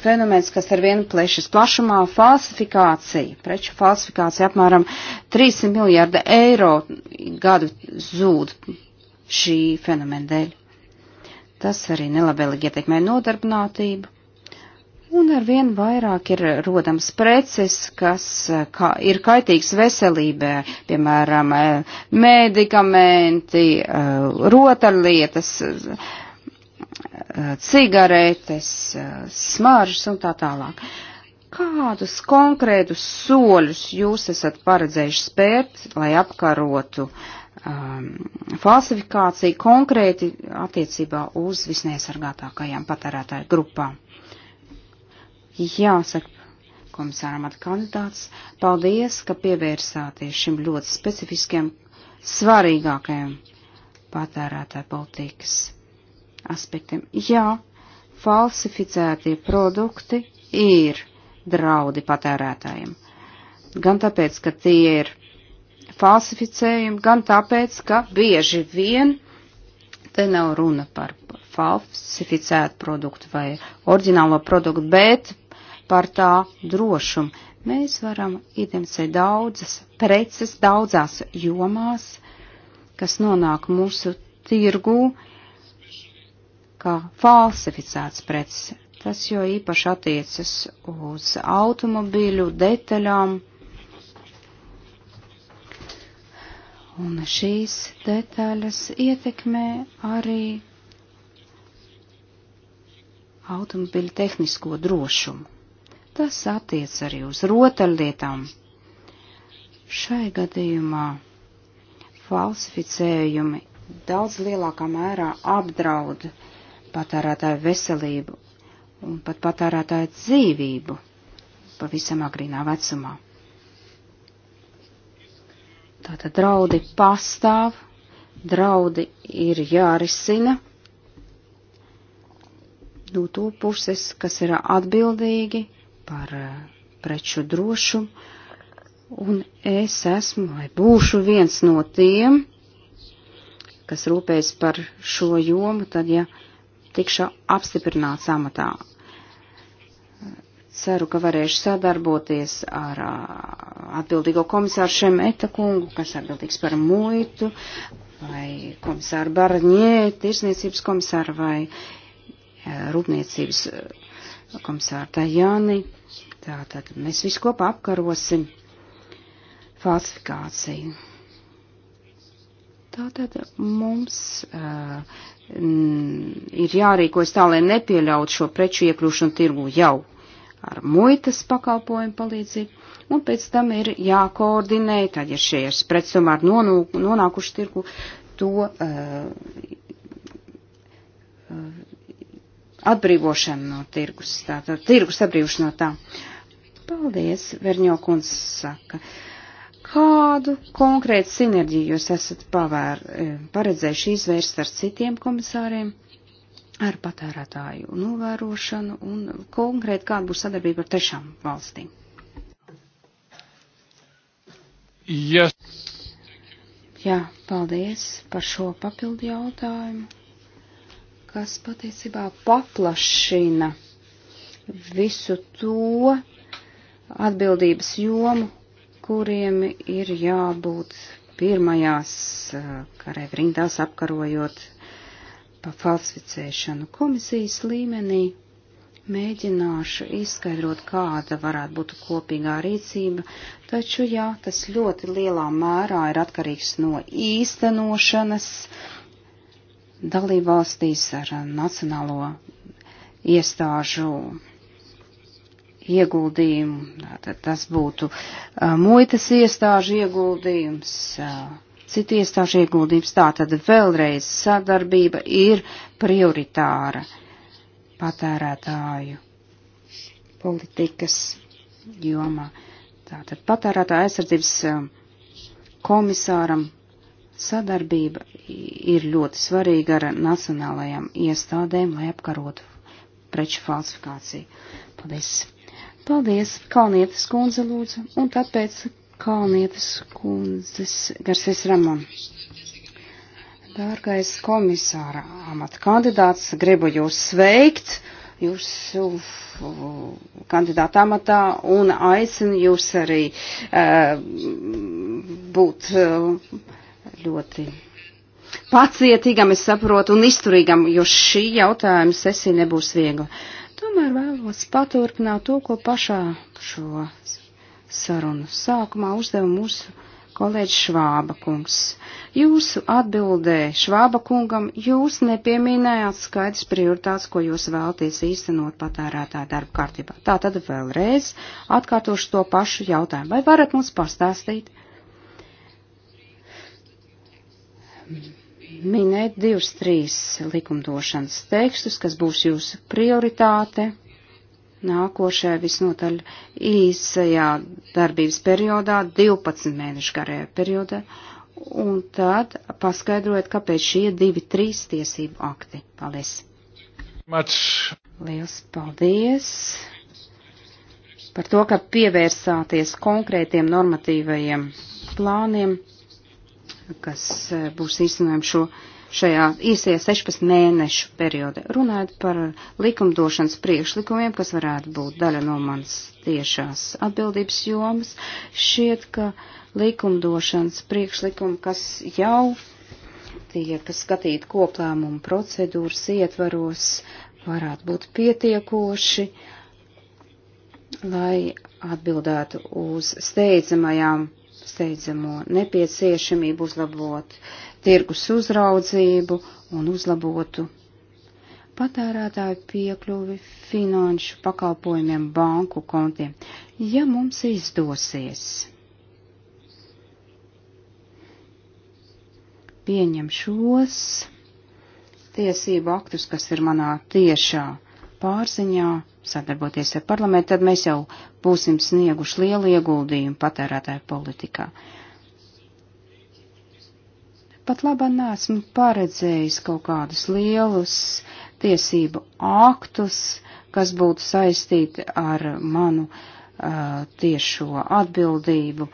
fenomens, kas ar vienu plešas plašumā - falsifikācija, preču falsifikācija apmēram 300 miljārda eiro gadu zūd šī fenomena dēļ. Tas arī nelabēlīgi ietekmē nodarbinātību Un ar vien vairāk ir rodams preces, kas eh, ka, ir kaitīgs veselībai, piemēram, eh, medikamenti, eh, rotaļlietas, cigaretes, smaržas un tā tālāk. Kādus konkrētus soļus jūs esat paredzējuši spērt, lai apkarotu um, falsifikāciju konkrēti attiecībā uz visneaizsargātākajām patērētāju grupām? Jāsaka, komisāram at kandidāts, paldies, ka pievērsāties šim ļoti specifiskiem, svarīgākajam patērētāju politikas aspektiem. Jā, falsificētie produkti ir draudi patērētājiem. Gan tāpēc, ka tie ir falsificējumi, gan tāpēc, ka bieži vien te nav runa par falsificētu produktu vai oriģinālo produktu, bet par tā drošumu. Mēs varam identificēt daudzas preces, daudzās jomās, kas nonāk mūsu tirgū, kā falsificēts preces. Tas jo īpaši attiecas uz automobīļu detaļām. Un šīs detaļas ietekmē arī automobiļu tehnisko drošumu. Tas attiec arī uz rotaļlietām. Šai gadījumā falsificējumi daudz lielākā mērā apdraud patērētāju veselību un pat patērētāju dzīvību pavisam agrīnā vecumā. Tātad draudi pastāv, draudi ir jārisina no to puses, kas ir atbildīgi par eh, preču drošumu, un es esmu vai būšu viens no tiem, kas rūpējas par šo jomu, tad, ja tikšu apstiprināts amatā. Ceru, ka varēšu sadarboties ar eh, atbildīgo komisāru šiem etakungu, kas atbildīgs par muitu, vai komisāru Barņē, tirsniecības komisāru vai eh, rūpniecības komisāru Tajāni Tātad mēs visu kopā apkarosim falsifikāciju. Tātad mums uh, ir jārīkojas tā, lai nepieļaut šo preču iekļūšanu tirgu jau ar muitas pakalpojumu palīdzību, un pēc tam ir jākoordinē, tad, ja šie preci tomēr nonākuši tirgu, to uh, uh, atbrīvošanu no tirgus, tātad tirgus atbrīvošanu no tā. Uh, Paldies, Verņokuns saka. Kādu konkrētu sinerģiju jūs esat pavēr, e, paredzējuši izvērst ar citiem komisāriem, ar patērētāju novērošanu un konkrēti kāda būs sadarbība ar trešām valstīm? Yes. Jā, paldies par šo papildu jautājumu, kas patiesībā paplašina visu to, atbildības jomu, kuriem ir jābūt pirmajās eh, karēv rindās apkarojot pa falsificēšanu komisijas līmenī. Mēģināšu izskaidrot, kāda varētu būt kopīgā rīcība, taču jā, tas ļoti lielā mērā ir atkarīgs no īstenošanas dalībvalstīs ar nacionālo iestāžu ieguldījumu. Tātad tas būtu uh, muitas iestāžu ieguldījums, uh, citi iestāžu ieguldījums. Tātad vēlreiz sadarbība ir prioritāra patērētāju politikas jomā. Tātad patērētāja aizsardzības komisāram sadarbība ir ļoti svarīga ar nacionālajām iestādēm, lai apkarotu preču falsifikāciju. Paldies! Paldies, Kalnietes kundze lūdzu, un tāpēc Kalnietes kundzes Garsies Ramon. Dārgais komisāra amata kandidāts, gribu jūs sveikt jūsu uh, kandidāta amatā un aicinu jūs arī uh, būt uh, ļoti pacietīgam, es saprotu, un izturīgam, jo šī jautājuma sesija nebūs viegla. Uh, Tomēr vēlos paturpināt to, ko pašā šo sarunu sākumā uzdeva mūsu kolēģis Švāba kungs. Jūsu atbildē Švāba kungam jūs nepieminējāt skaidrs prioritātes, ko jūs vēlties īstenot patērētā darba kārtībā. Tā tad vēlreiz atkārtošu to pašu jautājumu. Vai varat mums pastāstīt? minēt divus, trīs likumdošanas tekstus, kas būs jūsu prioritāte nākošajā visnotaļ īsajā darbības periodā, 12 mēnešu garajā periodā, un tad paskaidrojiet, kāpēc šie divi, trīs tiesību akti. Paldies! Mats. Liels paldies! Par to, ka pievērsāties konkrētiem normatīvajiem plāniem kas e, būs īstenojami šo, šajā īsajā 16 mēnešu periodā. Runājot par likumdošanas priekšlikumiem, kas varētu būt daļa no manas tiešās atbildības jomas, šķiet, ka likumdošanas priekšlikumi, kas jau tiek skatīti koplēmumu procedūras ietvaros, varētu būt pietiekoši, lai atbildētu uz steidzamajām steidzamo nepieciešamību uzlabot tirgus uzraudzību un uzlabotu patērētāju piekļuvi finanšu pakalpojumiem banku kontiem, ja mums izdosies. Pieņem šos tiesību aktus, kas ir manā tiešā pārziņā sadarboties ar parlamentu, tad mēs jau būsim snieguši lielu ieguldījumu patērētāju politikā. Pat labā nesmu paredzējis kaut kādus lielus tiesību aktus, kas būtu saistīti ar manu uh, tiešo atbildību,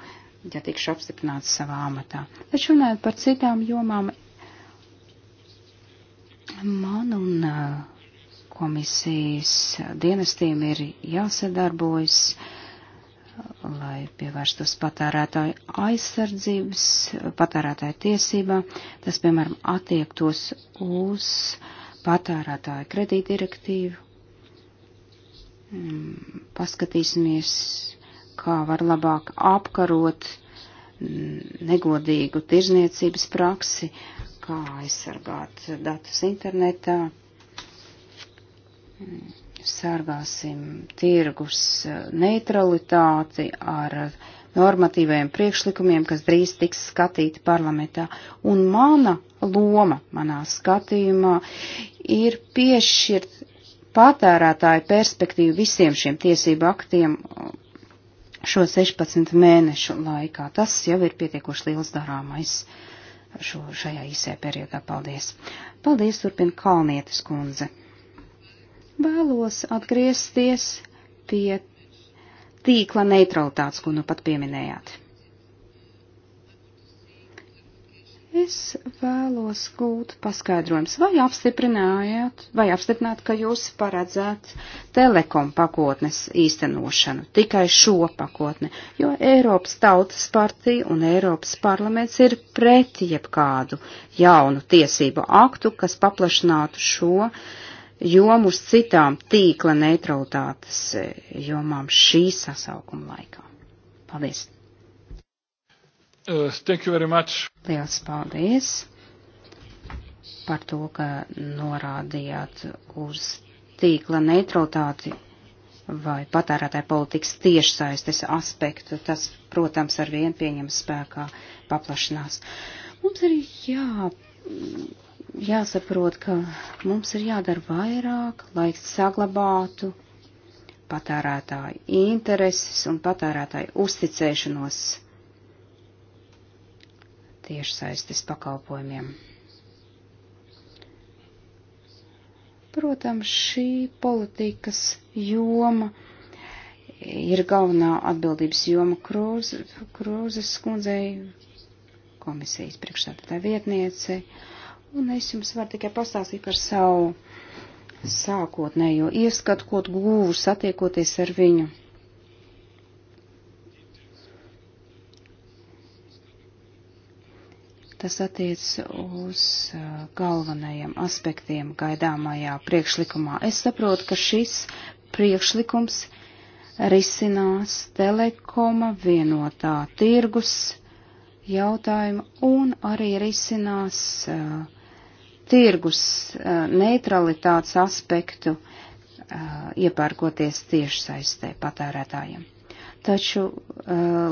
ja tikšu apstiprināts savā amatā. Taču runājot par citām jomām, man un uh, Komisijas dienestiem ir jāsadarbojas, lai pievērstos patērētāju aizsardzības, patērētāju tiesībā. Tas, piemēram, attiektos uz patērētāju kredītdirektīvu. Mm, paskatīsimies, kā var labāk apkarot negodīgu tirzniecības praksi, kā aizsargāt datus internetā, Sārgāsim tirgus eh, neutralitāti ar normatīvajiem priekšlikumiem, kas drīz tiks skatīti parlamentā. Un mana loma, manā skatījumā, ir piešķirt patērētāju perspektīvu visiem šiem tiesību aktiem eh, šo 16 mēnešu laikā. Tas jau ir pietiekoši liels darāmais šo, šajā īsajā periodā. Paldies! Paldies, turpina Kalnietes kundze! Vēlos atgriezties pie tīkla neutralitātes, ko nu pat pieminējāt. Es vēlos gūt paskaidrojums, vai apstiprinājāt, vai apstiprināt, ka jūs paredzēt telekom pakotnes īstenošanu, tikai šo pakotni, jo Eiropas tautas partija un Eiropas parlaments ir pret jebkādu jaunu tiesību aktu, kas paplašinātu šo uh, jomu uz citām tīkla neutralitātes e, jomām šī sasaukuma laikā. Paldies! Uh, thank you very much. Liels paldies par to, ka norādījāt uz tīkla neutralitāti vai patērētāja politikas tiešsaistes aspektu. Tas, protams, ar vienu pieņem spēkā paplašanās. Mums ir jā jāsaprot, ka mums ir jādara vairāk, lai saglabātu patērētāju intereses un patērētāju uzticēšanos tiešsaistes pakalpojumiem. Protams, šī politikas joma ir galvenā atbildības joma Krūzes kundzei, komisijas priekšstādātā vietniecei Un es jums varu tikai pastāstīt par savu sākotnējo ieskatu, ko guvu satiekoties ar viņu. Tas attiec uz uh, galvenajiem aspektiem gaidāmajā priekšlikumā. Es saprotu, ka šis priekšlikums risinās telekoma vienotā tirgus jautājumu un arī risinās uh, tirgus neutralitātes aspektu, iepērkoties tieši saistē patērētājiem. Taču,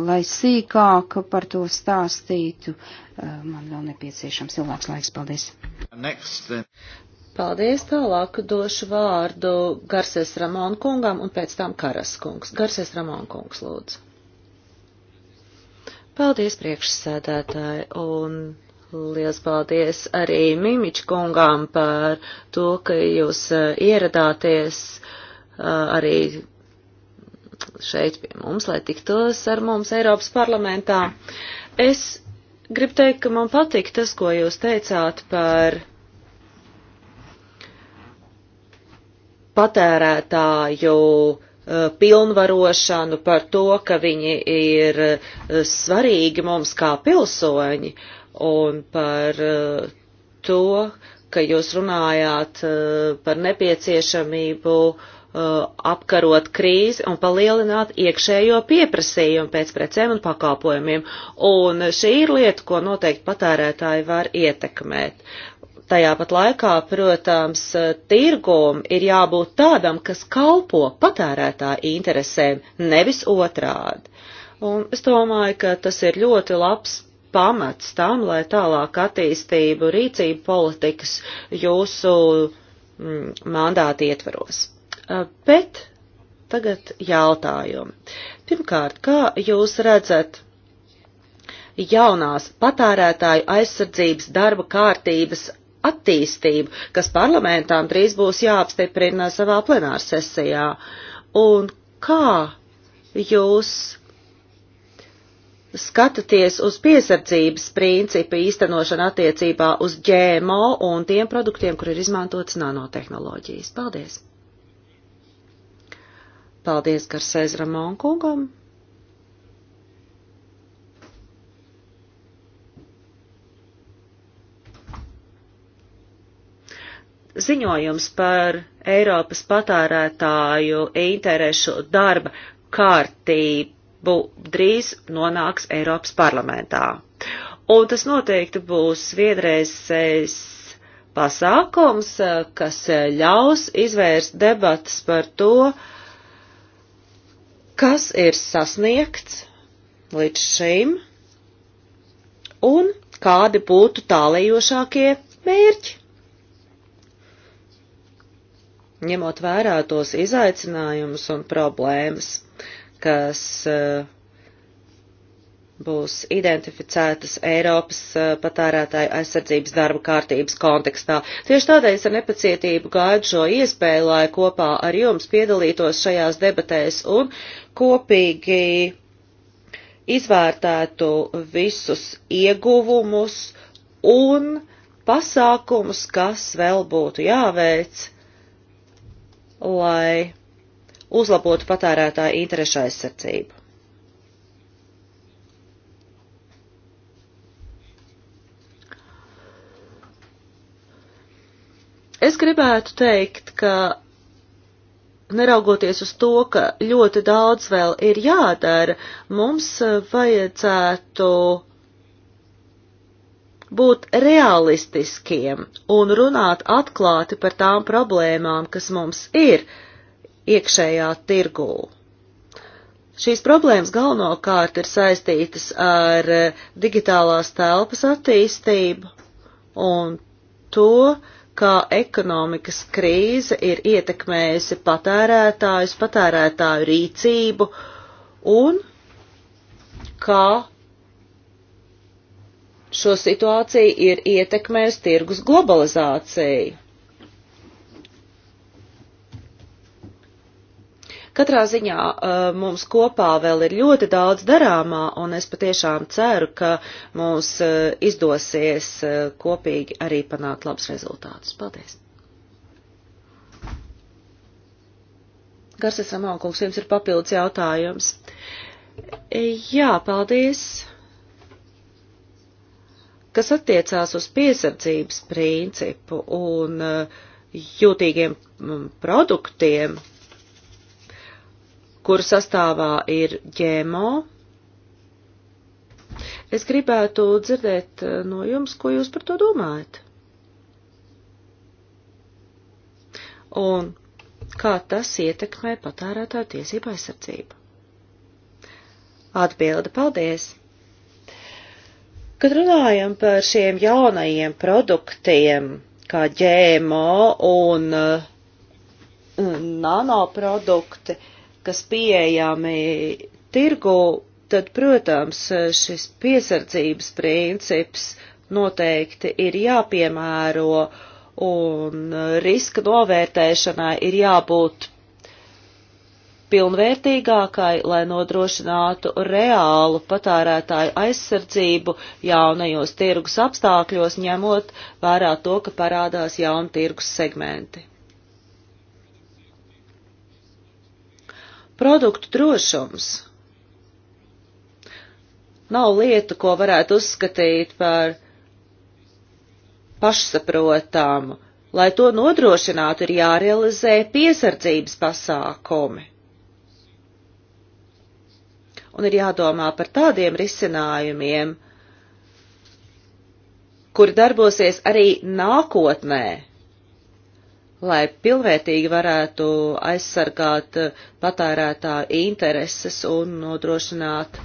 lai sīkāk par to stāstītu, man vēl nepieciešams ilgāks laiks. Paldies! Next. Paldies, tālāk došu vārdu Garses Ramon kungam un pēc tam Karas kungs. Garses Ramon kungs, lūdzu. Paldies, priekšsēdētāji, un Liels paldies arī Mimiča kungām par to, ka jūs eh, ieradāties eh, arī šeit pie mums, lai tiktos ar mums Eiropas parlamentā. Es gribu teikt, ka man patīk tas, ko jūs teicāt par patērētāju eh, pilnvarošanu, par to, ka viņi ir svarīgi mums kā pilsoņi. Uh, un par eh, to, ka jūs runājāt eh, par nepieciešamību eh, apkarot krīzi un palielināt iekšējo pieprasījumu pēc precēm un pakalpojumiem. Un šī ir lieta, ko noteikti patērētāji var ietekmēt. Tajā pat laikā, protams, tirgum ir jābūt tādam, kas kalpo patērētāju interesēm, nevis otrādi. Un es domāju, ka tas ir ļoti labs pamats tam, lai tālāk attīstību rīcību politikas jūsu mm, mandāti ietvaros. Bet tagad jautājumi. Pirmkārt, kā jūs redzat jaunās patērētāju aizsardzības darba kārtības attīstību, kas parlamentām drīz būs jāapstiprina savā plenārsesijā? Un kā jūs skatāties uz piesardzības principu īstenošanu attiecībā uz ģēmo un tiem produktiem, kur ir izmantotas nanotehnoloģijas? Paldies! Paldies Garsēz Ramon kungam! Ziņojums par Eiropas patērētāju interešu darba kārtību būs drīz nonāks Eiropas parlamentā. Un tas noteikti būs vienreizējs pasākums, kas ļaus izvērst debatas par to, kas ir sasniegts līdz šim un kādi būtu tālējošākie mērķi. Ņemot vērā tos izaicinājumus un problēmas, kas eh, būs identificētas Eiropas eh, patērētāju aizsardzības darba kārtības kontekstā. Tieši tādēļ es ar nepacietību gaidu šo iespēju, lai kopā ar jums piedalītos šajās debatēs un kopīgi izvērtētu visus ieguvumus un pasākumus, kas vēl būtu jāveic, lai uzlabotu patērētāju interešu aizsardzību. Es gribētu teikt, ka neraugoties uz to, ka ļoti daudz vēl ir jādara, mums vajadzētu būt realistiskiem un runāt atklāti par tām problēmām, kas mums ir, iekšējā tirgū. Šīs problēmas galvenokārt ir saistītas ar eh, digitālās telpas attīstību un to, kā ekonomikas krīze ir ietekmējusi patērētājus, patērētāju rīcību un kā šo situāciju ir ietekmējusi tirgus globalizācija. Katrā ziņā uh, mums kopā vēl ir ļoti daudz darāmā, un es patiešām ceru, ka mums uh, izdosies uh, kopīgi arī panākt labs rezultātus. Paldies! Garses Ramaukungs, jums ir papildus jautājums. Jā, paldies! kas attiecās uz piesardzības principu un jūtīgiem mm, produktiem, kuru sastāvā ir ģēmo. Es gribētu dzirdēt eh, no jums, ko jūs par to domājat. Un kā tas ietekmē patērētāju tiesību aizsardzību? Atbilde paldies! Kad runājam par šiem jaunajiem produktiem, kā ģēmo un uh, eh, nanoprodukti, uh, kas pieejami tirgu, tad, protams, šis piesardzības princips noteikti ir jāpiemēro un riska novērtēšanai ir jābūt pilnvērtīgākai, lai nodrošinātu reālu patārētāju aizsardzību jaunajos tirgus apstākļos, ņemot vērā to, ka parādās jauni tirgus segmenti. Produktu drošums nav lieta, ko varētu uzskatīt par pašsaprotamu. Lai to nodrošinātu, ir jārealizē piesardzības pasākumi. Un ir jādomā par tādiem risinājumiem, kuri darbosies arī nākotnē, lai pilnvērtīgi varētu aizsargāt patērētā intereses un nodrošināt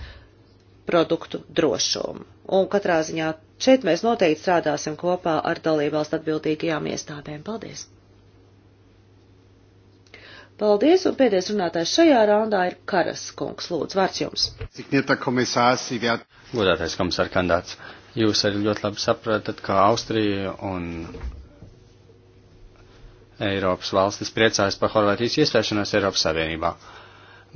produktu drošumu. Un katrā ziņā šeit mēs noteikti strādāsim kopā ar dalībvalstu atbildīgajām iestādēm. Paldies! Paldies, un pēdējais runātājs šajā raundā ir Karas kungs. Lūdzu, vārds jums. Godātais komisār kandāts, jūs arī ļoti labi saprotat, ka Austrija un Eiropas valstis priecājas par Horvātijas iestāšanos Eiropas Savienībā.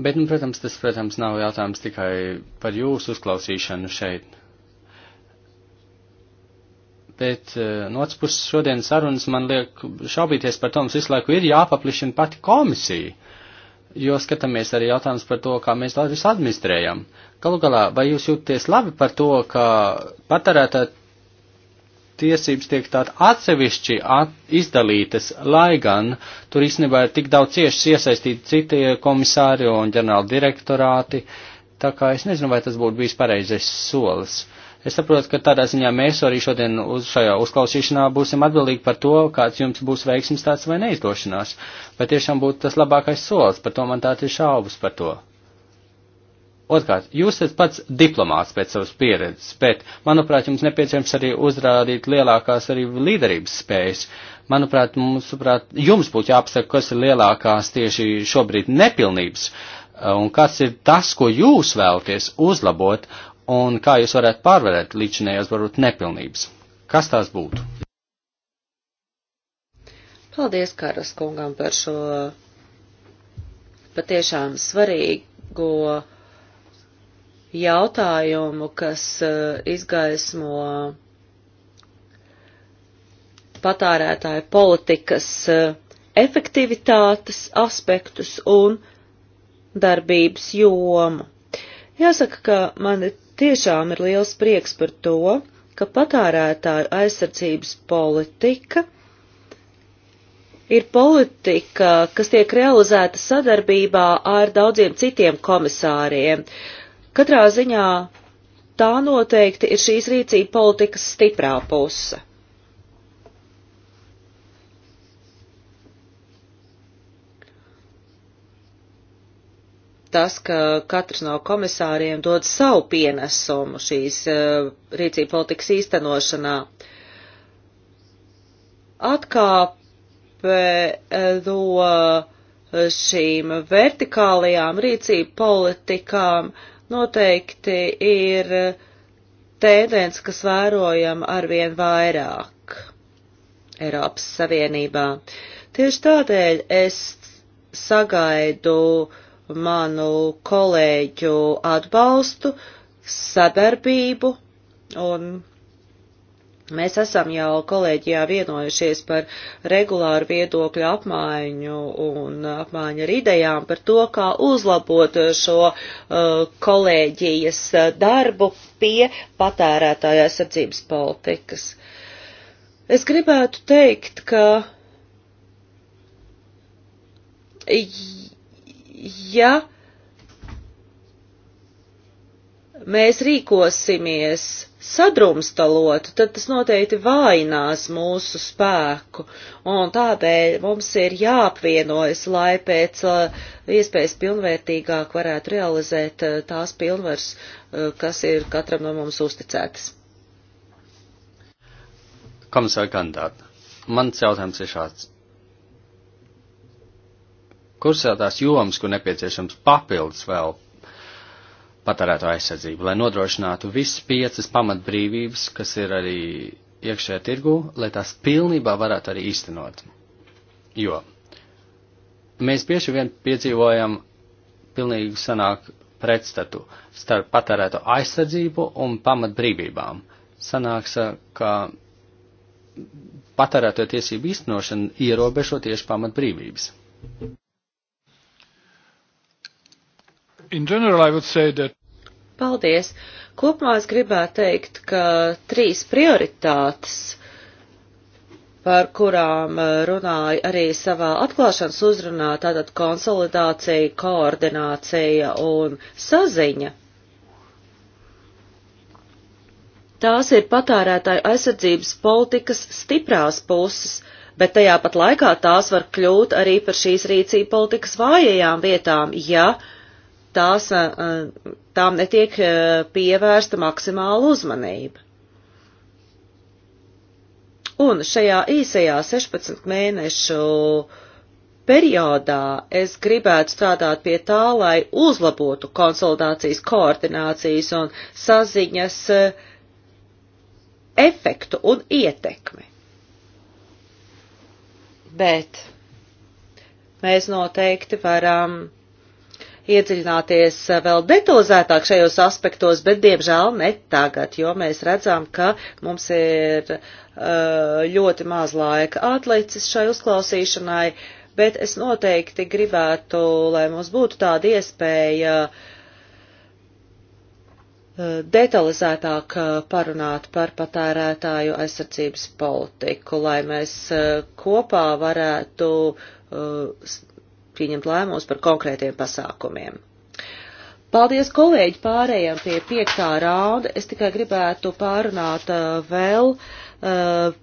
Bet, nu, protams, tas, protams, nav jautājums tikai par jūsu uzklausīšanu šeit. Bet eh, no otras puses šodienas sarunas man liek šaubīties par to, mums visu laiku ir jāpaplišina pati komisija, jo skatāmies arī jautājums par to, kā mēs to visu administrējam. Galu galā, vai jūs jūties labi par to, ka patērētāt tiesības tiek tāda atsevišķi at, izdalītas, lai gan tur īstenībā ir tik daudz cieši iesaistīti citi komisāri un ģenerāli direktorāti, tā kā es nezinu, vai tas būtu bijis pareizais solis. Es saprotu, ka tādā ziņā mēs arī šodien uz šajā uzklausīšanā būsim atbildīgi par to, kāds jums būs veiksms tāds vai neizdošanās. Vai tiešām būtu tas labākais solis, par to man tāds ir šaubas par to. Otkārt, jūs esat pats diplomāts pēc savas pieredzes, bet, manuprāt, jums nepieciešams arī uzrādīt lielākās arī līderības spējas. Manuprāt, mums, suprāt, jums būtu jāpasaka, kas ir lielākās tieši šobrīd nepilnības uh, un kas ir tas, ko jūs vēlaties uzlabot un kā jūs varētu pārvarēt līdzinējās varbūt nepilnības. Kas tās būtu? Paldies, Kāras kungam, par šo patiešām svarīgo jautājumu, kas eh, izgaismo patērētāju politikas eh, efektivitātes aspektus un darbības jomu. Jāsaka, ka man tiešām ir liels prieks par to, ka patērētāju aizsardzības politika ir politika, kas tiek realizēta sadarbībā ar daudziem citiem komisāriem, Katrā ziņā tā noteikti ir šīs rīcība politikas stiprā puse. tas, ka katrs no komisāriem dod savu pienesumu šīs uh, rīcība politikas īstenošanā. Atkāpe eh, no šīm vertikālajām rīcība politikām uh, noteikti ir tendence, kas vērojama arvien vairāk Eiropas Savienībā. Tieši tādēļ es sagaidu manu kolēģu atbalstu, sadarbību un Mēs esam jau kolēģijā vienojušies par regulāru viedokļu apmaiņu un apmaiņu ar idejām par to, kā uzlabot šo uh, kolēģijas darbu pie patērētāja aizsardzības politikas. Es gribētu teikt, ka ja mēs rīkosimies sadrumstaloti, tad tas noteikti vājinās mūsu spēku, un tādēļ mums ir jāapvienojas, lai pēc uh, iespējas pilnvērtīgāk varētu realizēt uh, tās pilnvars, uh, kas ir katram no mums uzticētas. Komisāra kandidāta, mans jautājums ir šāds. Kursētās jomas, kur nepieciešams papildus vēl patērēto aizsardzību, lai nodrošinātu visas piecas pamatbrīvības, kas ir arī iekšējā tirgu, lai tās pilnībā varētu arī īstenot. Jo mēs bieži vien piedzīvojam pilnīgi sanāk pretstatu starp patērēto aizsardzību un pamatbrīvībām. Sanāks, ka patērēto tiesību īstenošana ierobežo tieši pamatbrīvības. general, that... Paldies! Kopumā es gribētu teikt, ka trīs prioritātes, par kurām eh, runāju arī savā atklāšanas uzrunā, tātad konsolidācija, koordinācija un saziņa, tās ir patērētāju aizsardzības politikas stiprās puses, bet tajā pat laikā tās var kļūt arī par šīs rīcība politikas vājajām vietām, ja tās, tām netiek pievērsta maksimāla uzmanība. Un šajā īsajā 16 mēnešu periodā es gribētu strādāt pie tā, lai uzlabotu konsultācijas, koordinācijas un saziņas efektu un ietekmi. Bet mēs noteikti varam iedziļināties eh, vēl detalizētāk šajos aspektos, bet diemžēl ne tagad, jo mēs redzam, ka mums ir eh, ļoti maz laika atlicis šai uzklausīšanai, bet es noteikti gribētu, lai mums būtu tāda iespēja eh, detalizētāk parunāt par patērētāju aizsardzības politiku, lai mēs kopā varētu pieņemt lēmumus par konkrētiem pasākumiem. Paldies kolēģi pārējiem pie piektā raunda. Es tikai gribētu pārunāt uh, vēl uh,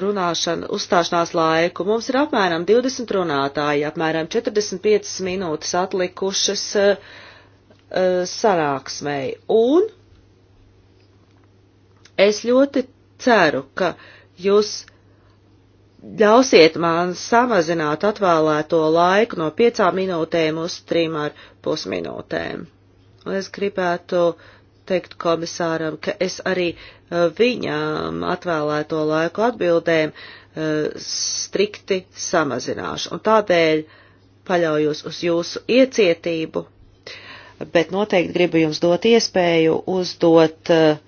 runāšanu, uzstāšanās laiku. Mums ir apmēram 20 runātāji, apmēram 45 minūtes atlikušas uh, sanāksmei. Un es ļoti ceru, ka jūs ļausiet man samazināt atvēlēto laiku no piecām minūtēm uz trim ar pusminūtēm. Un es gribētu teikt komisāram, ka es arī eh, viņam atvēlēto laiku atbildēm eh, strikti samazināšu. Un tādēļ paļaujos uz jūsu iecietību, bet noteikti gribu jums dot iespēju uzdot eh,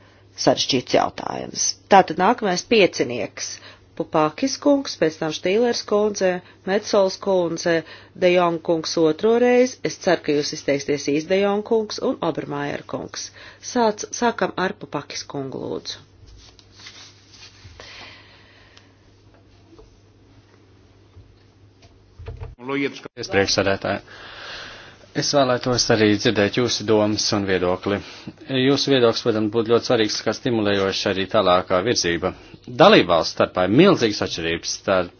sarežģīts jautājums. Tātad nākamais piecinieks. Uh, Pupakis kungs, pēc tam Štīlers kundze, Metsols kundze, Dejong kungs otro reizi, es ceru, ka jūs izteiksties īs Dejong kungs un Obermājer kungs. Sāc, sākam ar Pupakis kungu lūdzu. Paldies, priekšsēdētāji. Es vēlētos arī dzirdēt jūsu domas un viedokli. Jūsu viedoklis, protams, būtu ļoti svarīgs, kā stimulējoši arī tālākā virzība. Dalībvalsts starpā ir milzīgas atšķirības starp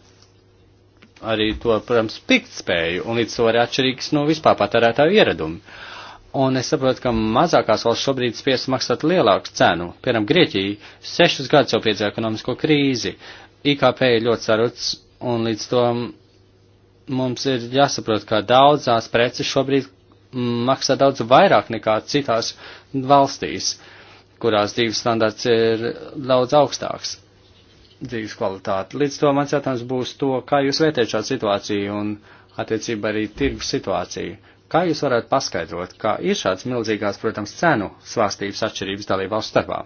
arī to, protams, piktspēju un līdz to arī atšķirīgs no vispār patērētāju ieradumu. Un es saprotu, ka mazākās valsts šobrīd spies maksāt lielāku cenu. Piemēram, Grieķija sešus gadus jau piedzīvo ekonomisko krīzi, IKP ir ļoti saruts un līdz tam mums ir jāsaprot, ka daudzās preces šobrīd maksā daudz vairāk nekā citās valstīs, kurās dzīves standarts ir daudz augstāks dzīves kvalitāte. Līdz to mans jautājums būs to, kā jūs vērtējat šādu situāciju un attiecībā arī tirgus situāciju. Kā jūs varētu paskaidrot, ka ir šāds milzīgās, protams, cenu svārstības atšķirības dalībvalstu starpā?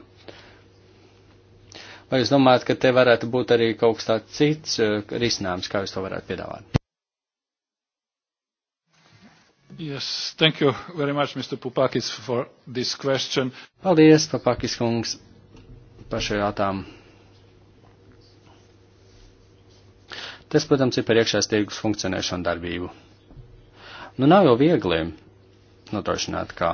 Vai jūs domājat, ka te varētu būt arī kaut kas tāds cits eh, risinājums, kā jūs to varētu piedāvāt? Yes, thank you very much, Mr. Pupakis, for this question. Paldies, Pupakis kungs, par šo jautājumu. Tas, protams, ir par iekšējās tirgus funkcionēšanu darbību. Nu, nav jau viegli nodrošināt, kā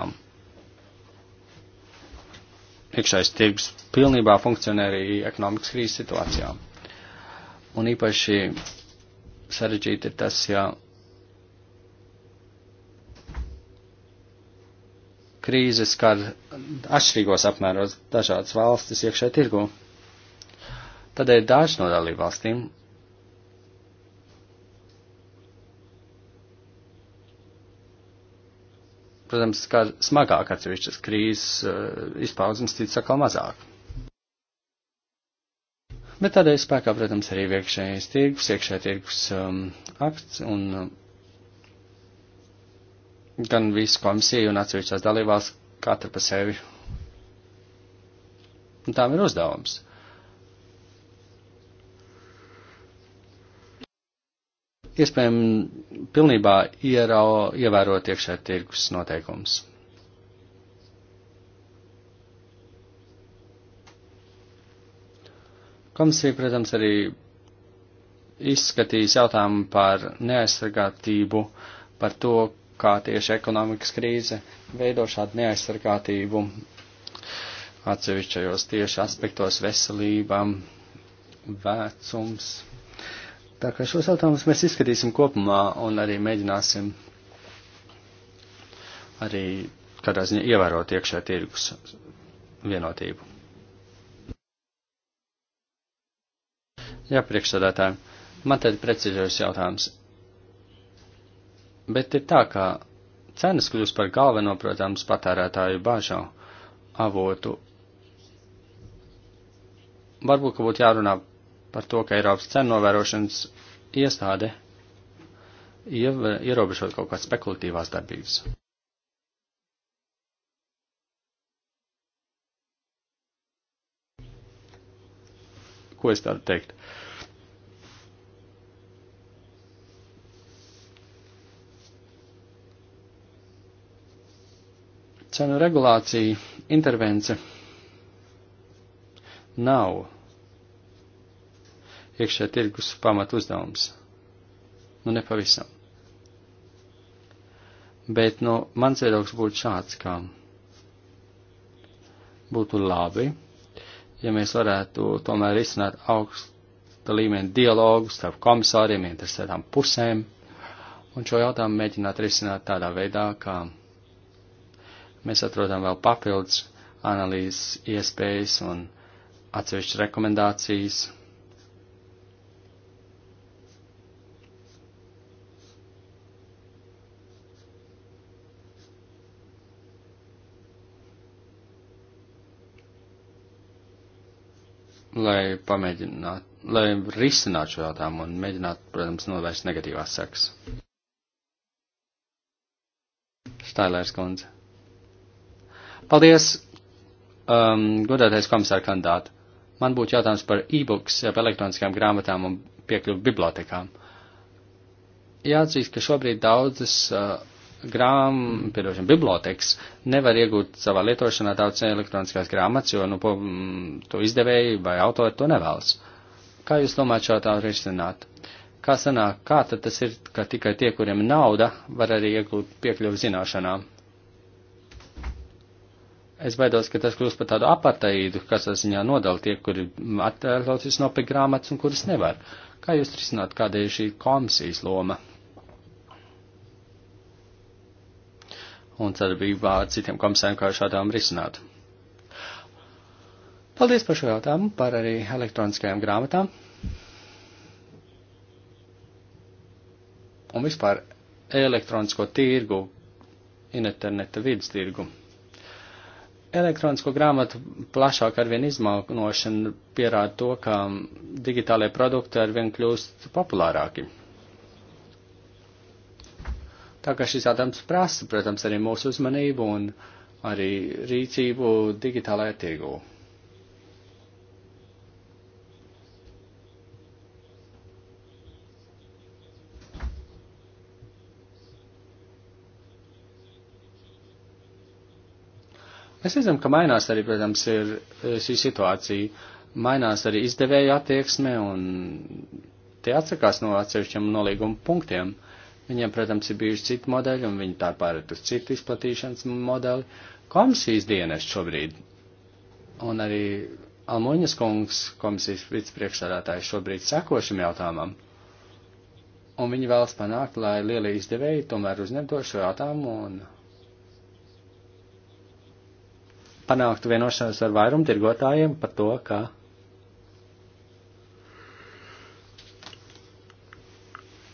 iekšējais tirgus pilnībā funkcionē arī ekonomikas krīzes situācijā. Un īpaši sarežģīti ir tas, ja krīzes, kā atšķirīgos apmēros dažādas valstis iekšē tirgu. Tādēļ daži no dalību valstīm protams, kā smagāk atsevišķas krīzes eh, izpausmes, cits atkal mazāk. Bet tādēļ spēkā, protams, arī iekšējais tirgus, iekšējais tirgus um, akts un um, gan visu komisiju un atsevišķās dalībās katra pa sevi. Un tām ir uzdevums. Iespējams, pilnībā ierau, ievērot iekšē tirgus noteikums. Komisija, protams, arī izskatīs jautājumu par neaizsargātību, par to, kā tieši ekonomikas krīze veido šādu neaizsargātību atsevišķajos tieši aspektos veselībām, vecums. Tā kā šos jautājumus mēs izskatīsim kopumā un arī mēģināsim arī kādā ziņā ievērot iekšē tirgus vienotību. Jā, priekšsādātāji, man tad precizējums jautājums. Bet ir tā, ka cenas kļūst par galveno, protams, patērētāju bāžu avotu. Varbūt, ka būtu jārunā par to, ka Eiropas cenu novērošanas iestāde ierobežot kaut kādas spekulatīvās darbības. Ko es tādu teiktu? Cenu regulācija, intervence nav iekšē tirgus pamat uzdevums. Nu, nepavisam. Bet, nu, mans viedoklis būtu šāds, ka būtu labi, ja mēs varētu tomēr izsnāt augsta līmeņa dialogu starp komisāriem, interesētām pusēm, un šo jautājumu mēģināt risināt tādā veidā, ka mēs atrodam vēl papildus analīzes iespējas un atsevišķas rekomendācijas. lai pamēģinātu, lai risinātu šo jautājumu un mēģinātu, protams, novērst negatīvās sekas. Štailērs kundze. Paldies, um, godātais komisāra kandidāti. Man būtu jautājums par e-books, par elektroniskām grāmatām un piekļuvu bibliotekām. Jāatzīst, ka šobrīd daudzas uh, grām, piedošana, bibliotekas nevar iegūt savā lietošanā daudz elektroniskās grāmatas, jo, nu, po, mm, to izdevēji vai autori to nevēlas. Kā jūs domājat šo tā risināt? Kā sanāk, kā tad tas ir, ka tikai tie, kuriem nauda, var arī iegūt piekļuvu zināšanām? Es baidos, ka tas kļūst par tādu apateidu, kas ziņā nodala tie, kuri atļauties nopirkt grāmatas un kuras nevar. Kā jūs risināt, kāda ir šī komisijas loma? Un sadarbībā ar citiem komisāriem, kā šādām risināt. Paldies par šo jautājumu, par arī elektroniskajām grāmatām. Un vispār elektronisko tirgu, interneta vidus tirgu. Elektronisko grāmatu plašāk arvien izmantošana pierāda to, ka digitālajie produkti arvien kļūst populārāki. Tā kā šis jautājums prasa, protams, arī mūsu uzmanību un arī rīcību digitālajā tirgū. Mēs redzam, ka mainās arī, protams, ir e, šī situācija, mainās arī izdevēja attieksme un tie atsakās no atsevišķiem nolīguma punktiem. Viņiem, protams, ir bijuši citi modeļi un viņi tā pārēt uz citu izplatīšanas modeli. Komisijas dienas šobrīd un arī Almoņas kungs, komisijas vicepriekšsādātājs, šobrīd seko šim jautājumam. Un viņi vēlas panākt, lai lielie izdevēji tomēr uzņemto šo jautājumu un panāktu vienošanos ar vairumu tirgotājiem par to, ka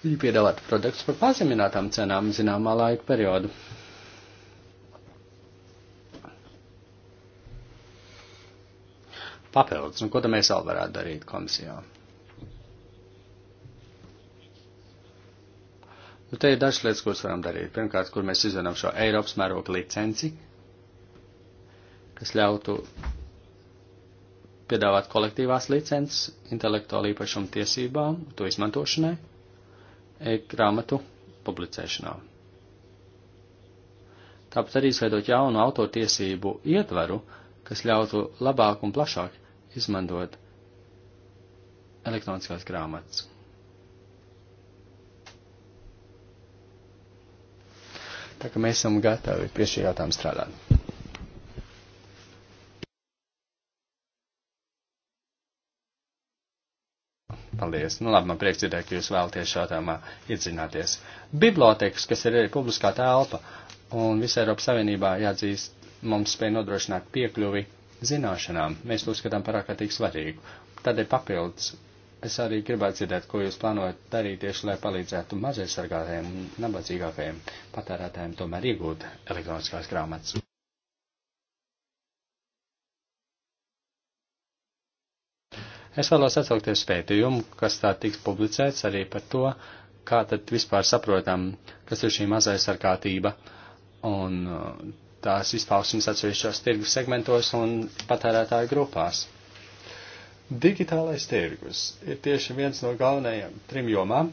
viņi piedāvātu produktus par pazeminātām cenām zināmā laika periodu. Papildus, nu ko tad mēs vēl varētu darīt komisijā? Nu, te ir dažas lietas, kuras varam darīt. Pirmkārt, kur mēs izvedam šo Eiropas mēroga licenci, kas ļautu piedāvāt kolektīvās licences intelektuāla īpašuma tiesībām, to izmantošanai, e-grāmatu publicēšanā. Tāpat arī izveidot jaunu autortiesību ietvaru, kas ļautu labāk un plašāk izmantot elektroniskās grāmatas. Tā ka mēs esam gatavi pie šī jautājuma strādāt. Paldies. Nu, labi, man prieks dzirdēt, ka jūs vēlaties šādāmā iedzināties. Bibliotekas, kas ir arī publiskā telpa, un visā Eiropas Savienībā jāatzīst, mums spēja nodrošināt piekļuvi zināšanām. Mēs to skatām par ārkārtīgi svarīgu. Tādēļ papildus. Es arī gribētu dzirdēt, ko jūs plānojat darīt tieši, lai palīdzētu mazaisargātajiem un nabadzīgākajiem patērētājiem tomēr iegūt elektroniskās grāmatas. Es vēlos atsaukties pētījumu, kas tā tiks publicēts arī par to, kā tad vispār saprotam, kas ir šī mazā aizsargātība un uh, tās izpausmes atsevišķos tirgus segmentos un patērētāju grupās. Digitālais tirgus ir tieši viens no galvenajiem trim jomām,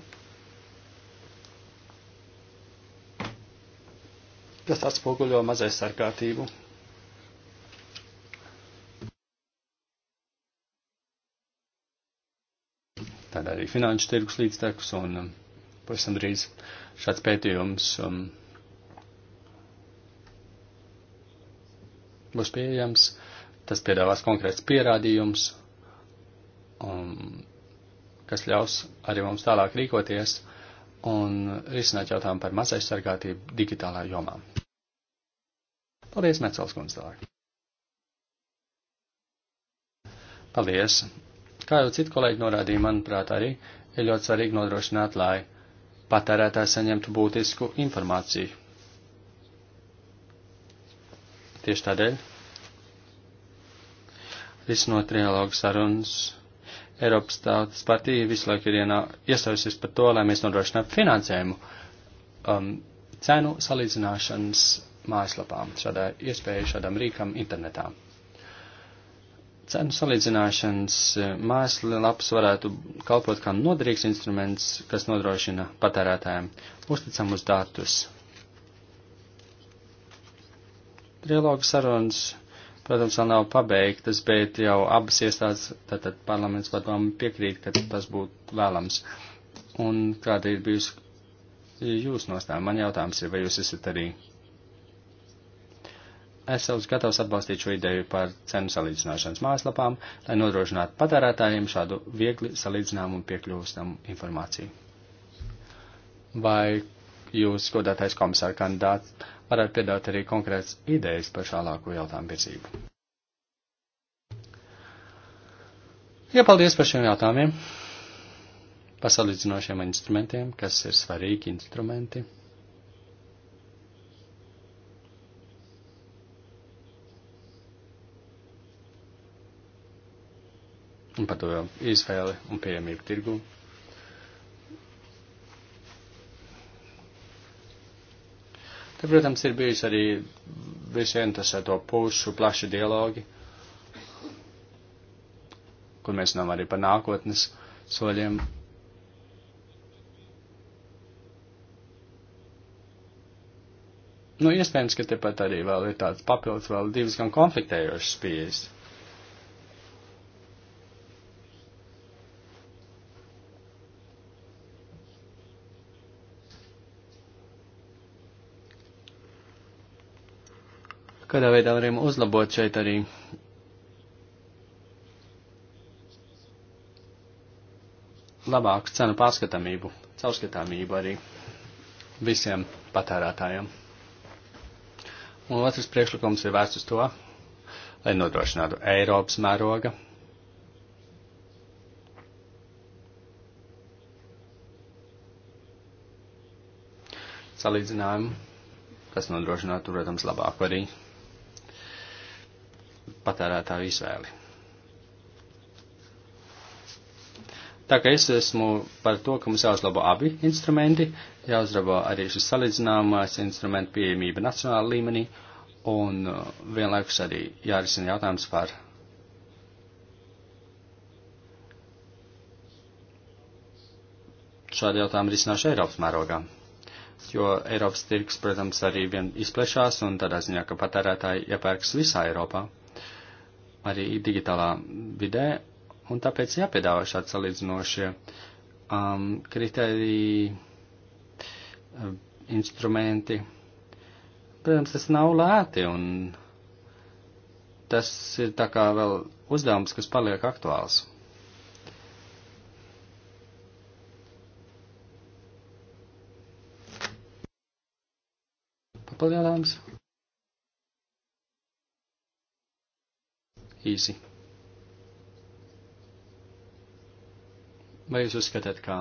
kas atspoguļo mazais sargātību tādā arī finanšu tirgus līdztekus, un um, pavisam drīz šāds pētījums um, būs pieejams. Tas piedāvās konkrēts pierādījums, um, kas ļaus arī mums tālāk rīkoties un risināt jautājumu par mazaizsargātību digitālā jomā. Paldies, Mecels kundze tālāk. Paldies! Kā jau citi kolēģi norādīja, manuprāt, arī ir ļoti svarīgi nodrošināt, lai patērētāji saņemtu būtisku informāciju. Tieši tādēļ, risinot trialogu sarunas, Eiropas tautas partija visu laiku ir iesaujusies par to, lai mēs nodrošinātu finansējumu um, cenu salīdzināšanas mājaslapām, šādai iespēju šādam rīkam internetām. Cenu salīdzināšanas e, mājaslaps varētu kalpot kā noderīgs instruments, kas nodrošina patērētājiem uzticamus uz datus. Trialogu sarunas, protams, vēl nav pabeigtas, bet jau abas iestādes, tātad parlaments padomu piekrīt, ka tas būtu vēlams. Un kāda ir bijusi jūsu nostāja? Man jautājums ir, vai jūs esat arī Esels gatavs atbalstīt šo ideju par cenu salīdzināšanas mājaslapām, lai nodrošinātu patērētājiem šādu viegli salīdzināmu un piekļūstamu informāciju. Vai jūs, godātais komisāra kandidāts, varētu piedāt arī konkrētas idejas par šālāko jautājumu virzību? Iepaldies par šiem jautājumiem, par salīdzinošiem instrumentiem, kas ir svarīgi instrumenti un par to izvēli un pieejamību tirgu. Te, protams, ir bijuši arī bieži vien tas eh, to pušu plaši dialogi, kur mēs runājam arī par nākotnes soļiem. Nu, iespējams, ka tepat arī vēl ir tāds papildus, vēl divas gan konfliktējošas pieejas. kādā veidā varam uzlabot šeit arī labāku cenu pārskatāmību, caurskatāmību arī visiem patērētājiem. Un otrs priekšlikums ir vērsts uz to, lai nodrošinātu Eiropas mēroga salīdzinājumu, kas nodrošinātu, protams, labāku arī patērētāju izvēli. Tā kā es esmu par to, ka mums jāuzlabo abi instrumenti, jāuzlabo arī šis salīdzināmās instrumentu pieejamība nacionāla līmenī un uh, vienlaikus arī jārisina jautājums par šādu jautājumu risināšu Eiropas mērogā. Jo Eiropas tirgs, protams, arī vien izplešās un tādā ziņā, ka patērētāji iepērks visā Eiropā arī digitālā vidē, un tāpēc jāpiedāvā šādi salīdzinošie um, kriteriji, um, uh, instrumenti. Protams, tas nav lēti, un tas ir tā kā vēl uzdevums, kas paliek aktuāls. Papildinājums. īsi. Vai jūs uzskatāt, ka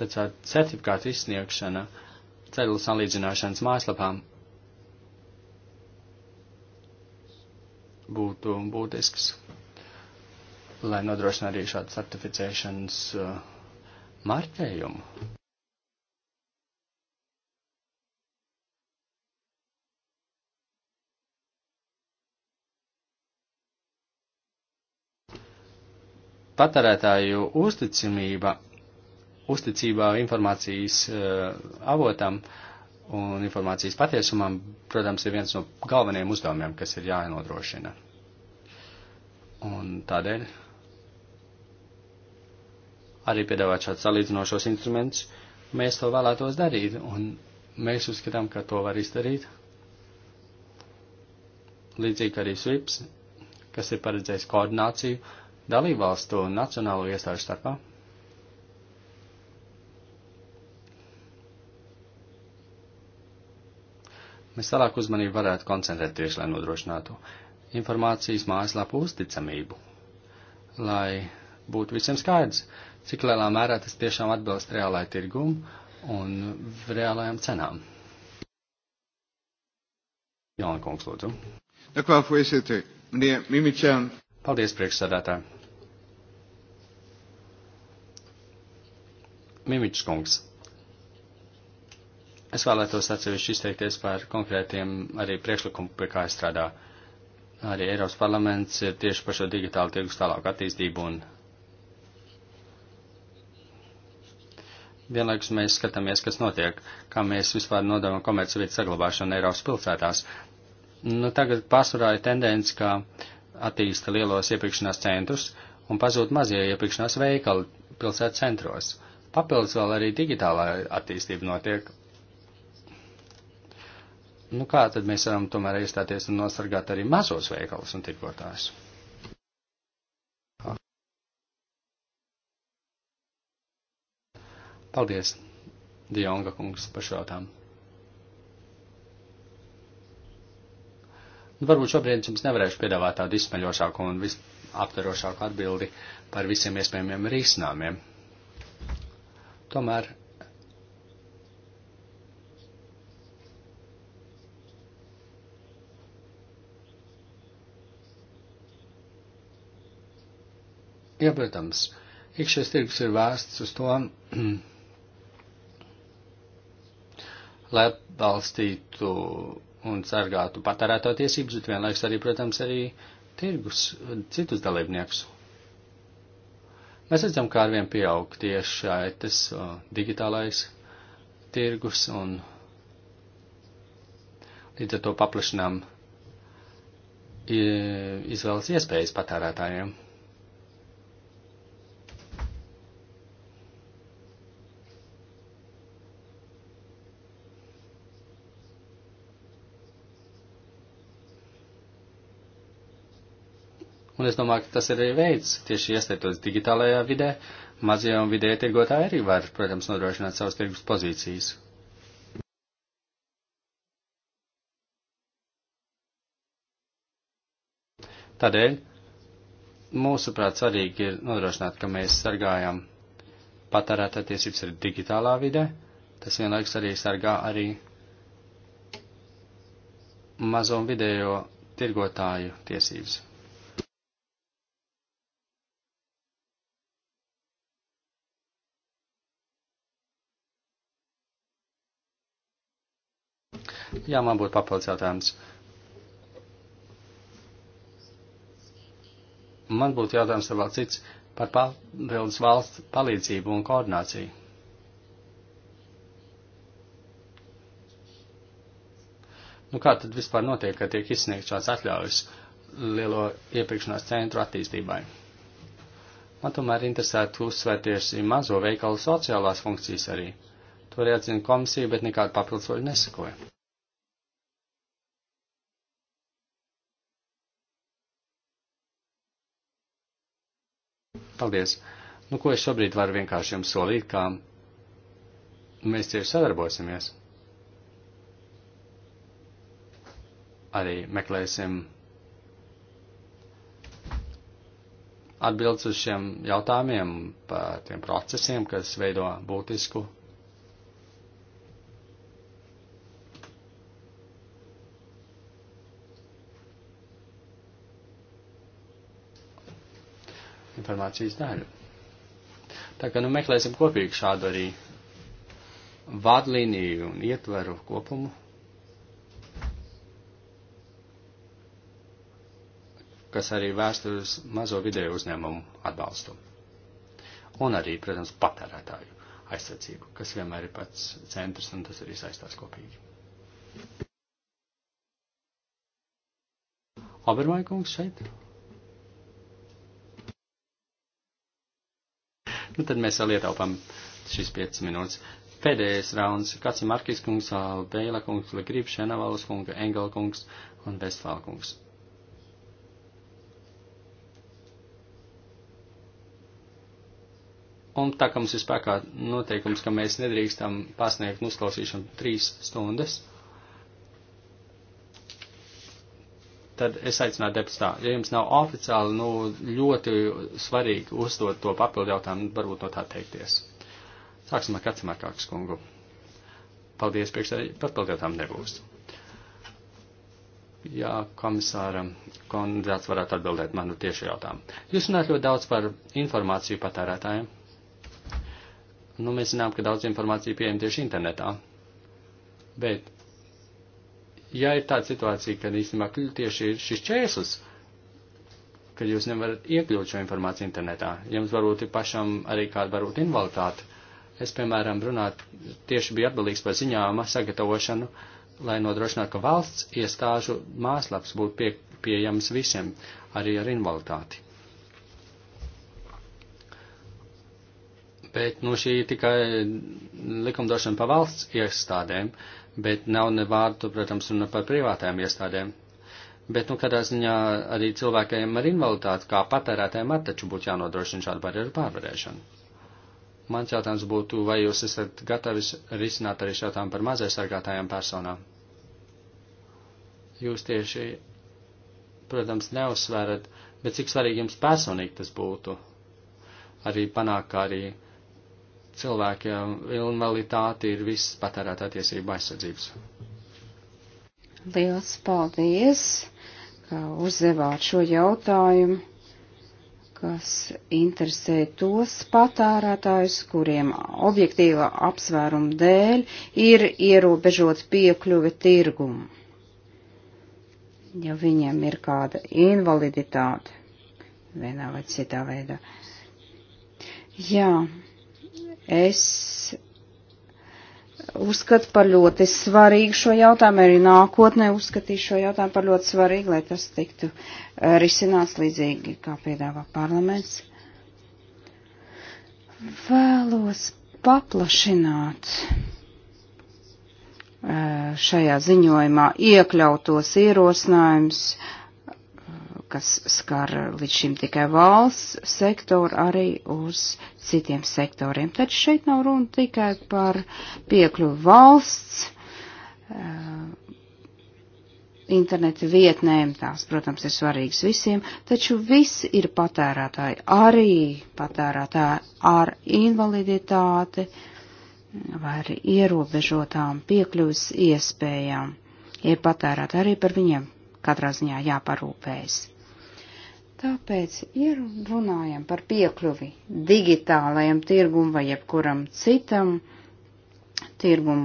tāds certifikātu izsniegšana ceļu salīdzināšanas mājaslapām būtu būtisks, lai nodrošinātu arī šādu certificēšanas uh, marķējumu? patērētāju uzticamība, uzticībā informācijas eh, avotam un informācijas patiesumam, protams, ir viens no galvenajiem uzdevumiem, kas ir jānodrošina. Un tādēļ arī piedāvāt šāds salīdzinošos instruments, mēs to vēlētos darīt, un mēs uzskatām, ka to var izdarīt. Līdzīgi arī SWIPS, kas ir paredzējis koordināciju dalībvalstu un nacionālo iestāžu starpā? Mēs tālāk uzmanību varētu koncentrēt tieši, lai nodrošinātu informācijas mājaslapu uzticamību, lai būtu visiem skaidrs, cik lielā mērā tas tiešām atbilst reālai tirgum un reālajām cenām. Jāna kungs, lūdzu. Dank u wel, voorzitter. Meneer Mimican, Paldies, priekšsādātāji! Mimičs kungs. Es vēlētos atsevišķi izteikties par konkrētiem arī priekšlikumu, pie kā es strādāju. Arī Eiropas parlaments ir tieši par šo digitālu tirgus tālāku attīstību un vienlaikus mēs skatāmies, kas notiek, kā mēs vispār nodomam komercvietu saglabāšanu Eiropas pilsētās. Nu, tagad pārsvarā ir tendence, ka uh, attīsta lielos iepirkšanās centrus un pazūd mazie iepirkšanās veikali pilsētas centros. Papildus vēl arī digitālā attīstība notiek. Nu kā tad mēs varam tomēr iestāties un nosargāt arī mazos veikalus un tirgotājus? Paldies, Dionga kungs, par šo jautājumu. Nu, varbūt šobrīd jums nevarēšu piedāvāt tādu izsmeļošāku un visaptverošāku atbildi par visiem iespējamiem risinājumiem. Tomēr Iepratams, iekšējais tirgus ir vērsts uz to, *clears throat* lai atbalstītu un sargātu patērēto tiesības, bet vienlaiks arī, protams, arī tirgus citus dalībniekus. Mēs redzam, kā arvien pieaug tieši tas digitālais tirgus un līdz ar to paplašinām izvēles iespējas patērētājiem. Un es domāju, ka tas ir arī veids, tieši iestētos digitālajā vidē, mazie un vidēji tirgotāji arī var, protams, nodrošināt savas tirgus pozīcijas. Tādēļ mūsuprāt svarīgi ir nodrošināt, ka mēs sargājam patērētā tiesības arī digitālā vidē, tas vienlaiks arī sargā arī mazo un vidējo tirgotāju tiesības. Bet jā, man būtu papildus jautājums. Man būtu jautājums vēl cits par papildus valsts palīdzību un koordināciju. Nu, kā tad vispār notiek, ka tiek izsniegts šāds atļaujas lielo iepirkšanās centru attīstībai? Man tomēr interesētu uzsvērties mazo veikalu sociālās funkcijas arī. Tur jāatzina komisija, bet nekāda papildus soļa nesakoja. Paldies! Nu, ko es šobrīd varu vienkārši jums solīt, kā mēs cieši sadarbosimies. Arī meklēsim atbildes uz šiem jautājumiem par tiem procesiem, kas veido būtisku informācijas daļu. Tā kā nu meklēsim kopīgi šādu arī vadlīniju un ietveru kopumu. kas arī vērst uz mazo video uzņēmumu atbalstu. Un arī, protams, patērētāju aizsardzību, kas vienmēr ir pats centrs, un tas arī saistās kopīgi. Obermaikungs šeit? Nu, tad mēs vēl ietaupām šīs 5 minūtes. Pēdējais rauns. Kāds ir Markis kungs, Beila kungs, Legrib, Šenavalas kunga, Engela kungs un Vestfāla kungs? Un tā kā mums ir spēkā noteikums, ka mēs nedrīkstam pasniegt uzklausīšanu trīs stundas, tad es aicinātu deputātu, ja jums nav oficiāli, nu, ļoti svarīgi uzdot to papildu jautājumu, varbūt no tā teikties. Sāksim ar Kacimarkāks kungu. Paldies, priekšsēdēji, papildu jautājumu nebūs. Jā, komisāram, kandidāts varētu atbildēt manu tiešu jautājumu. Jūs runājat ļoti daudz par informāciju patērētājiem. Nu, mēs zinām, ka daudz informācija pieejama tieši internetā. Bet ja ir tāda situācija, kad īstenībā tieši ir šis čēslis, kad jūs nevarat iekļūt šo informāciju internetā, jums varbūt ir pašam arī kāda varbūt invaliditāte. Es, piemēram, runāt tieši biju atbildīgs par ziņām sagatavošanu, lai nodrošinātu, ka valsts iestāžu māslaps būtu pie, pieejams visiem, arī ar invaliditāti. Bet, nu, šī tikai likumdošana pa valsts iestādēm, uh, bet nav ne vārdu, protams, runa par privātām iestādēm. Bet, nu, kādā ziņā arī cilvēkiem ar invaliditāti, kā patērētājiem, ar taču būtu jānodrošina šādu barjeru pārvarēšanu. Mans jautājums būtu, vai jūs esat gatavi risināt arī jautājumu par mazai sargātājām personām? Jūs tieši, protams, neuzsverat, bet cik svarīgi jums personīgi tas būtu arī panākt, ka arī cilvēkiem invaliditāti ir viss patērētā tiesība aizsardzības. Liels paldies, ka uzdevāt šo jautājumu, kas interesē tos patērētājus, kuriem objektīva apsvēruma dēļ ir ierobežot piekļuve tirgumu, ja viņiem ir kāda invaliditāte vienā vai citā veidā. Jā. Yeah Es uzskatu par ļoti svarīgu šo jautājumu, arī nākotnē uzskatīšu šo jautājumu par ļoti svarīgu, lai tas tiktu eh, risināts līdzīgi, kā piedāvā parlaments. Vēlos paplašināt eh, šajā ziņojumā iekļautos ierosinājums kas skar līdz šim tikai valsts sektoru, arī uz citiem sektoriem. Taču šeit nav runa tikai par piekļuvu valsts eh, interneta vietnēm, tās, protams, ir svarīgas visiem, taču visi ir patērētāji, arī patērētāji ar invaliditāti vai ar ierobežotām piekļuvis iespējām. Ir patērētāji arī par viņiem katrā ziņā jāparūpējas. Tāpēc, ja runājam par piekļuvi digitālajam tirgum vai jebkuram citam tirgum,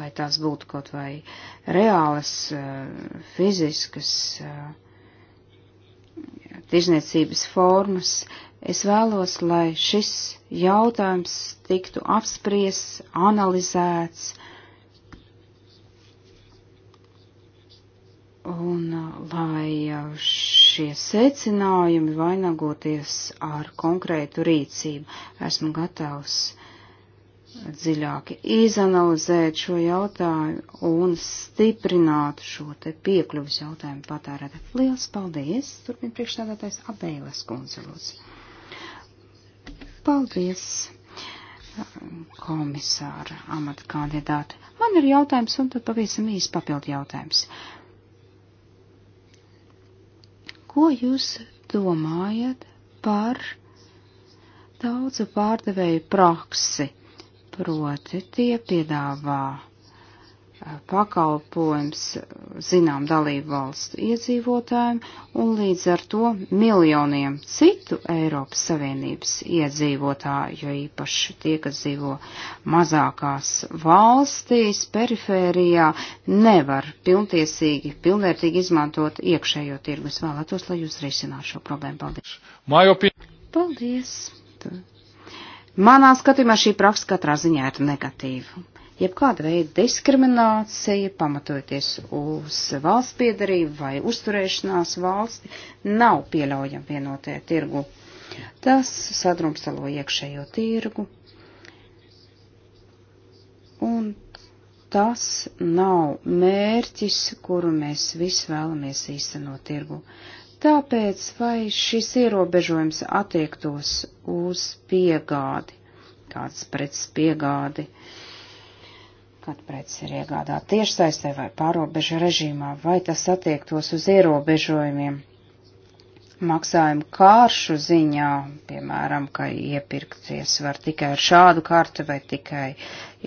lai tās būtu kaut vai reālas, eh, fiziskas eh, tirzniecības formas, es vēlos, lai šis jautājums tiktu apspries, analizēts, un uh, lai uh, šie secinājumi vainagoties ar konkrētu rīcību. Esmu gatavs dziļāki izanalizēt šo jautājumu un stiprināt šo te piekļuvas jautājumu patērēt. Liels paldies! Turpin priekšstādātais Abēles konsulus. Paldies, komisāra amatkandidāte. Man ir jautājums un tad pavisam īsti papildu jautājums. Uh, Ko jūs domājat par daudzu pārdevēju praksi? Proti tie piedāvā pakalpojums zinām dalību valstu iedzīvotājiem un līdz ar to miljoniem citu Eiropas Savienības iedzīvotāju, jo īpaši tie, kas dzīvo mazākās valstīs, perifērijā, nevar pilntiesīgi, pilnvērtīgi izmantot iekšējo tirgus vēlētos, lai jūs risinātu šo problēmu. Paldies! Paldies! Manā skatījumā šī praksa katrā ziņā ir negatīva jebkāda veida diskriminācija, pamatojoties uz valsts piedarību vai uzturēšanās valsti, nav pieļaujama vienotajā tirgu. Tas sadrumstalo iekšējo tirgu, un tas nav mērķis, kuru mēs visi vēlamies īstenot tirgu. Tāpēc, vai šis ierobežojums attiektos uz piegādi, kāds pret piegādi, uh, kad preces ir iegādāta tiešsaistē vai pārobežu režīmā, vai tas attiektos uz ierobežojumiem maksājumu kāršu ziņā, piemēram, ka iepirkties var tikai ar šādu karti vai tikai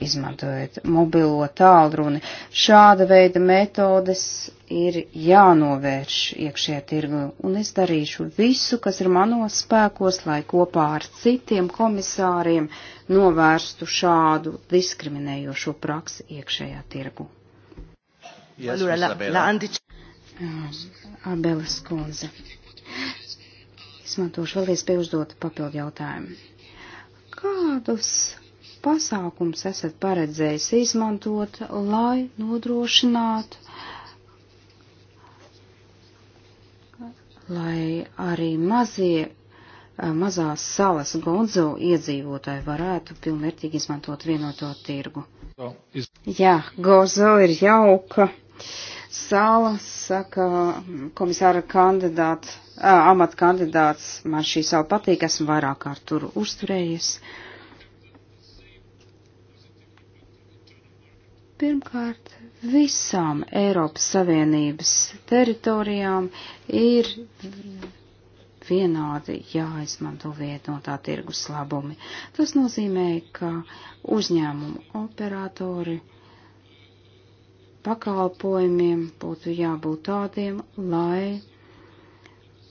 izmantojot mobilo tālruni. Šāda veida metodes ir jānovērš iekšējā tirgu, un es darīšu visu, kas ir manos spēkos, lai kopā ar citiem komisāriem novērstu šādu diskriminējošo praksi iekšējā tirgu. Yes, Abeles kundze. Izmantošu vēl iespēju uzdot papildu jautājumu. Kādus pasākums esat paredzējis izmantot, lai nodrošinātu, lai arī mazie, eh, mazās salas Gonzo iedzīvotāji varētu pilnvērtīgi izmantot vienoto tirgu? Jā, Gozo ir jauka sala, saka komisāra kandidāta amata kandidāts. Man šī sala patīk, esmu vairāk kārt tur uzturējies. Pirmkārt, visām Eiropas Savienības teritorijām ir vienādi jāizmanto vienotā tirgus labumi. Tas nozīmē, ka uzņēmumu operatori pakalpojumiem būtu jābūt tādiem, lai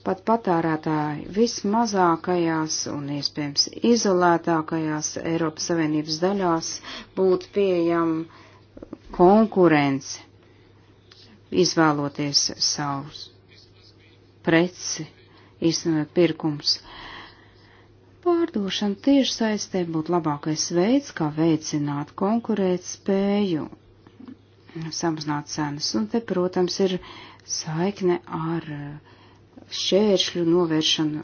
pat patērētāji vismazākajās un iespējams izolētākajās Eiropas Savienības daļās būtu pieejama konkurence, izvēloties savus preci, īstenot pirkums. Pārdošana tieši saistē būtu labākais veids, kā veicināt konkurēt spēju, samazināt cenas, un te, protams, ir saikne ar uh, šķēršļu novēršanu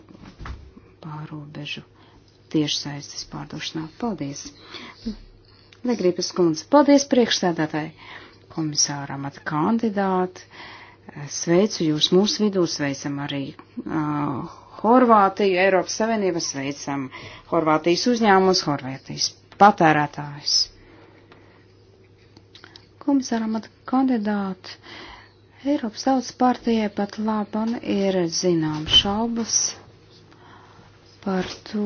pārobežu tiešsaistes pārdošanā. Paldies! Legrības kundze, paldies priekšsēdētāji komisāram at kandidāti. Sveicu jūs mūsu vidū, sveicam arī uh, Horvātiju, Eiropas Savienību, sveicam Horvātijas uzņēmumus, Horvātijas patērētājus. Komisāram at kandidāti Eiropas tautas partijai pat laban ir zinām šaubas par to,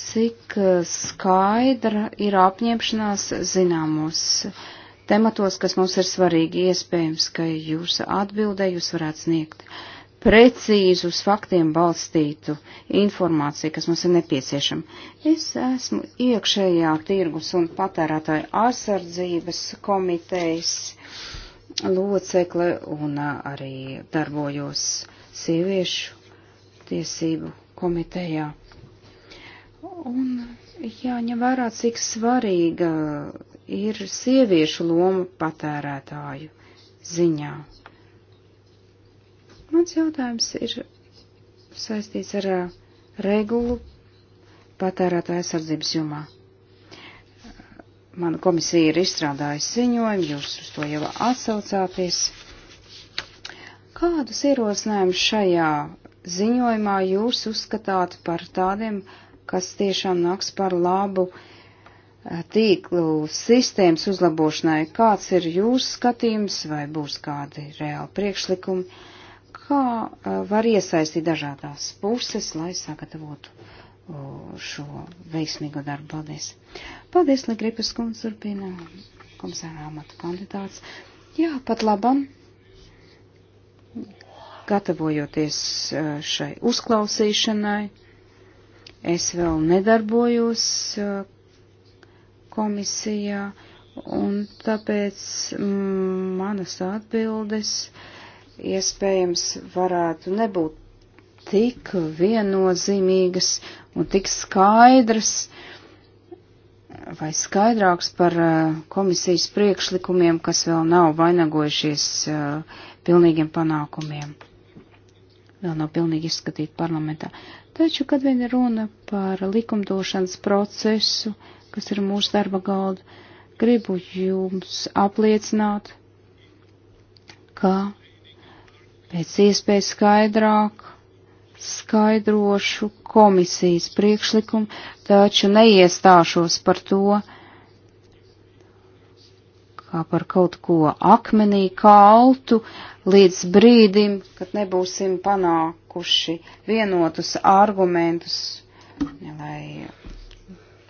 cik skaidra ir apņemšanās zināmos tematos, kas mums ir svarīgi. Iespējams, ka jūsu atbildē jūs varētu sniegt precīzu uz faktiem balstītu informāciju, kas mums ir nepieciešama. Es esmu iekšējā tirgus un patērētāju aizsardzības komitejas locekle un arī darbojos sieviešu tiesību komitejā. Un jāņem vērā, cik svarīga ir sieviešu loma patērētāju ziņā. Mans jautājums ir saistīts ar regulu patērētāju sardzības jomā. Mana komisija ir izstrādājusi ziņojumu, jūs uz to jau atsaucāties. Kādus ierosinājumus šajā ziņojumā jūs uzskatāt par tādiem, kas tiešām nāks par labu eh, tīklu sistēmas uzlabošanai? Kāds ir jūsu skatījums vai būs kādi reāli priekšlikumi? Kā eh, var iesaistīt dažādās puses, lai sagatavotu šo veiksmīgo darbu. Paldies! Paldies, Ligripas kundze, turpina komisārā amatu kandidāts. Jā, pat labam, gatavojoties šai uzklausīšanai, es vēl nedarbojos komisijā, un tāpēc manas atbildes iespējams varētu nebūt tik viennozīmīgas un tik skaidras vai skaidrāks par uh, komisijas priekšlikumiem, kas vēl nav vainagojušies uh, pilnīgiem panākumiem. Vēl nav pilnīgi izskatīti parlamentā. Taču, kad vien ir runa par likumdošanas procesu, kas ir mūsu darba galda, gribu jums apliecināt, ka pēc iespējas skaidrāk skaidrošu komisijas priekšlikumu, taču neiestāšos par to, kā par kaut ko akmenī kaltu, līdz brīdim, kad nebūsim panākuši vienotus argumentus, lai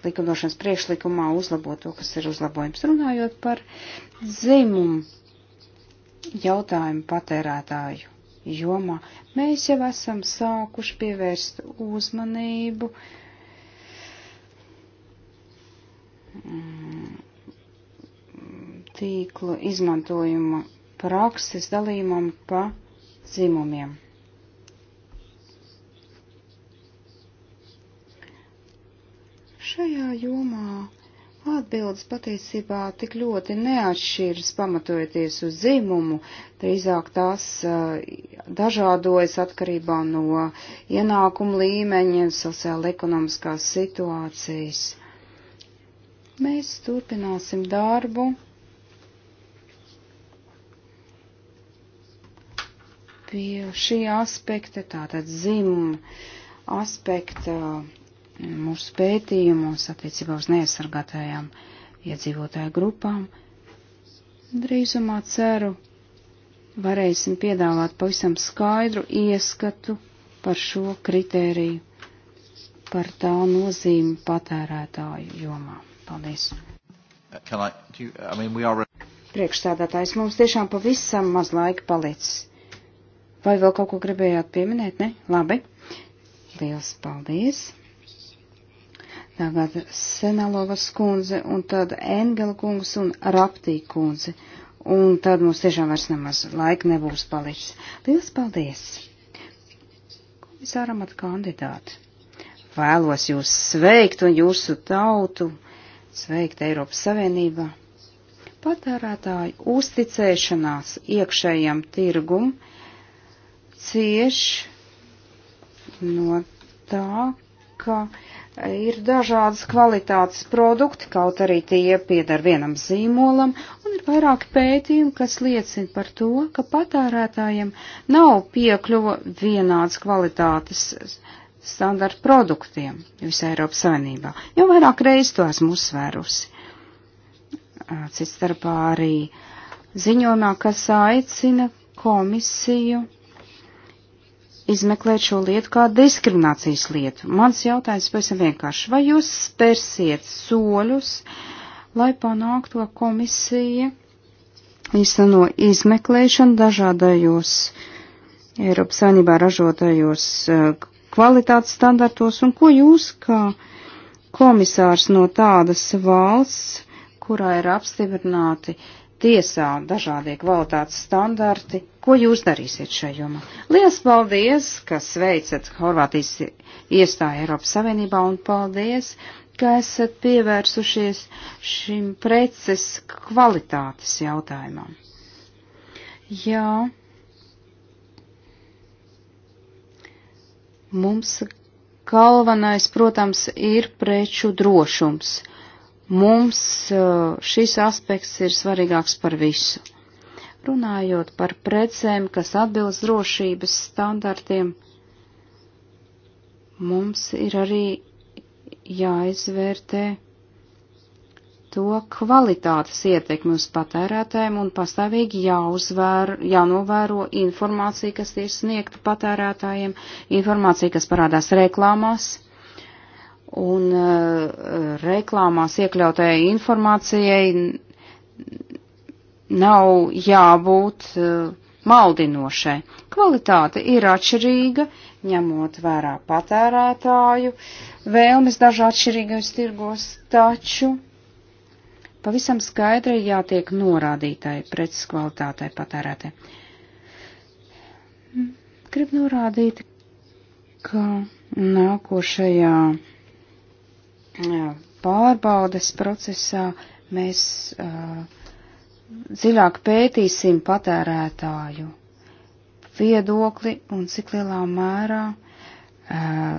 likumdošanas priekšlikumā uzlabot to, kas ir uzlabojums. Runājot par dzimumu jautājumu patērētāju jomā. Mēs jau esam sākuši pievērst uzmanību mm, tīklu izmantojuma prakses dalījumam pa dzimumiem. Šajā jomā Atbildes patiesībā tik ļoti neatšķiras pamatojoties uz dzimumu, drīzāk tās eh, dažādojas atkarībā no ienākuma līmeņa, sociāla-ekonomiskās situācijas. Mēs turpināsim darbu. Pie šī aspekta, tātad dzimuma aspekta. Uh, mūsu pētījumus attiecībā uz neaizsargātajām iedzīvotāju grupām. Drīzumā ceru, varēsim piedāvāt pavisam skaidru ieskatu par šo kritēriju, par tā nozīmi patērētāju jomā. Paldies! Uh, I, you, I mean, are... Priekšstādātājs, mums tiešām pavisam maz laika palicis. Vai vēl kaut ko gribējāt pieminēt, ne? Labi. Liels paldies! tagad Senalovas kundze, un tad Engela kungs un Raptī kundze. Un tad mums tiešām vairs nemaz laika nebūs palicis. Liels paldies! Komisāram at kandidāti! Vēlos jūs sveikt un jūsu tautu, sveikt Eiropas Savienībā. Patērētāju uzticēšanās iekšējam tirgum cieš no tā, ka ir dažādas kvalitātes produkti, kaut arī tie piedar vienam zīmolam, un ir vairāki pētījumi, kas liecina par to, ka patērētājiem nav piekļuva vienādas kvalitātes standarta produktiem visā Eiropas Savienībā. Jau vairāk reiz to esmu uzsvērusi. Cits starpā arī ziņojumā, kas aicina komisiju izmeklēt šo lietu kā diskriminācijas lietu. Mans jautājums pavisam vienkārši. Vai jūs spērsiet soļus, lai panāktu, ka komisija īsteno izmeklēšanu dažādajos Eiropas saimnībā ražotajos eh, kvalitātes standartos, un ko jūs kā komisārs no tādas valsts, kurā ir apstiprināti uh, tiesā dažādie kvalitātes standarti. Ko jūs darīsiet šajā jomā? Lielas paldies, ka sveicat Horvātijas iestāju Eiropas Savienībā un paldies, ka esat pievērsušies šim preces kvalitātes jautājumam. Jā. Mums galvenais, protams, ir preču drošums Mums uh, šis aspekts ir svarīgāks par visu. Runājot par precēm, kas atbilst drošības standartiem, mums ir arī jāizvērtē to kvalitātes ietekmi uz patērētājiem un pastāvīgi jāuzvēr, jānovēro informācija, kas tiek sniegta patērētājiem, informācija, kas parādās reklāmās, un uh, reklāmās iekļautajai informācijai nav jābūt uh, maldinošai. Kvalitāte ir atšķirīga, ņemot vērā patērētāju vēlmes daži atšķirīgajos tirgos, taču pavisam skaidri jātiek norādītai preces kvalitātei patērētē. Grib norādīt, ka nākošajā pārbaudes procesā mēs uh, dziļāk pētīsim patērētāju viedokli un cik lielā mērā uh,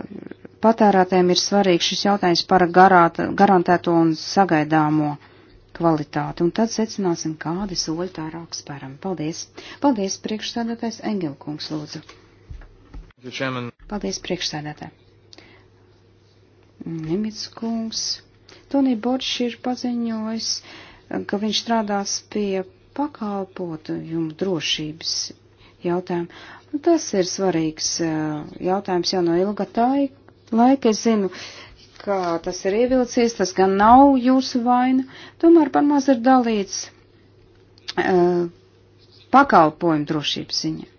patērētājiem ir svarīgs šis jautājums par garāt, garantēto un sagaidāmo kvalitāti. Un tad secināsim, kādi soļi tārāk spēram. Paldies! Paldies, priekšsēdētājs Engelkungs, lūdzu! Paldies, priekšsēdētāji! Nemits kungs. Tonī Borčs ir paziņojis, ka viņš strādās pie pakalpotujumu drošības jautājumu. Nu, tas ir svarīgs eh, jautājums jau no ilga laika. Es zinu, ka tas ir ievilcies, tas gan nav jūsu vaina, tomēr par maz ir dalīts eh, pakalpojumu drošības ziņā.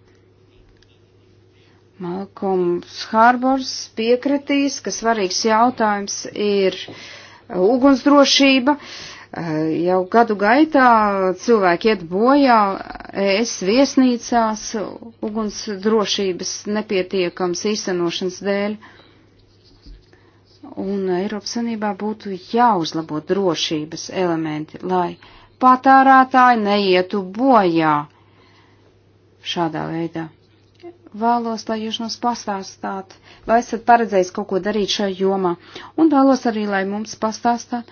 Malkums Hārbors piekritīs, ka svarīgs jautājums ir uh, ugunsdrošība. Uh, jau gadu gaitā cilvēki iet bojā, es viesnīcās ugunsdrošības nepietiekams īstenošanas dēļ. Un Eiropas Sanībā būtu jāuzlabo drošības elementi, lai patērētāji neietu bojā šādā veidā vēlos, lai jūs mums pastāstāt, vai esat paredzējis kaut ko darīt šajā jomā. Un vēlos arī, lai mums pastāstāt,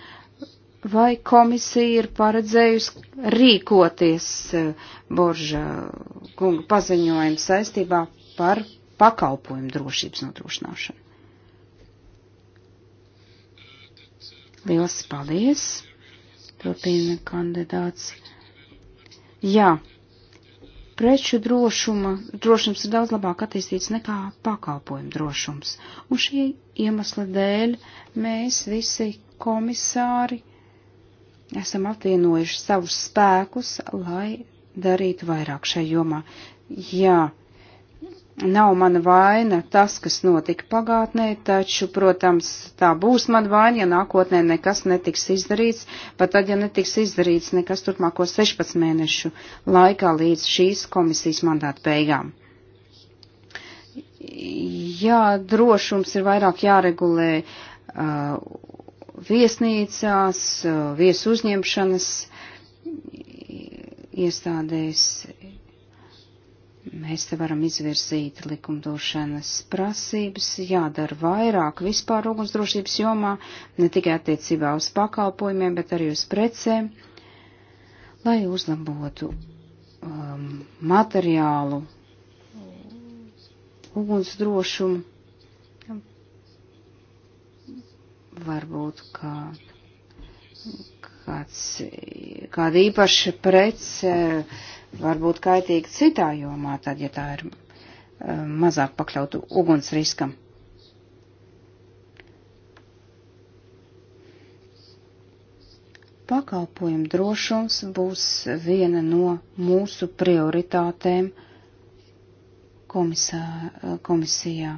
vai komisija ir paredzējusi rīkoties eh, Borža kunga paziņojumu saistībā par pakalpojumu drošības nodrošināšanu. Liels paldies! Turpina kandidāts. Jā. Yeah Preču drošuma, drošums ir daudz labāk attīstīts nekā pakalpojumu drošums. Un šī iemesla dēļ mēs visi komisāri esam apvienojuši savus spēkus, lai darītu vairāk šai jomā. Jā, Nav mana vaina tas, kas notika pagātnē, taču, protams, tā būs mana vaina, ja nākotnē nekas netiks izdarīts, pat tad, ja netiks izdarīts nekas turpmāko 16 mēnešu laikā līdz šīs komisijas mandāta beigām. Jā, drošums ir vairāk jāregulē uh, viesnīcās, uh, viesu uzņemšanas iestādēs Mēs te varam izvirzīt likumdošanas prasības, jādara vairāk vispār ugunsdrošības jomā, ne tikai attiecībā uz pakalpojumiem, bet arī uz precēm, lai uzlabotu um, materiālu ugunsdrošumu. Varbūt, ka kāds, kāda īpaša prece var būt kaitīga citā jomā, tad, ja tā ir eh, mazāk pakļautu uguns riskam. Pakalpojumu drošums būs viena no mūsu prioritātēm komisā, eh, komisijā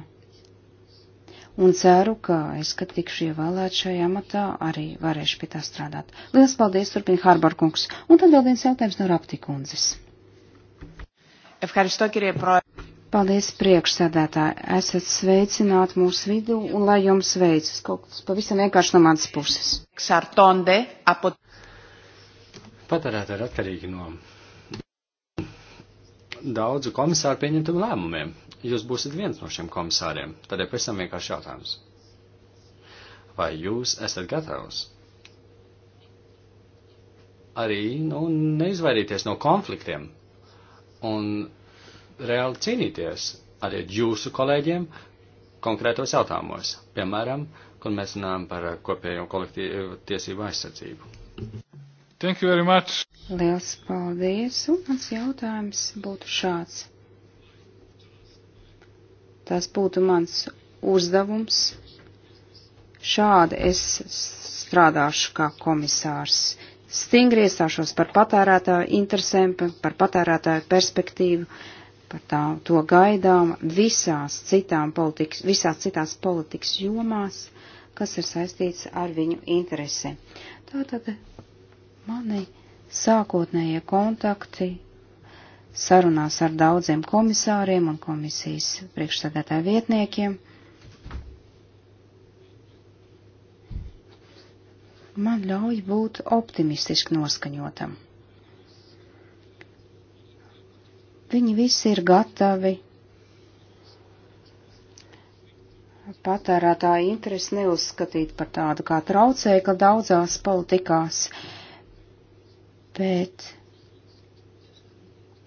un ceru, ka es, kad tikšu ievēlēt šajā amatā, arī varēšu pie tā strādāt. Lielas paldies, turpina Hārbarkungs. Un tad vēl viens jautājums no Raptikundzes. Paldies, priekšsēdētāji. Esat sveicināti mūsu vidū un lai jums veicas kaut kas pavisam vienkārši no manas puses. Patērētāji ir atkarīgi no daudzu komisāru pieņemtiem lēmumiem jūs būsiet viens no šiem komisāriem. Tādēļ pēc tam vienkārši jautājums. Vai jūs esat gatavs arī nu, neizvairīties no konfliktiem un reāli cīnīties arī ar jūsu kolēģiem konkrētos jautājumos, piemēram, kad mēs runājam par kopējo kolektīvu tiesību aizsardzību. Thank you very much. Liels paldies, un mans jautājums būtu šāds. Tas būtu mans uzdevums. Šādi es strādāšu kā komisārs. Stingri iestāšos par patērētāju interesēm, par patērētāju perspektīvu, par tā, to gaidām visās, citām politikas, visās citās politikas jomās, kas ir saistīts ar viņu interesi. Tātad mani sākotnējie kontakti sarunās ar daudziem komisāriem un komisijas priekšsēdētāju vietniekiem. Man ļauj būt optimistiski noskaņotam. Viņi visi ir gatavi patērētāju interesi neuzskatīt par tādu kā traucēkli daudzās politikās, bet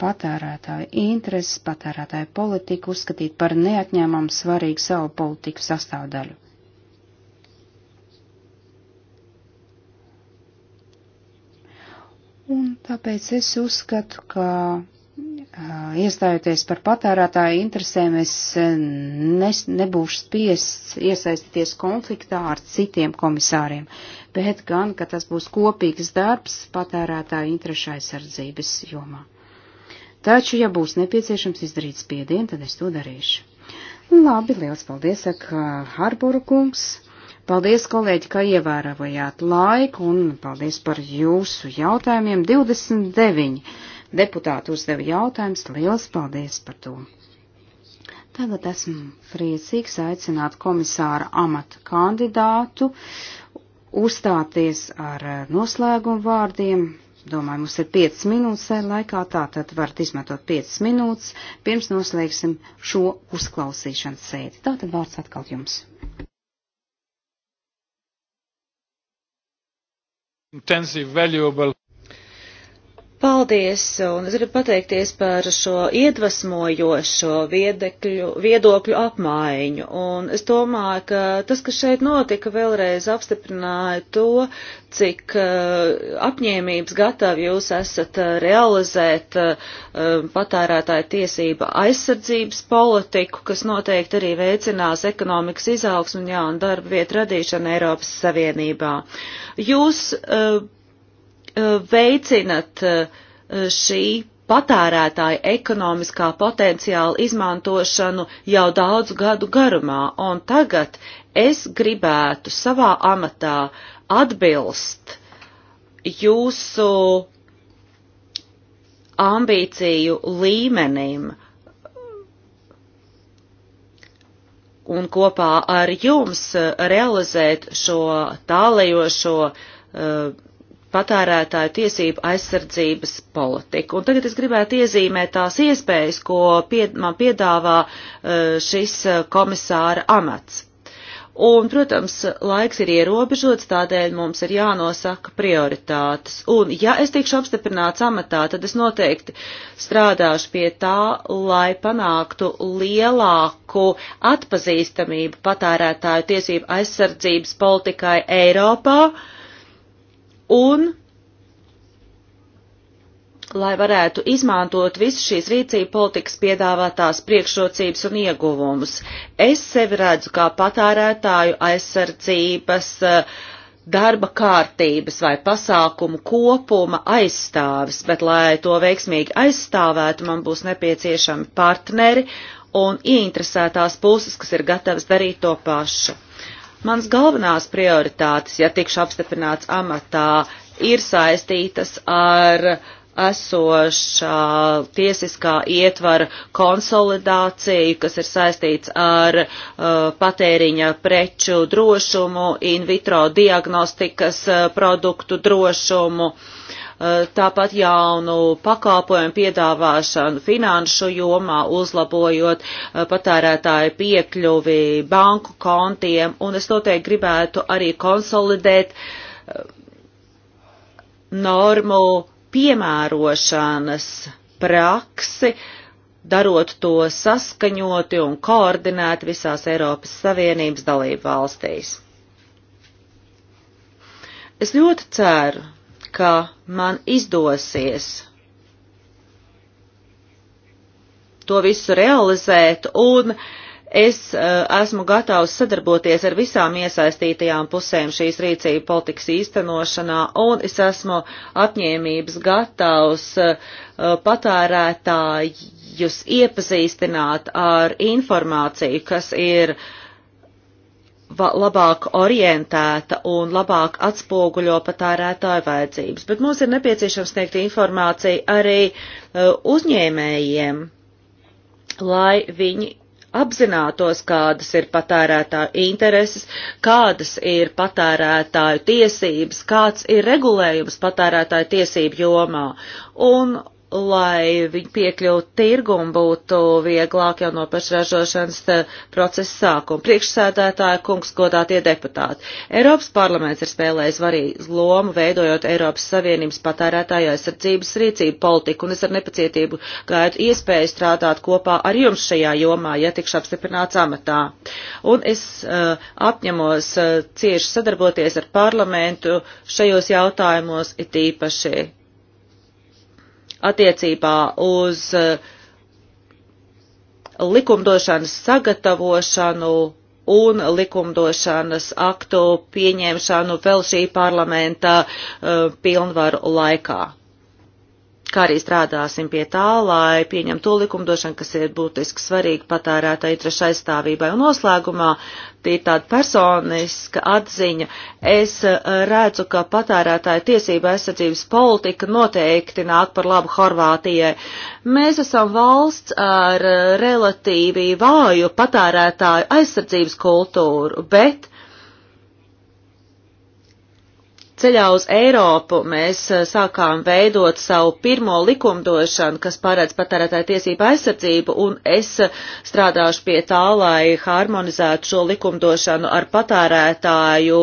patērētāju intereses, patērētāju politiku uzskatīt par neatņēmumu svarīgu savu politiku sastāvdaļu. Un tāpēc es uzskatu, ka iestājoties par patērētāju interesēm, es nes, nebūšu spiests iesaistīties konfliktā ar citiem komisāriem, bet gan, ka tas būs kopīgs darbs patērētāju interešu aizsardzības jomā. Taču, ja būs nepieciešams izdarīt spiedienu, tad es to darīšu. Labi, liels paldies, saka Harbora kungs. Paldies, kolēģi, ka ievērojāt laiku un paldies par jūsu jautājumiem. 29 deputāti uzdeva jautājumus. Liels paldies par to. Tagad esmu priecīgs aicināt komisāra amata kandidātu uzstāties ar noslēgumu vārdiem domāju, mums ir 5 minūtes laikā, tātad varat izmantot 5 minūtes, pirms noslēgsim šo uzklausīšanas sēdi. Tātad vārds atkal jums. Intensive, valuable. Paldies, un es gribu pateikties par šo iedvesmojošo viedekļu, viedokļu apmaiņu. Un es domāju, ka tas, kas šeit notika, vēlreiz apstiprināja to, cik uh, apņēmības gatavi jūs esat uh, realizēt uh, uh patērētāju tiesība aizsardzības politiku, kas noteikti arī veicinās ekonomikas izaugsmu un jaunu darba vietu radīšanu Eiropas Savienībā. Jūs uh, Uh, veicinat uh, šī patērētāja ekonomiskā potenciāla izmantošanu jau daudzu gadu garumā, un tagad es gribētu savā amatā atbilst jūsu ambīciju līmenim un kopā ar jums realizēt šo tālajošo uh, patērētāju tiesību aizsardzības politiku. Un tagad es gribētu iezīmēt tās iespējas, ko pied, man piedāvā eh, šis eh, komisāra amats. Un, protams, laiks ir ierobežots, tādēļ mums ir jānosaka prioritātes. Un, ja es tikšu apstiprināts amatā, tad es noteikti strādāšu pie tā, lai panāktu lielāku atpazīstamību patērētāju tiesību aizsardzības politikai Eiropā, uh, un lai varētu izmantot visu šīs rīcību politikas piedāvātās priekšrocības un ieguvumus. Es sevi redzu kā patārētāju aizsardzības, eh, darba kārtības vai pasākumu kopuma aizstāvis, bet lai to veiksmīgi aizstāvētu, man būs nepieciešami partneri un ieinteresētās puses, kas ir gatavas darīt to pašu. Mans galvenās prioritātes, ja tikšu apstiprināts amatā, ir saistītas ar esošā tiesiskā ietvara konsolidāciju, kas ir saistīts ar uh, patēriņa preču drošumu, in vitro diagnostikas uh, produktu drošumu. Uh, Eh, tāpat jaunu pakalpojumu piedāvāšanu finanšu jomā, uzlabojot eh, patērētāju piekļuvi banku kontiem, un es noteikti gribētu arī konsolidēt eh, normu piemērošanas praksi, darot to saskaņoti un koordinēti visās Eiropas Savienības dalību valstīs. Es ļoti ceru, ka man izdosies to visu realizēt un es uh, esmu gatavs sadarboties ar visām iesaistītajām pusēm šīs rīcība politikas īstenošanā un es esmu apņēmības gatavs uh, patērētājus iepazīstināt ar informāciju, kas ir uh, labāk orientēta un labāk atspoguļo patērētāju vajadzības, bet mums ir nepieciešams sniegt informāciju arī e, uzņēmējiem, lai viņi apzinātos, kādas ir patērētāju intereses, kādas ir patērētāju tiesības, kāds ir regulējums patērētāju tiesību jomā. Un lai viņi piekļūtu tirgumu, būtu vieglāk jau no pašražošanas eh, procesa sākuma. Priekšsēdētāja kungs, godātie deputāti. Eiropas parlaments ir spēlējis varīgu lomu, veidojot Eiropas Savienības patērētāju aizsardzības rīcību politiku, un es ar nepacietību gaidu iespēju strādāt kopā ar jums šajā jomā, ja tikšu apstiprināts amatā. Un es uh, apņemos uh, cieši sadarboties ar parlamentu šajos jautājumos, it īpaši attiecībā uz eh, likumdošanas sagatavošanu un likumdošanas aktu pieņemšanu vēl šī parlamenta uh, pilnvaru laikā kā arī strādāsim pie tā, lai pieņem to likumdošanu, kas ir būtiski svarīgi patērētāji interešu aizstāvībai. Un noslēgumā tī tāda personiska atziņa. Es eh, redzu, ka patērētāja tiesība aizsardzības politika noteikti nāk par labu Horvātijai. Mēs esam valsts ar relatīvi vāju patērētāju aizsardzības kultūru, bet Ceļā uz Eiropu mēs eh, sākām veidot savu pirmo likumdošanu, kas paredz patērētāju tiesību aizsardzību, un es eh, strādāšu pie tā, lai harmonizētu šo likumdošanu ar patērētāju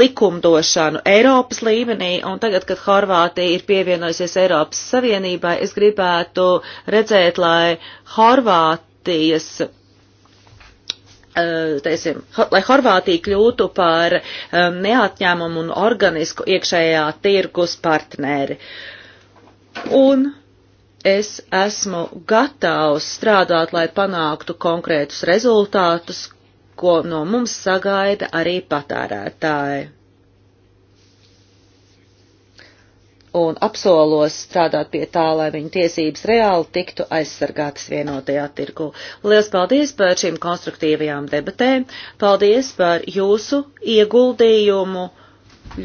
likumdošanu Eiropas līmenī, un tagad, kad Horvātija ir pievienojusies Eiropas Savienībai, es gribētu redzēt, lai Horvātijas Eh, Teisim, lai Horvātija kļūtu par eh, neatņēmumu un organisku iekšējā tirgus partneri. Un es esmu gatavs strādāt, lai panāktu konkrētus rezultātus, ko no mums sagaida arī patērētāji. un apsolos strādāt pie tā, lai viņu tiesības reāli tiktu aizsargātas vienotajā tirgu. Lielas paldies par šīm konstruktīvajām debatēm, paldies par jūsu ieguldījumu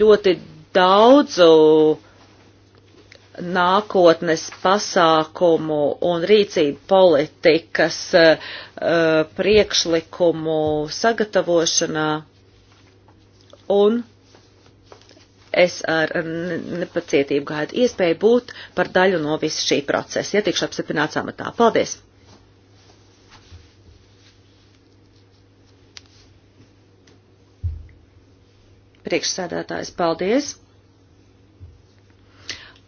ļoti daudzu nākotnes pasākumu un rīcību politikas uh, priekšlikumu sagatavošanā un Es ar mm, nepacietību gaidu iespēju būt par daļu no visa šī procesa, ja tikšu apstiprināts amatā. Paldies! Priekšsēdētājs, paldies!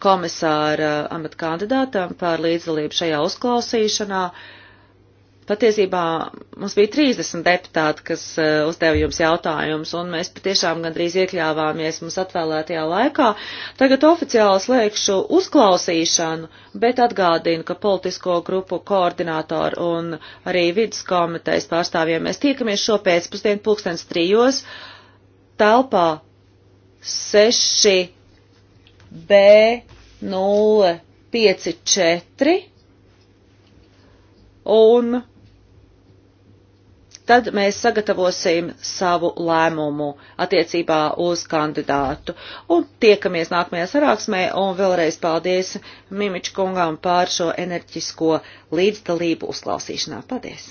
komisāra eh, amatkandidātam par līdzdalību šajā uzklausīšanā. Patiesībā mums bija 30 deputāti, kas e, uzdeva jums jautājumus, un mēs patiešām gandrīz iekļāvāmies mums atvēlētajā laikā. Tagad oficiāli slēgšu uzklausīšanu, bet atgādinu, ka politisko grupu koordinātoru un arī vidas komitejas pārstāvjiem mēs tiekamies šo pēcpusdienu pulkstens trijos telpā 6 B 054 un tad mēs sagatavosim savu lēmumu attiecībā uz kandidātu. Un tiekamies nākamajā sarāksmē un vēlreiz paldies Mimičkungam par šo enerģisko līdzdalību uzklausīšanā. Paldies!